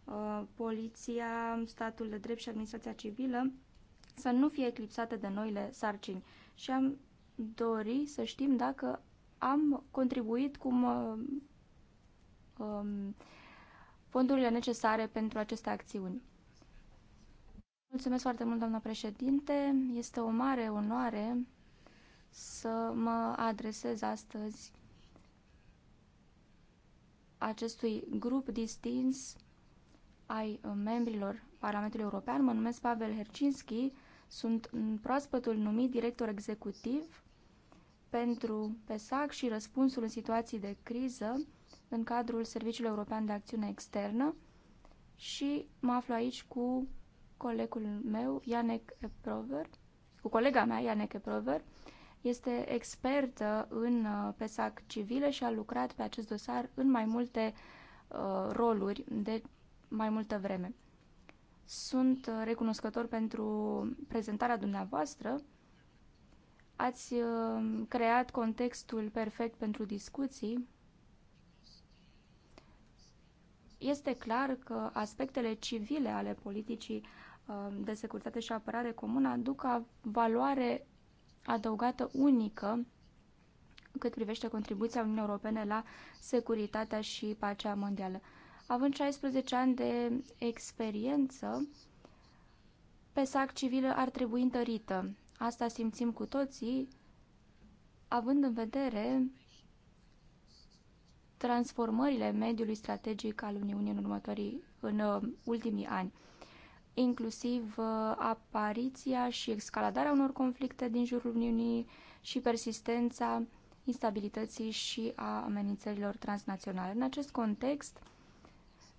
uh, poliția, statul de drept și administrația civilă, să nu fie eclipsate de noile sarcini. Și am dori să știm dacă am contribuit cum uh, um, fondurile necesare pentru aceste acțiuni. Mulțumesc foarte mult, doamna președinte. Este o mare onoare să mă adresez astăzi acestui grup distins ai membrilor Parlamentului European. Mă numesc Pavel Hercinski, sunt proaspătul numit director executiv pentru PESAC și răspunsul în situații de criză în cadrul Serviciului European de Acțiune Externă și mă aflu aici cu colegul meu, Ianek Prover, cu colega mea, Ianek Prover, este expertă în uh, PESAC civile și a lucrat pe acest dosar în mai multe uh, roluri de mai multă vreme. Sunt uh, recunoscător pentru prezentarea dumneavoastră. Ați uh, creat contextul perfect pentru discuții este clar că aspectele civile ale politicii um, de securitate și apărare comună aduc o valoare adăugată unică cât privește contribuția Uniunii Europene la securitatea și pacea mondială. Având 16 ani de experiență, PESAC civilă ar trebui întărită. Asta simțim cu toții, având în vedere transformările mediului strategic al Uniunii în, următorii, în uh, ultimii ani, inclusiv uh, apariția și escaladarea unor conflicte din jurul Uniunii și persistența instabilității și a amenințărilor transnaționale. În acest context,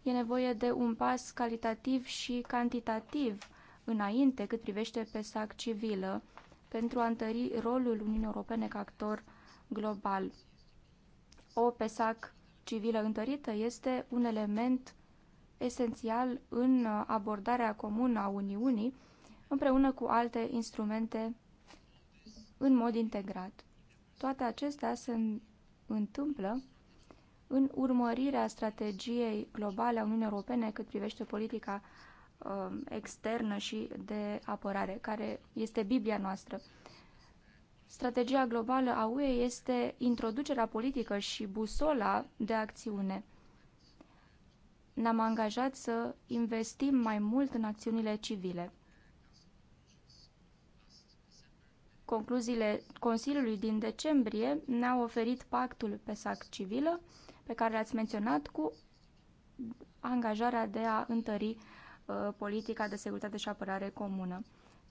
e nevoie de un pas calitativ și cantitativ înainte cât privește sac civilă pentru a întări rolul Uniunii Europene ca actor global o PESAC civilă întărită este un element esențial în abordarea comună a Uniunii împreună cu alte instrumente în mod integrat. Toate acestea se întâmplă în urmărirea strategiei globale a Uniunii Europene cât privește politica uh, externă și de apărare, care este Biblia noastră. Strategia globală a UE este introducerea politică și busola de acțiune. Ne-am angajat să investim mai mult în acțiunile civile. Concluziile Consiliului din decembrie ne-au oferit pactul pe sac civilă, pe care l-ați menționat, cu angajarea de a întări uh, politica de securitate și apărare comună.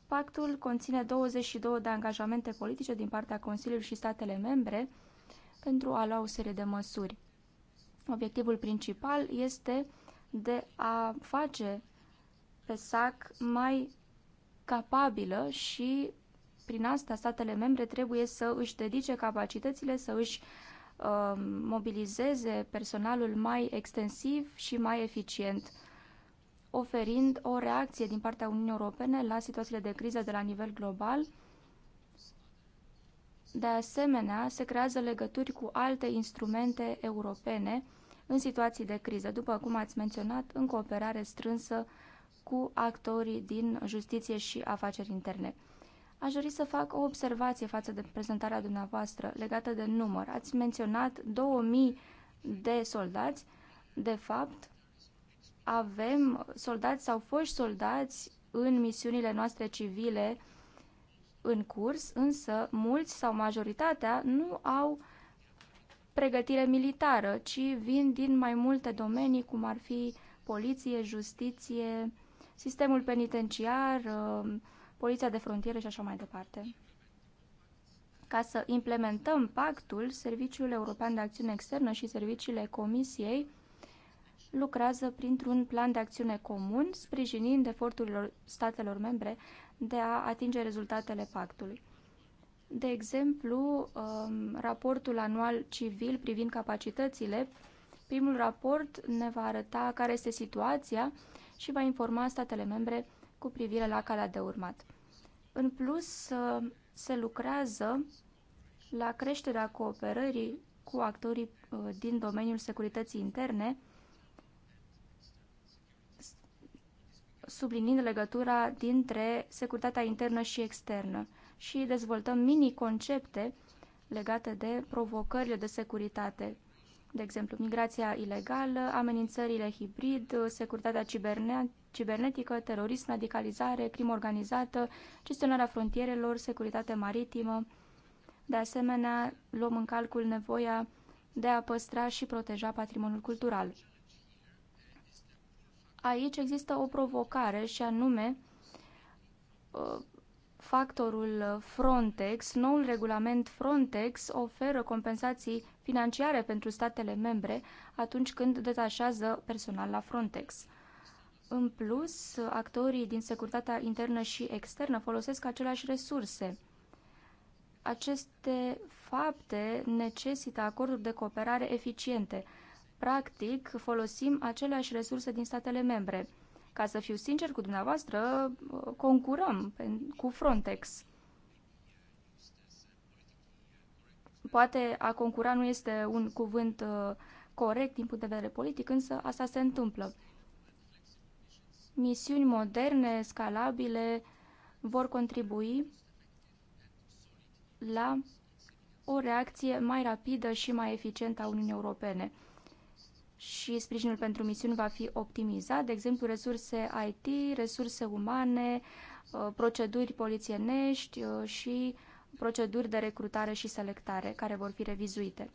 Pactul conține 22 de angajamente politice din partea Consiliului și statele membre pentru a lua o serie de măsuri. Obiectivul principal este de a face pe SAC mai capabilă și prin asta statele membre trebuie să își dedice capacitățile, să își uh, mobilizeze personalul mai extensiv și mai eficient oferind o reacție din partea Uniunii Europene la situațiile de criză de la nivel global. De asemenea, se creează legături cu alte instrumente europene în situații de criză, după cum ați menționat, în cooperare strânsă cu actorii din justiție și afaceri interne. Aș dori să fac o observație față de prezentarea dumneavoastră legată de număr. Ați menționat 2000 de soldați. De fapt, avem soldați sau foști soldați în misiunile noastre civile în curs, însă mulți sau majoritatea nu au pregătire militară, ci vin din mai multe domenii, cum ar fi poliție, justiție, sistemul penitenciar, uh, poliția de frontieră și așa mai departe. Ca să implementăm pactul, Serviciul European de Acțiune Externă și serviciile Comisiei lucrează printr-un plan de acțiune comun, sprijinind eforturile statelor membre de a atinge rezultatele pactului. De exemplu, um, raportul anual civil privind capacitățile, primul raport ne va arăta care este situația și va informa statele membre cu privire la calea de urmat. În plus, uh, se lucrează la creșterea cooperării cu actorii uh, din domeniul securității interne sublinind legătura dintre securitatea internă și externă și dezvoltăm mini-concepte legate de provocările de securitate, de exemplu migrația ilegală, amenințările hibrid, securitatea cibernetică, terorism, radicalizare, crimă organizată, gestionarea frontierelor, securitate maritimă. De asemenea, luăm în calcul nevoia de a păstra și proteja patrimoniul cultural aici există o provocare și anume uh, factorul Frontex. Noul regulament Frontex oferă compensații financiare pentru statele membre atunci când detașează personal la Frontex. În plus, actorii din securitatea internă și externă folosesc aceleași resurse. Aceste fapte necesită acorduri de cooperare eficiente. Practic, folosim aceleași resurse din statele membre. Ca să fiu sincer cu dumneavoastră, concurăm cu Frontex. Poate a concura nu este un cuvânt uh, corect din punct de vedere politic, însă asta se întâmplă. Misiuni moderne, scalabile, vor contribui la o reacție mai rapidă și mai eficientă a Uniunii Europene și sprijinul pentru misiuni va fi optimizat, de exemplu resurse IT, resurse umane, uh, proceduri polițienești uh, și proceduri de recrutare și selectare care vor fi revizuite.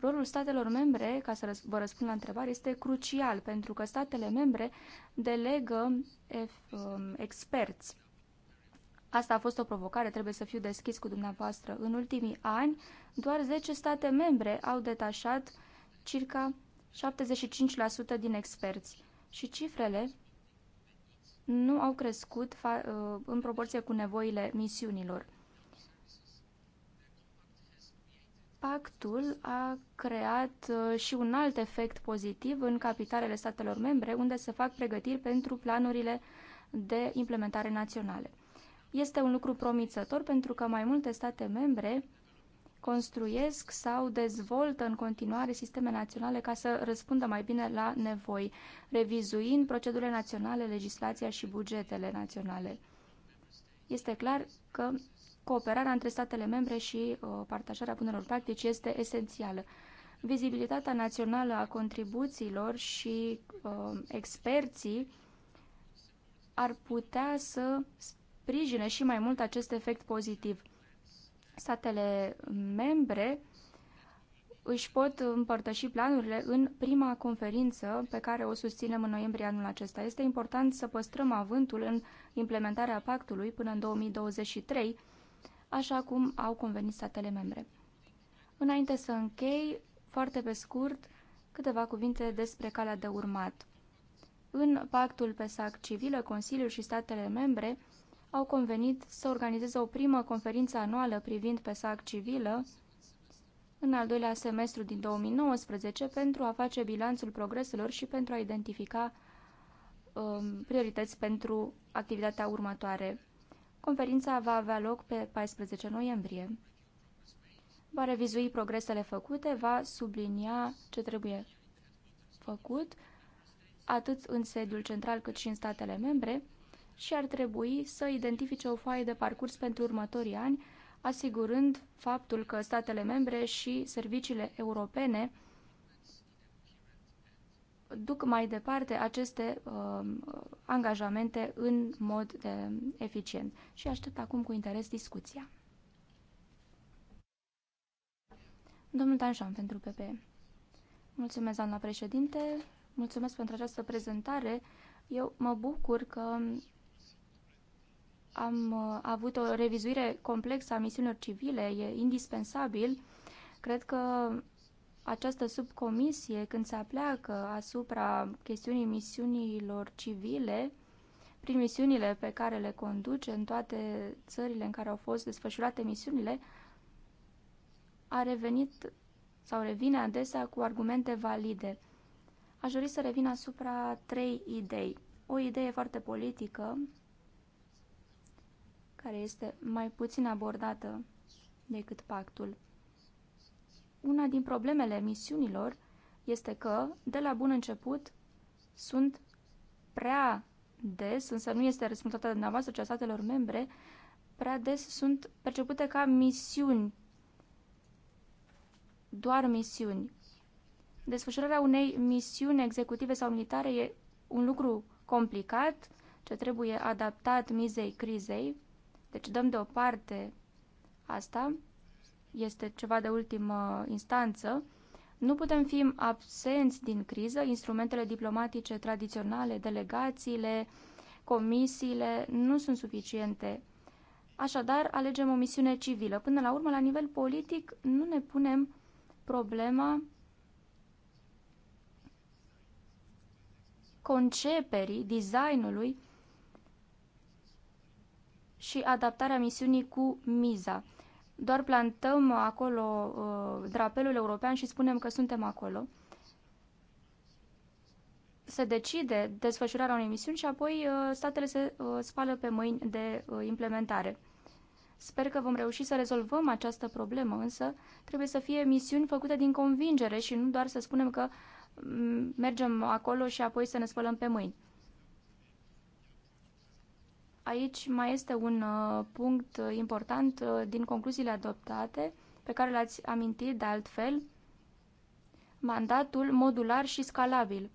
Rolul statelor membre, ca să vă răspund la întrebare, este crucial pentru că statele membre delegă um, experți. Asta a fost o provocare, trebuie să fiu deschis cu dumneavoastră. În ultimii ani, doar 10 state membre au detașat circa 75% din experți și cifrele nu au crescut uh, în proporție cu nevoile misiunilor. Pactul a creat uh, și un alt efect pozitiv în capitalele statelor membre, unde se fac pregătiri pentru planurile de implementare naționale. Este un lucru promițător pentru că mai multe state membre construiesc sau dezvoltă în continuare sisteme naționale ca să răspundă mai bine la nevoi, revizuind procedurile naționale, legislația și bugetele naționale. Este clar că cooperarea între statele membre și uh, partajarea bunelor practici este esențială. Vizibilitatea națională a contribuțiilor și uh, experții ar putea să sprijine și mai mult acest efect pozitiv statele membre își pot împărtăși planurile în prima conferință pe care o susținem în noiembrie anul acesta. Este important să păstrăm avântul în implementarea pactului până în 2023, așa cum au convenit statele membre. Înainte să închei, foarte pe scurt, câteva cuvinte despre calea de urmat. În pactul pe sac civilă, Consiliul și statele membre au convenit să organizeze o primă conferință anuală privind PESAC civilă în al doilea semestru din 2019 pentru a face bilanțul progreselor și pentru a identifica um, priorități pentru activitatea următoare. Conferința va avea loc pe 14 noiembrie. Va revizui progresele făcute, va sublinia ce trebuie făcut, atât în sediul central cât și în statele membre, și ar trebui să identifice o foaie de parcurs pentru următorii ani, asigurând faptul că statele membre și serviciile europene duc mai departe aceste uh, angajamente în mod de um, eficient. Și aștept acum cu interes discuția. Domnul Tanșan, pentru PP. Mulțumesc, doamna președinte. Mulțumesc pentru această prezentare. Eu mă bucur că am uh, avut o revizuire complexă a misiunilor civile, e indispensabil. Cred că această subcomisie, când se apleacă asupra chestiunii misiunilor civile, prin misiunile pe care le conduce în toate țările în care au fost desfășurate misiunile, a revenit sau revine adesea cu argumente valide. Aș dori să revin asupra trei idei. O idee foarte politică care este mai puțin abordată decât pactul. Una din problemele misiunilor este că, de la bun început, sunt prea des, însă nu este responsabilitatea dumneavoastră, ci a statelor membre, prea des sunt percepute ca misiuni, doar misiuni. Desfășurarea unei misiuni executive sau militare e un lucru complicat, ce trebuie adaptat mizei crizei, deci dăm deoparte asta, este ceva de ultimă instanță. Nu putem fi absenți din criză, instrumentele diplomatice tradiționale, delegațiile, comisiile nu sunt suficiente. Așadar, alegem o misiune civilă. Până la urmă, la nivel politic, nu ne punem problema conceperii, designului și adaptarea misiunii cu miza. Doar plantăm acolo uh, drapelul european și spunem că suntem acolo. Se decide desfășurarea unei misiuni și apoi uh, statele se uh, spală pe mâini de implementare. Sper că vom reuși să rezolvăm această problemă, însă trebuie să fie misiuni făcute din convingere și nu doar să spunem că mm, mergem acolo și apoi să ne spălăm pe mâini. Aici mai este un uh, punct uh, important uh, din concluziile adoptate, pe care l-ați amintit de altfel, mandatul modular și scalabil.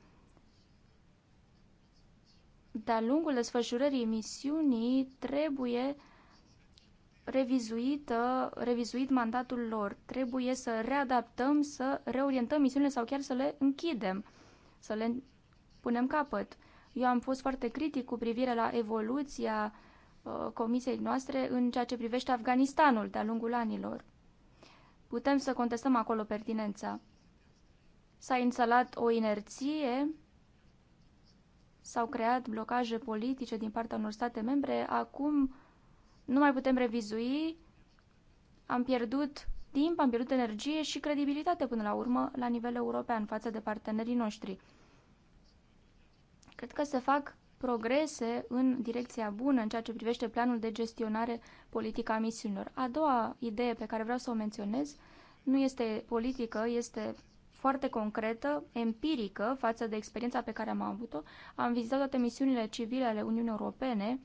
De-a lungul desfășurării misiunii trebuie revizuită, revizuit mandatul lor. Trebuie să readaptăm, să reorientăm misiunile sau chiar să le închidem, să le punem capăt. Eu am fost foarte critic cu privire la evoluția uh, comisiei noastre în ceea ce privește Afganistanul de-a lungul anilor. Putem să contestăm acolo pertinența. S-a instalat o inerție, s-au creat blocaje politice din partea unor state membre, acum nu mai putem revizui, am pierdut timp, am pierdut energie și credibilitate până la urmă la nivel european față de partenerii noștri. Cred că se fac progrese în direcția bună în ceea ce privește planul de gestionare politică a misiunilor. A doua idee pe care vreau să o menționez nu este politică, este foarte concretă, empirică, față de experiența pe care am avut-o. Am vizitat toate misiunile civile ale Uniunii Europene.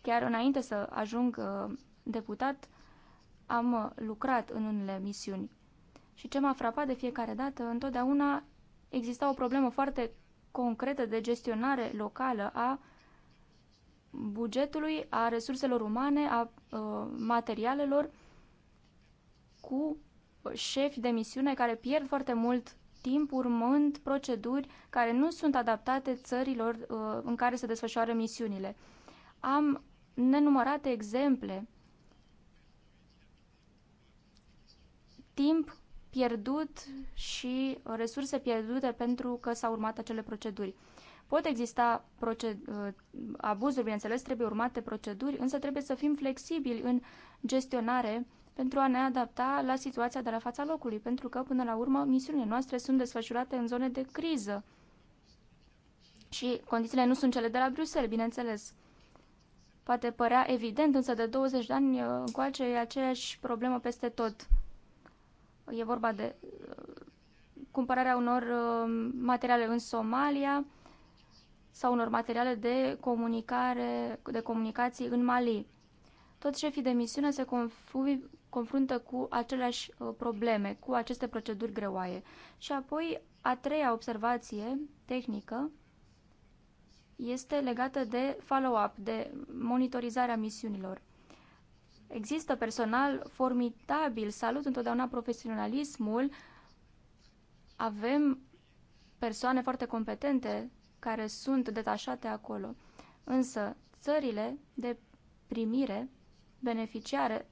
Chiar înainte să ajung uh, deputat, am uh, lucrat în unele misiuni. Și ce m-a frapat de fiecare dată, întotdeauna exista o problemă foarte concretă de gestionare locală a bugetului, a resurselor umane, a, uh, materialelor cu șefi de misiune care pierd foarte mult timp urmând proceduri care nu sunt adaptate țărilor uh, în care se desfășoară misiunile. Am nenumărate exemple timp pierdut și resurse pierdute pentru că s-au urmat acele proceduri. Pot exista proced- uh, abuzuri, bineînțeles, trebuie urmate proceduri, însă trebuie să fim flexibili în gestionare pentru a ne adapta la situația de la fața locului, pentru că, până la urmă, misiunile noastre sunt desfășurate în zone de criză și condițiile nu sunt cele de la Bruxelles, bineînțeles. Poate părea evident, însă de 20 de ani uh, încoace e aceeași problemă peste tot. E vorba de uh, cumpărarea unor uh, materiale în Somalia sau unor materiale de comunicare, de comunicații în Mali. Toți șefii de misiune se confruntă cu aceleași uh, probleme, cu aceste proceduri greoaie. Și apoi, a treia observație tehnică este legată de follow-up, de monitorizarea misiunilor. Există personal formidabil, salut întotdeauna profesionalismul. Avem persoane foarte competente care sunt detașate acolo. Însă, țările de primire, beneficiare,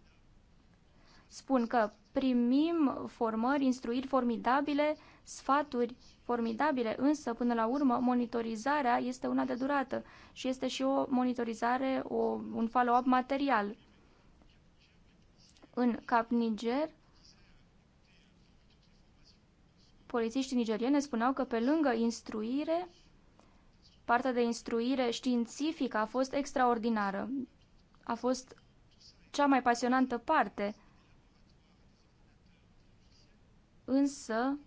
spun că primim formări, instruiri formidabile, sfaturi formidabile, însă, până la urmă, monitorizarea este una de durată și este și o monitorizare, o, un follow-up material. În Cap Niger, polițiștii nigeriene spuneau că pe lângă instruire, partea de instruire științifică a fost extraordinară. A fost cea mai pasionantă parte. Însă,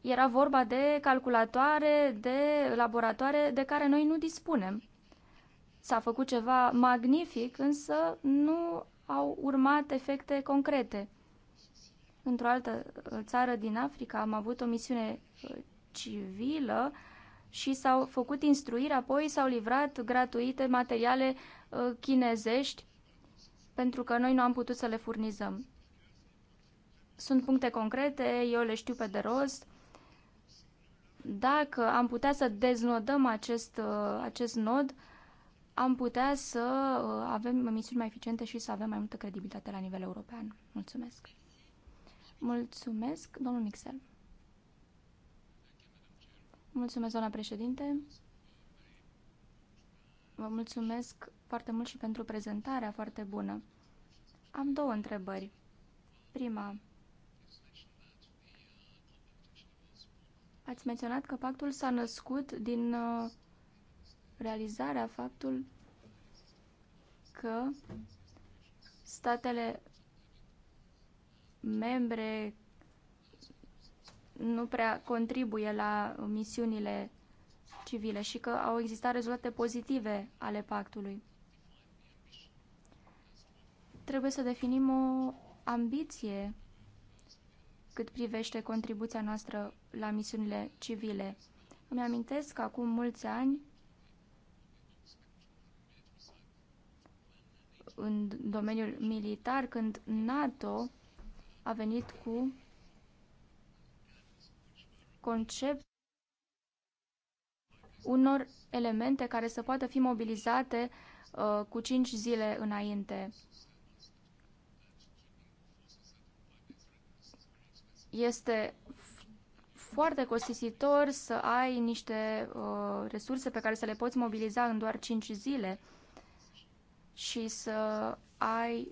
era vorba de calculatoare, de laboratoare de care noi nu dispunem. S-a făcut ceva magnific, însă nu au urmat efecte concrete. Într-o altă uh, țară din Africa am avut o misiune uh, civilă și s-au făcut instruiri, apoi s-au livrat gratuite materiale uh, chinezești pentru că noi nu am putut să le furnizăm. Sunt puncte concrete, eu le știu pe de rost. Dacă am putea să deznodăm acest, acest nod, am putea să uh, avem misiuni mai eficiente și să avem mai multă credibilitate la nivel european. Mulțumesc! Mulțumesc, domnul Mixel. Mulțumesc, doamna președinte. Vă mulțumesc foarte mult și pentru prezentarea foarte bună. Am două întrebări. Prima. Ați menționat că pactul s-a născut din uh, realizarea faptul că statele membre nu prea contribuie la misiunile civile și că au existat rezultate pozitive ale pactului. Trebuie să definim o ambiție cât privește contribuția noastră la misiunile civile. Îmi amintesc că acum mulți ani în domeniul militar când NATO a venit cu concept unor elemente care să poată fi mobilizate uh, cu 5 zile înainte. Este foarte costisitor să ai niște uh, resurse pe care să le poți mobiliza în doar 5 zile și să ai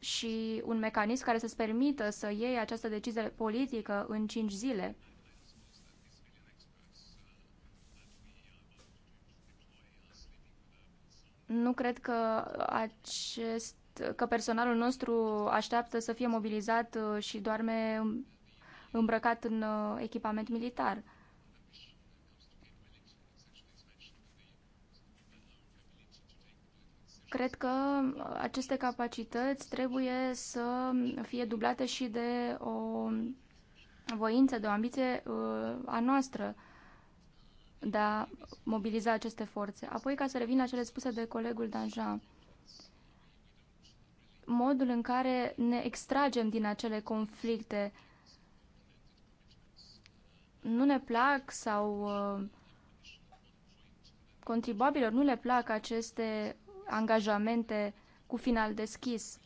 și un mecanism care să-ți permită să iei această decizie politică în 5 zile. Nu cred că acest că personalul nostru așteaptă să fie mobilizat uh, și doarme îmbrăcat în uh, echipament militar. Cred că uh, aceste capacități trebuie să fie dublate și de o voință, de o ambiție uh, a noastră de a mobiliza aceste forțe. Apoi, ca să revin la cele spuse de colegul Danja, modul în care ne extragem din acele conflicte nu ne plac sau uh, contribuabilor nu le plac aceste angajamente cu final deschis.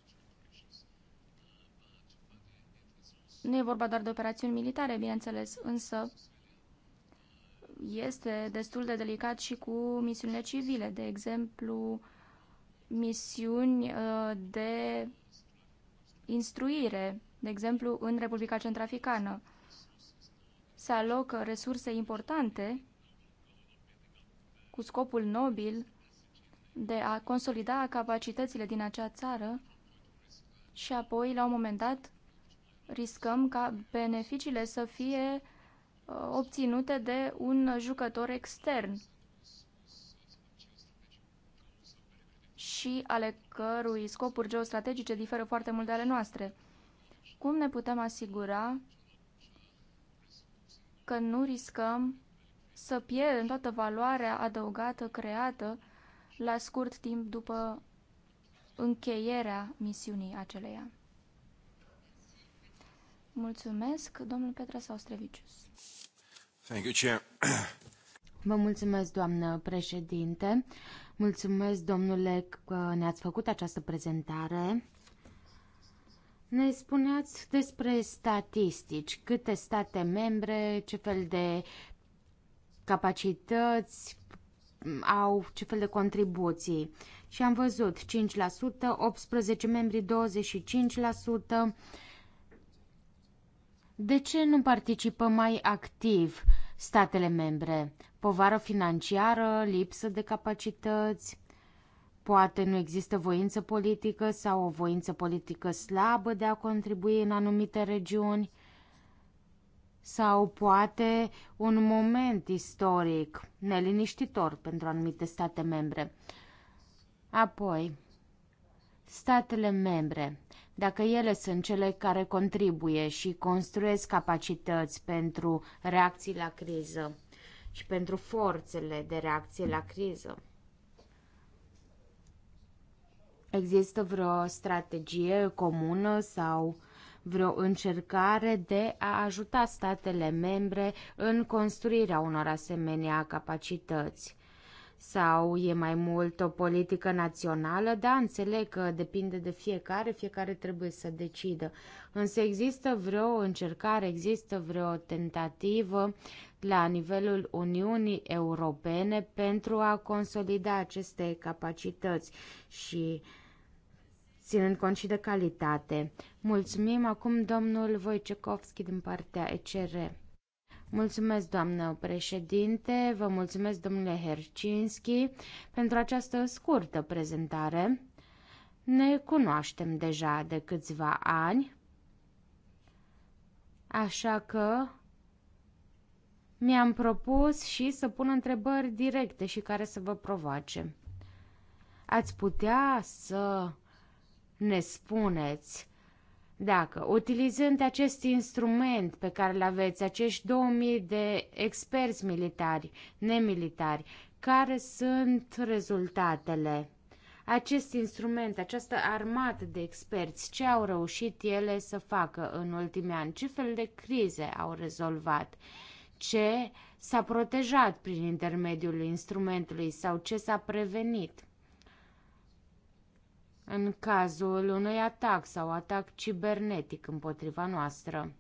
Nu e vorba doar de operațiuni militare, bineînțeles, însă este destul de delicat și cu misiunile civile, de exemplu, misiuni uh, de instruire, de exemplu, în Republica Centrafricană. Se alocă resurse importante cu scopul nobil de a consolida capacitățile din acea țară și apoi, la un moment dat, riscăm ca beneficiile să fie uh, obținute de un jucător extern și ale cărui scopuri geostrategice diferă foarte mult de ale noastre. Cum ne putem asigura că nu riscăm să pierdem toată valoarea adăugată creată la scurt timp după încheierea misiunii aceleia. Mulțumesc, domnul Petra Saustrevicius. Thank you, Chair. Vă mulțumesc, doamnă președinte. Mulțumesc, domnule, că ne-ați făcut această prezentare. Ne spuneați despre statistici, câte state membre, ce fel de capacități, au ce fel de contribuții. Și am văzut 5%, 18 membri 25%. De ce nu participă mai activ statele membre? Povară financiară, lipsă de capacități, poate nu există voință politică sau o voință politică slabă de a contribui în anumite regiuni sau poate un moment istoric neliniștitor pentru anumite state membre. Apoi, statele membre, dacă ele sunt cele care contribuie și construiesc capacități pentru reacții la criză și pentru forțele de reacție la criză. Există vreo strategie comună sau vreo încercare de a ajuta statele membre în construirea unor asemenea capacități? Sau e mai mult o politică națională? Da, înțeleg că depinde de fiecare, fiecare trebuie să decidă. Însă există vreo încercare, există vreo tentativă la nivelul Uniunii Europene pentru a consolida aceste capacități și uh, ținând cont și de calitate. Mulțumim acum domnul Wojciechowski din partea ECR. Mulțumesc, doamnă președinte, vă mulțumesc, domnule Hercinski, pentru această scurtă prezentare. Ne cunoaștem deja de câțiva ani, așa că mi-am propus și să pun întrebări directe și care să vă provoace. Ați putea să ne spuneți dacă, utilizând acest instrument pe care îl aveți, acești 2000 de experți militari, nemilitari, care sunt rezultatele? Acest instrument, această armată de experți, ce au reușit ele să facă în ultimii ani? Ce fel de crize au rezolvat? Ce s-a protejat prin intermediul instrumentului sau ce s-a prevenit? în cazul unui atac sau atac cibernetic împotriva noastră.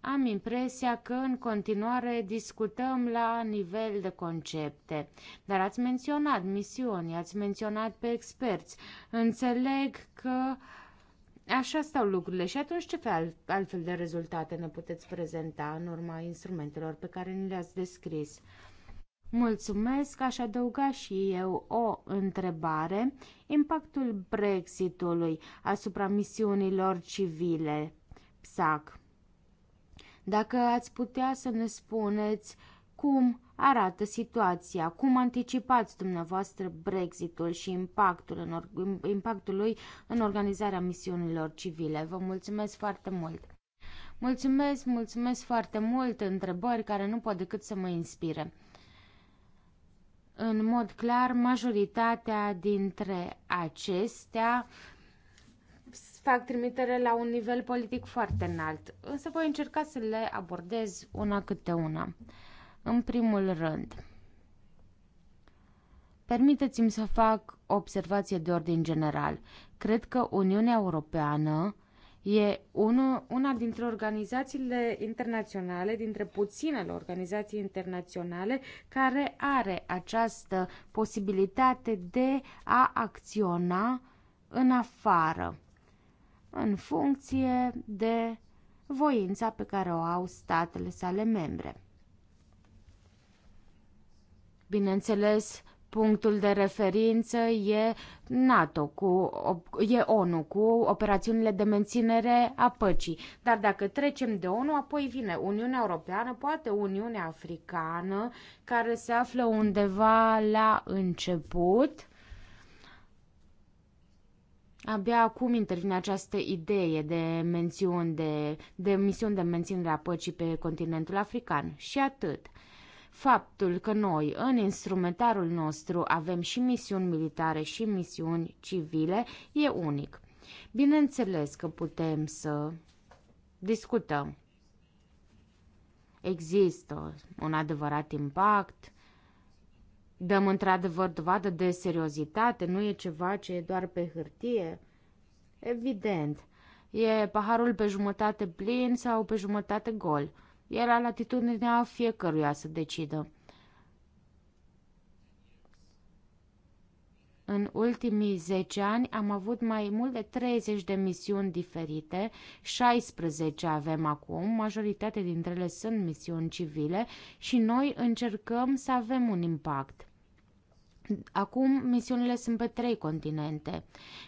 Am impresia că în continuare discutăm la nivel de concepte, dar ați menționat misiuni, ați menționat pe experți. Înțeleg că așa stau lucrurile și atunci ce fel altfel de rezultate ne puteți prezenta în urma instrumentelor pe care ni le-ați descris? Mulțumesc, aș adăuga și eu o întrebare. Impactul Brexitului asupra misiunilor civile, PSAC. Dacă ați putea să ne spuneți cum arată situația, cum anticipați dumneavoastră Brexitul și impactul, în impactul lui în organizarea misiunilor civile. Vă mulțumesc foarte mult! Mulțumesc, mulțumesc foarte mult întrebări care nu pot decât să mă inspire. În mod clar, majoritatea dintre acestea fac trimitere la un nivel politic foarte înalt, însă voi încerca să le abordez una câte una. În primul rând, permiteți-mi să fac o observație de ordin general. Cred că Uniunea Europeană E unu, una dintre organizațiile internaționale, dintre puținele organizații internaționale care are această posibilitate de a acționa în afară, în funcție de voința pe care o au statele sale membre. Bineînțeles, punctul de referință e NATO, cu, e ONU, cu operațiunile de menținere a păcii. Dar dacă trecem de ONU, apoi vine Uniunea Europeană, poate Uniunea Africană, care se află undeva la început. Abia acum intervine această idee de, mențiuni de, de misiuni de menținere a păcii pe continentul african. Și atât faptul că noi în instrumentarul nostru avem și misiuni militare și misiuni civile e unic. Bineînțeles că putem să discutăm. Există un adevărat impact, dăm într-adevăr dovadă de seriozitate, nu e ceva ce e doar pe hârtie. Evident, e paharul pe jumătate plin sau pe jumătate gol – E la latitudinea fiecăruia să decidă. În ultimii 10 ani am avut mai mult de 30 de misiuni diferite, 16 avem acum, majoritatea dintre ele sunt misiuni civile și noi încercăm să avem un impact. Acum misiunile sunt pe trei continente.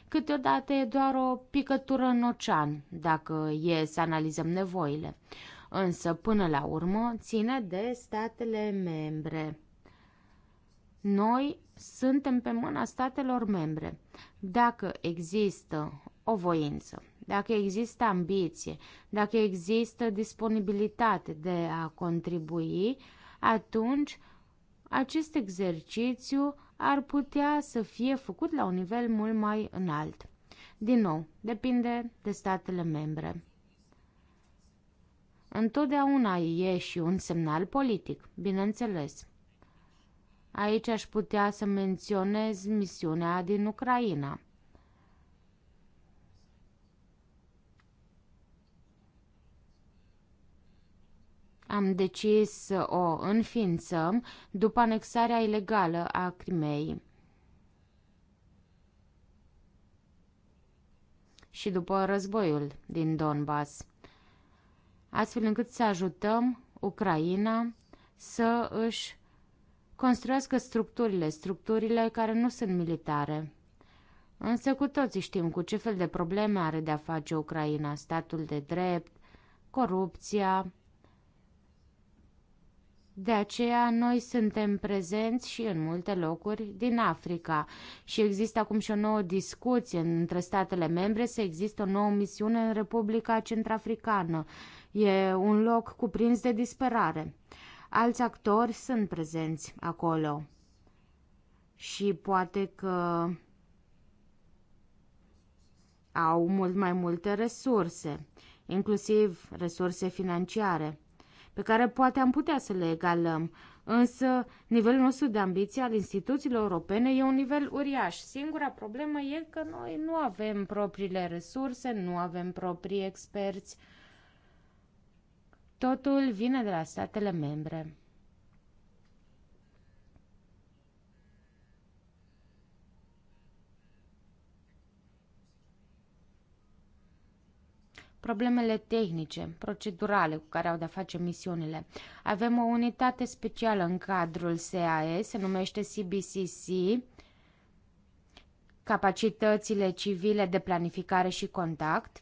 Câteodată e doar o picătură în ocean, dacă e să analizăm nevoile însă până la urmă ține de statele membre. Noi suntem pe mâna statelor membre. Dacă există o voință, dacă există ambiție, dacă există disponibilitate de a contribui, atunci acest exercițiu ar putea să fie făcut la un nivel mult mai înalt. Din nou, depinde de statele membre. Întotdeauna e și un semnal politic, bineînțeles. Aici aș putea să menționez misiunea din Ucraina. Am decis să o înființăm după anexarea ilegală a Crimeei. și după războiul din Donbass astfel încât să ajutăm Ucraina să își construiască structurile, structurile care nu sunt militare. Însă cu toții știm cu ce fel de probleme are de a face Ucraina, statul de drept, corupția, de aceea noi suntem prezenți și în multe locuri din Africa și există acum și o nouă discuție între statele membre să există o nouă misiune în Republica Centrafricană. E un loc cuprins de disperare. Alți actori sunt prezenți acolo și poate că au mult mai multe resurse, inclusiv resurse financiare pe care poate am putea să le egalăm. Însă, nivelul nostru de ambiție al instituțiilor europene e un nivel uriaș. Singura problemă e că noi nu avem propriile resurse, nu avem proprii experți. Totul vine de la statele membre. problemele tehnice, procedurale cu care au de-a face misiunile. Avem o unitate specială în cadrul SAE, se numește CBCC, capacitățile civile de planificare și contact.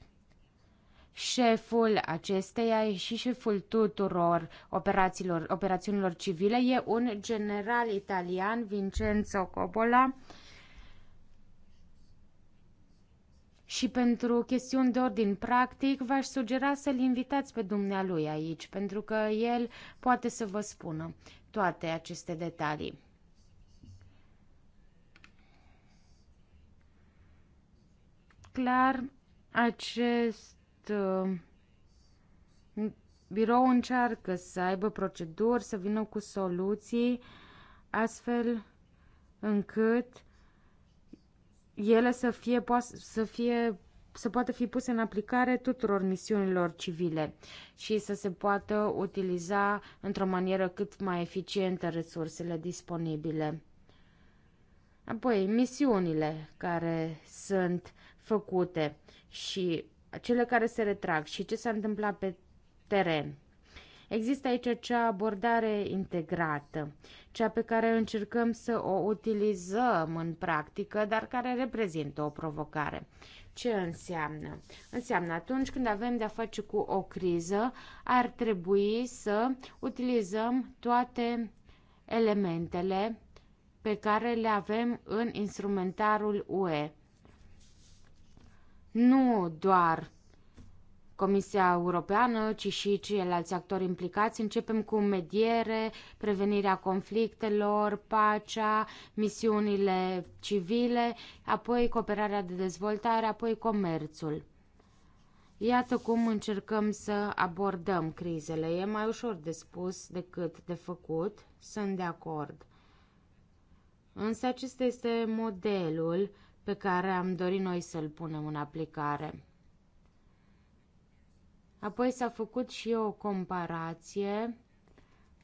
Șeful acesteia și șeful tuturor operațiilor, operațiunilor civile e un general italian, Vincenzo Cobola, Și pentru chestiuni de ordin practic, v-aș sugera să-l invitați pe dumnealui aici, pentru că el poate să vă spună toate aceste detalii. Clar, acest uh, birou încearcă să aibă proceduri, să vină cu soluții, astfel încât ele să fie, să fie să poată fi puse în aplicare tuturor misiunilor civile și să se poată utiliza într-o manieră cât mai eficientă resursele disponibile. Apoi, misiunile care sunt făcute și cele care se retrag și ce s-a întâmplat pe teren. Există aici acea abordare integrată, cea pe care încercăm să o utilizăm în practică, dar care reprezintă o provocare. Ce înseamnă? Înseamnă atunci când avem de-a face cu o criză, ar trebui să utilizăm toate elementele pe care le avem în instrumentarul UE. Nu doar Comisia Europeană, ci și ceilalți actori implicați. Începem cu mediere, prevenirea conflictelor, pacea, misiunile civile, apoi cooperarea de dezvoltare, apoi comerțul. Iată cum încercăm să abordăm crizele. E mai ușor de spus decât de făcut, sunt de acord. Însă acesta este modelul pe care am dorit noi să-l punem în aplicare. Apoi s-a făcut și o comparație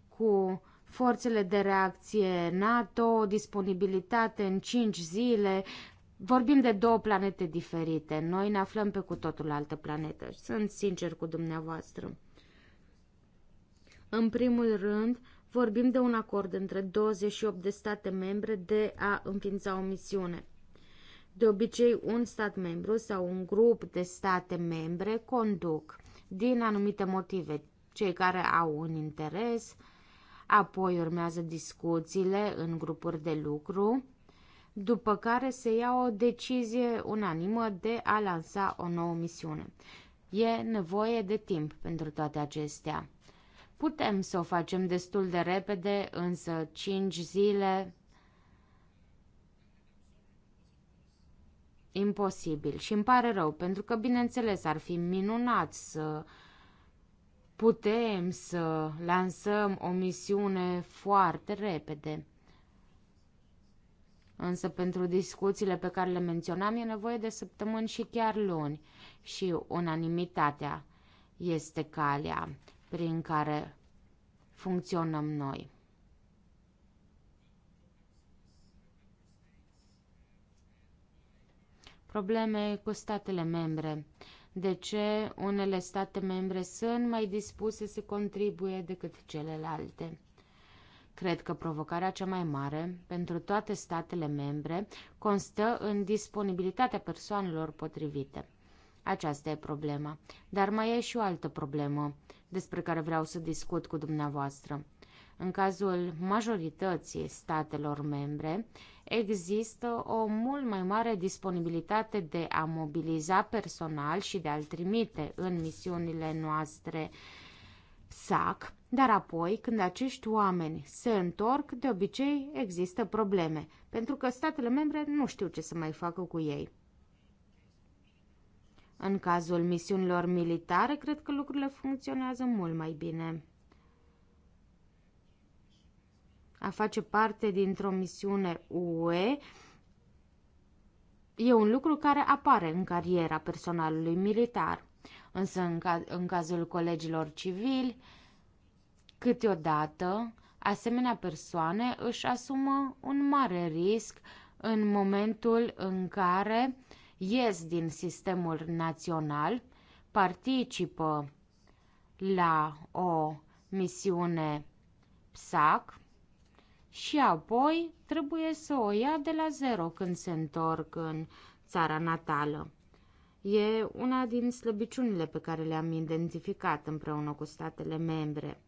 cu forțele de reacție NATO, disponibilitate în 5 zile. Vorbim de două planete diferite. Noi ne aflăm pe cu totul altă planetă. Sunt sincer cu dumneavoastră. În primul rând, vorbim de un acord între 28 de state membre de a înființa o misiune. De obicei, un stat membru sau un grup de state membre conduc din anumite motive, cei care au un interes, apoi urmează discuțiile în grupuri de lucru, după care se ia o decizie unanimă de a lansa o nouă misiune. E nevoie de timp pentru toate acestea. Putem să o facem destul de repede, însă 5 zile imposibil și îmi pare rău, pentru că, bineînțeles, ar fi minunat să putem să lansăm o misiune foarte repede. Însă pentru discuțiile pe care le menționam e nevoie de săptămâni și chiar luni și unanimitatea este calea prin care funcționăm noi. probleme cu statele membre. De ce unele state membre sunt mai dispuse să contribuie decât celelalte? Cred că provocarea cea mai mare pentru toate statele membre constă în disponibilitatea persoanelor potrivite. Aceasta e problema. Dar mai e și o altă problemă despre care vreau să discut cu dumneavoastră. În cazul majorității statelor membre, există o mult mai mare disponibilitate de a mobiliza personal și de a-l trimite în misiunile noastre SAC, dar apoi, când acești oameni se întorc, de obicei există probleme, pentru că statele membre nu știu ce să mai facă cu ei. În cazul misiunilor militare, cred că lucrurile funcționează mult mai bine. a face parte dintr-o misiune UE e un lucru care apare în cariera personalului militar. Însă în, ca- în cazul colegilor civili, câteodată asemenea persoane își asumă un mare risc în momentul în care ies din sistemul național, participă la o misiune PSAC și apoi trebuie să o ia de la zero când se întorc în țara natală. E una din slăbiciunile pe care le-am identificat împreună cu statele membre.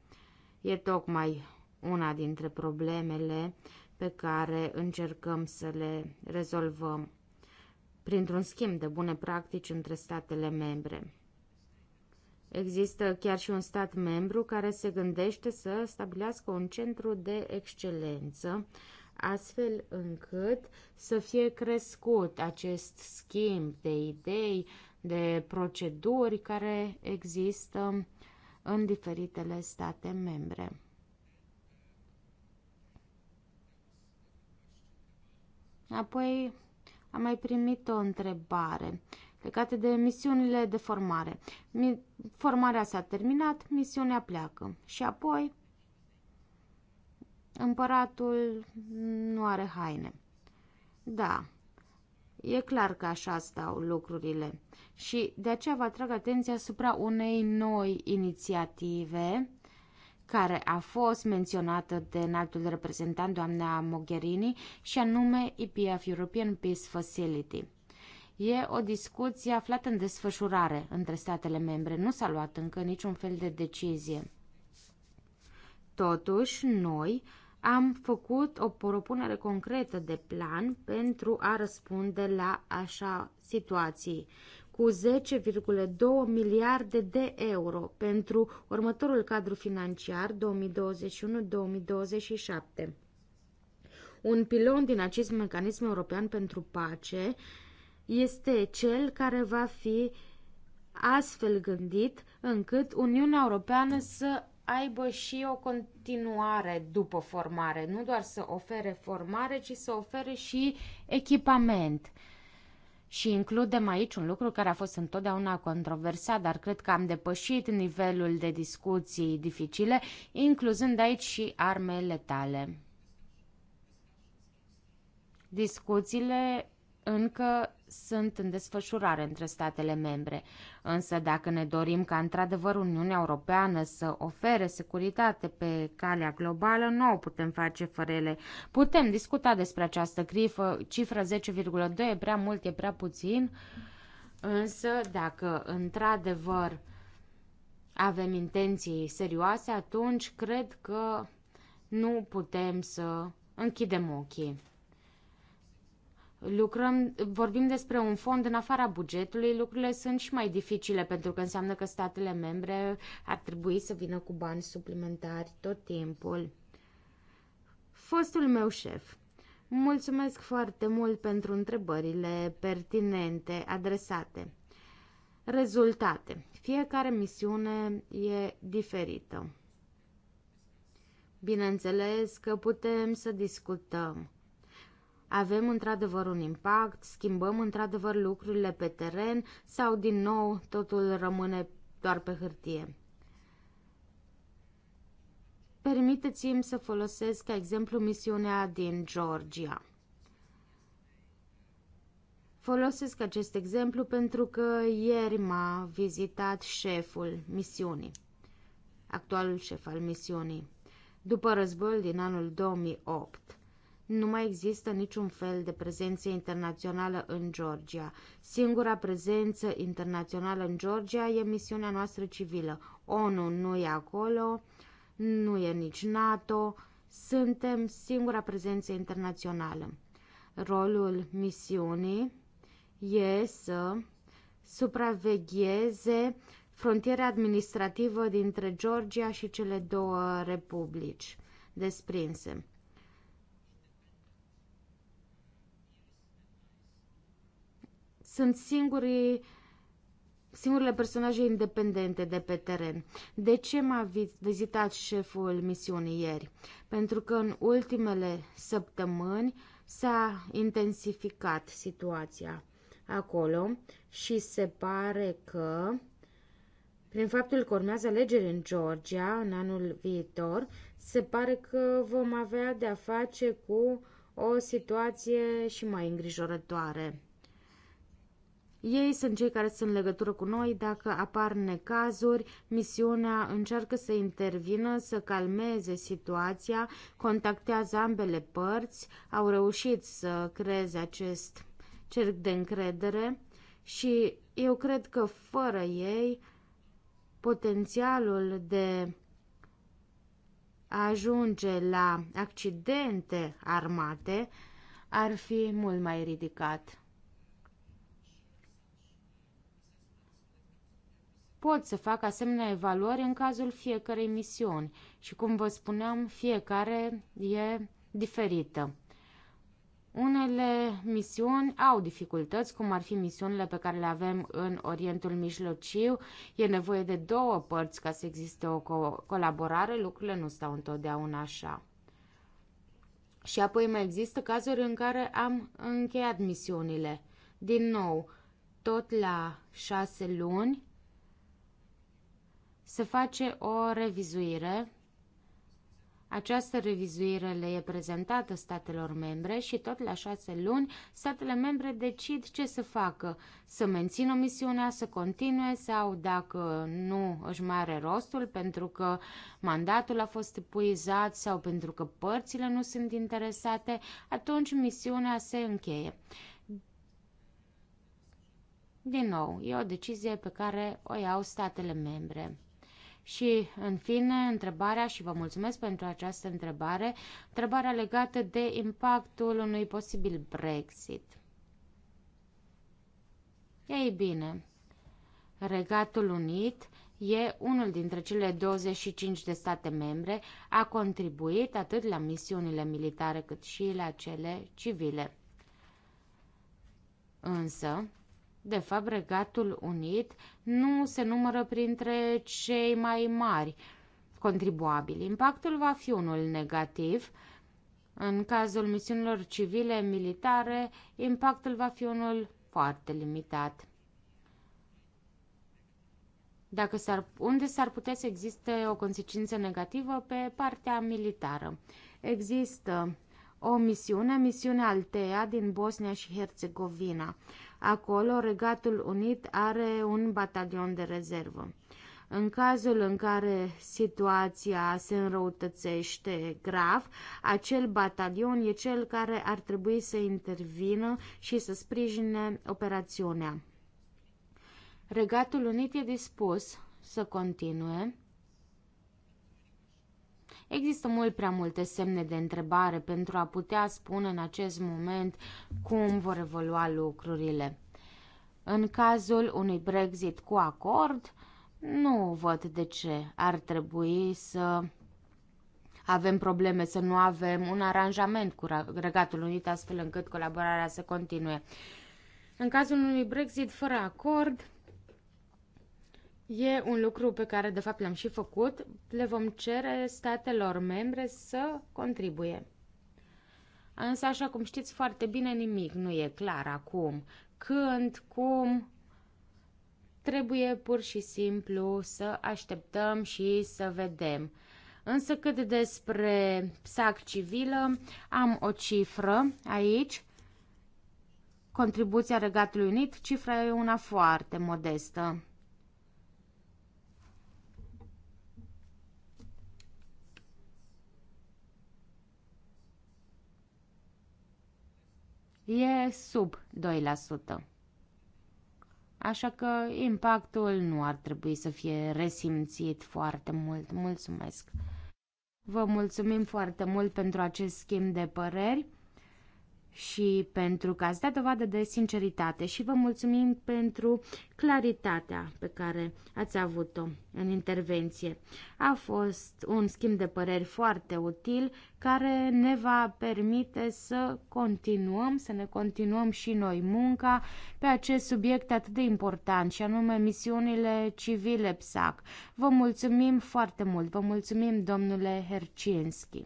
E tocmai una dintre problemele pe care încercăm să le rezolvăm printr-un schimb de bune practici între statele membre. Există chiar și un stat membru care se gândește să stabilească un centru de excelență, astfel încât să fie crescut acest schimb de idei, de proceduri care există în diferitele state membre. Apoi am mai primit o întrebare legate de misiunile de formare. Formarea s-a terminat, misiunea pleacă și apoi împăratul nu are haine. Da, e clar că așa stau lucrurile și de aceea vă atrag atenția asupra unei noi inițiative care a fost menționată de înaltul reprezentant doamna Mogherini și anume EPF European Peace Facility. E o discuție aflată în desfășurare între statele membre. Nu s-a luat încă niciun fel de decizie. Totuși, noi am făcut o propunere concretă de plan pentru a răspunde la așa situații cu 10,2 miliarde de euro pentru următorul cadru financiar 2021-2027. Un pilon din acest mecanism european pentru pace este cel care va fi astfel gândit încât Uniunea Europeană să aibă și o continuare după formare, nu doar să ofere formare, ci să ofere și echipament. Și includem aici un lucru care a fost întotdeauna controversat, dar cred că am depășit nivelul de discuții dificile, incluzând aici și arme letale. Discuțiile încă sunt în desfășurare între statele membre. Însă dacă ne dorim ca într-adevăr Uniunea Europeană să ofere securitate pe calea globală, nu o putem face fără ele. Putem discuta despre această grifă, cifră 10,2 e prea mult, e prea puțin, însă dacă într-adevăr avem intenții serioase, atunci cred că nu putem să închidem ochii lucrăm, vorbim despre un fond în afara bugetului, lucrurile sunt și mai dificile pentru că înseamnă că statele membre ar trebui să vină cu bani suplimentari tot timpul. Fostul meu șef. Mulțumesc foarte mult pentru întrebările pertinente adresate. Rezultate. Fiecare misiune e diferită. Bineînțeles că putem să discutăm avem într-adevăr un impact, schimbăm într-adevăr lucrurile pe teren sau din nou totul rămâne doar pe hârtie. Permiteți-mi să folosesc ca exemplu misiunea din Georgia. Folosesc acest exemplu pentru că ieri m-a vizitat șeful misiunii, actualul șef al misiunii, după războiul din anul 2008 nu mai există niciun fel de prezență internațională în Georgia. Singura prezență internațională în Georgia e misiunea noastră civilă. ONU nu e acolo, nu e nici NATO, suntem singura prezență internațională. Rolul misiunii e să supravegheze frontiera administrativă dintre Georgia și cele două republici desprinse. sunt singurii singurele personaje independente de pe teren. De ce m-a vizitat șeful misiunii ieri? Pentru că în ultimele săptămâni s-a intensificat situația acolo și se pare că prin faptul că urmează alegeri în Georgia în anul viitor, se pare că vom avea de-a face cu o situație și mai îngrijorătoare. Ei sunt cei care sunt în legătură cu noi dacă apar necazuri, misiunea încearcă să intervină, să calmeze situația, contactează ambele părți, au reușit să creeze acest cerc de încredere și eu cred că fără ei potențialul de a ajunge la accidente armate ar fi mult mai ridicat. pot să fac asemenea evaluări în cazul fiecarei misiuni și, cum vă spuneam, fiecare e diferită. Unele misiuni au dificultăți, cum ar fi misiunile pe care le avem în Orientul Mijlociu. E nevoie de două părți ca să existe o co- colaborare, lucrurile nu stau întotdeauna așa. Și apoi mai există cazuri în care am încheiat misiunile. Din nou, tot la șase luni se face o revizuire. Această revizuire le e prezentată statelor membre și tot la șase luni statele membre decid ce să facă, să mențină misiunea, să continue sau dacă nu își mai are rostul pentru că mandatul a fost epuizat sau pentru că părțile nu sunt interesate, atunci misiunea se încheie. Din nou, e o decizie pe care o iau statele membre. Și, în fine, întrebarea, și vă mulțumesc pentru această întrebare, întrebarea legată de impactul unui posibil Brexit. Ei bine, Regatul Unit e unul dintre cele 25 de state membre, a contribuit atât la misiunile militare cât și la cele civile. Însă, de fapt, Regatul Unit nu se numără printre cei mai mari contribuabili. Impactul va fi unul negativ. În cazul misiunilor civile militare, impactul va fi unul foarte limitat. Dacă s-ar, unde s-ar putea să existe o consecință negativă pe partea militară. Există o misiune, misiunea Altea din Bosnia și Herțegovina. Acolo, Regatul Unit are un batalion de rezervă. În cazul în care situația se înrăutățește grav, acel batalion e cel care ar trebui să intervină și să sprijine operațiunea. Regatul Unit e dispus să continue Există mult prea multe semne de întrebare pentru a putea spune în acest moment cum vor evolua lucrurile. În cazul unui Brexit cu acord, nu văd de ce ar trebui să avem probleme, să nu avem un aranjament cu Regatul Unit astfel încât colaborarea să continue. În cazul unui Brexit fără acord, E un lucru pe care de fapt l-am și făcut. Le vom cere statelor membre să contribuie. Însă, așa cum știți foarte bine, nimic nu e clar acum. Când, cum, trebuie pur și simplu să așteptăm și să vedem. Însă cât despre PSAC civilă, am o cifră aici, contribuția Regatului Unit, cifra e una foarte modestă. e sub 2%. Așa că impactul nu ar trebui să fie resimțit foarte mult. Mulțumesc! Vă mulțumim foarte mult pentru acest schimb de păreri și pentru că ați dat dovadă de sinceritate și vă mulțumim pentru claritatea pe care ați avut-o în intervenție. A fost un schimb de păreri foarte util care ne va permite să continuăm, să ne continuăm și noi munca pe acest subiect atât de important și anume misiunile civile PSAC. Vă mulțumim foarte mult, vă mulțumim domnule Hercinski.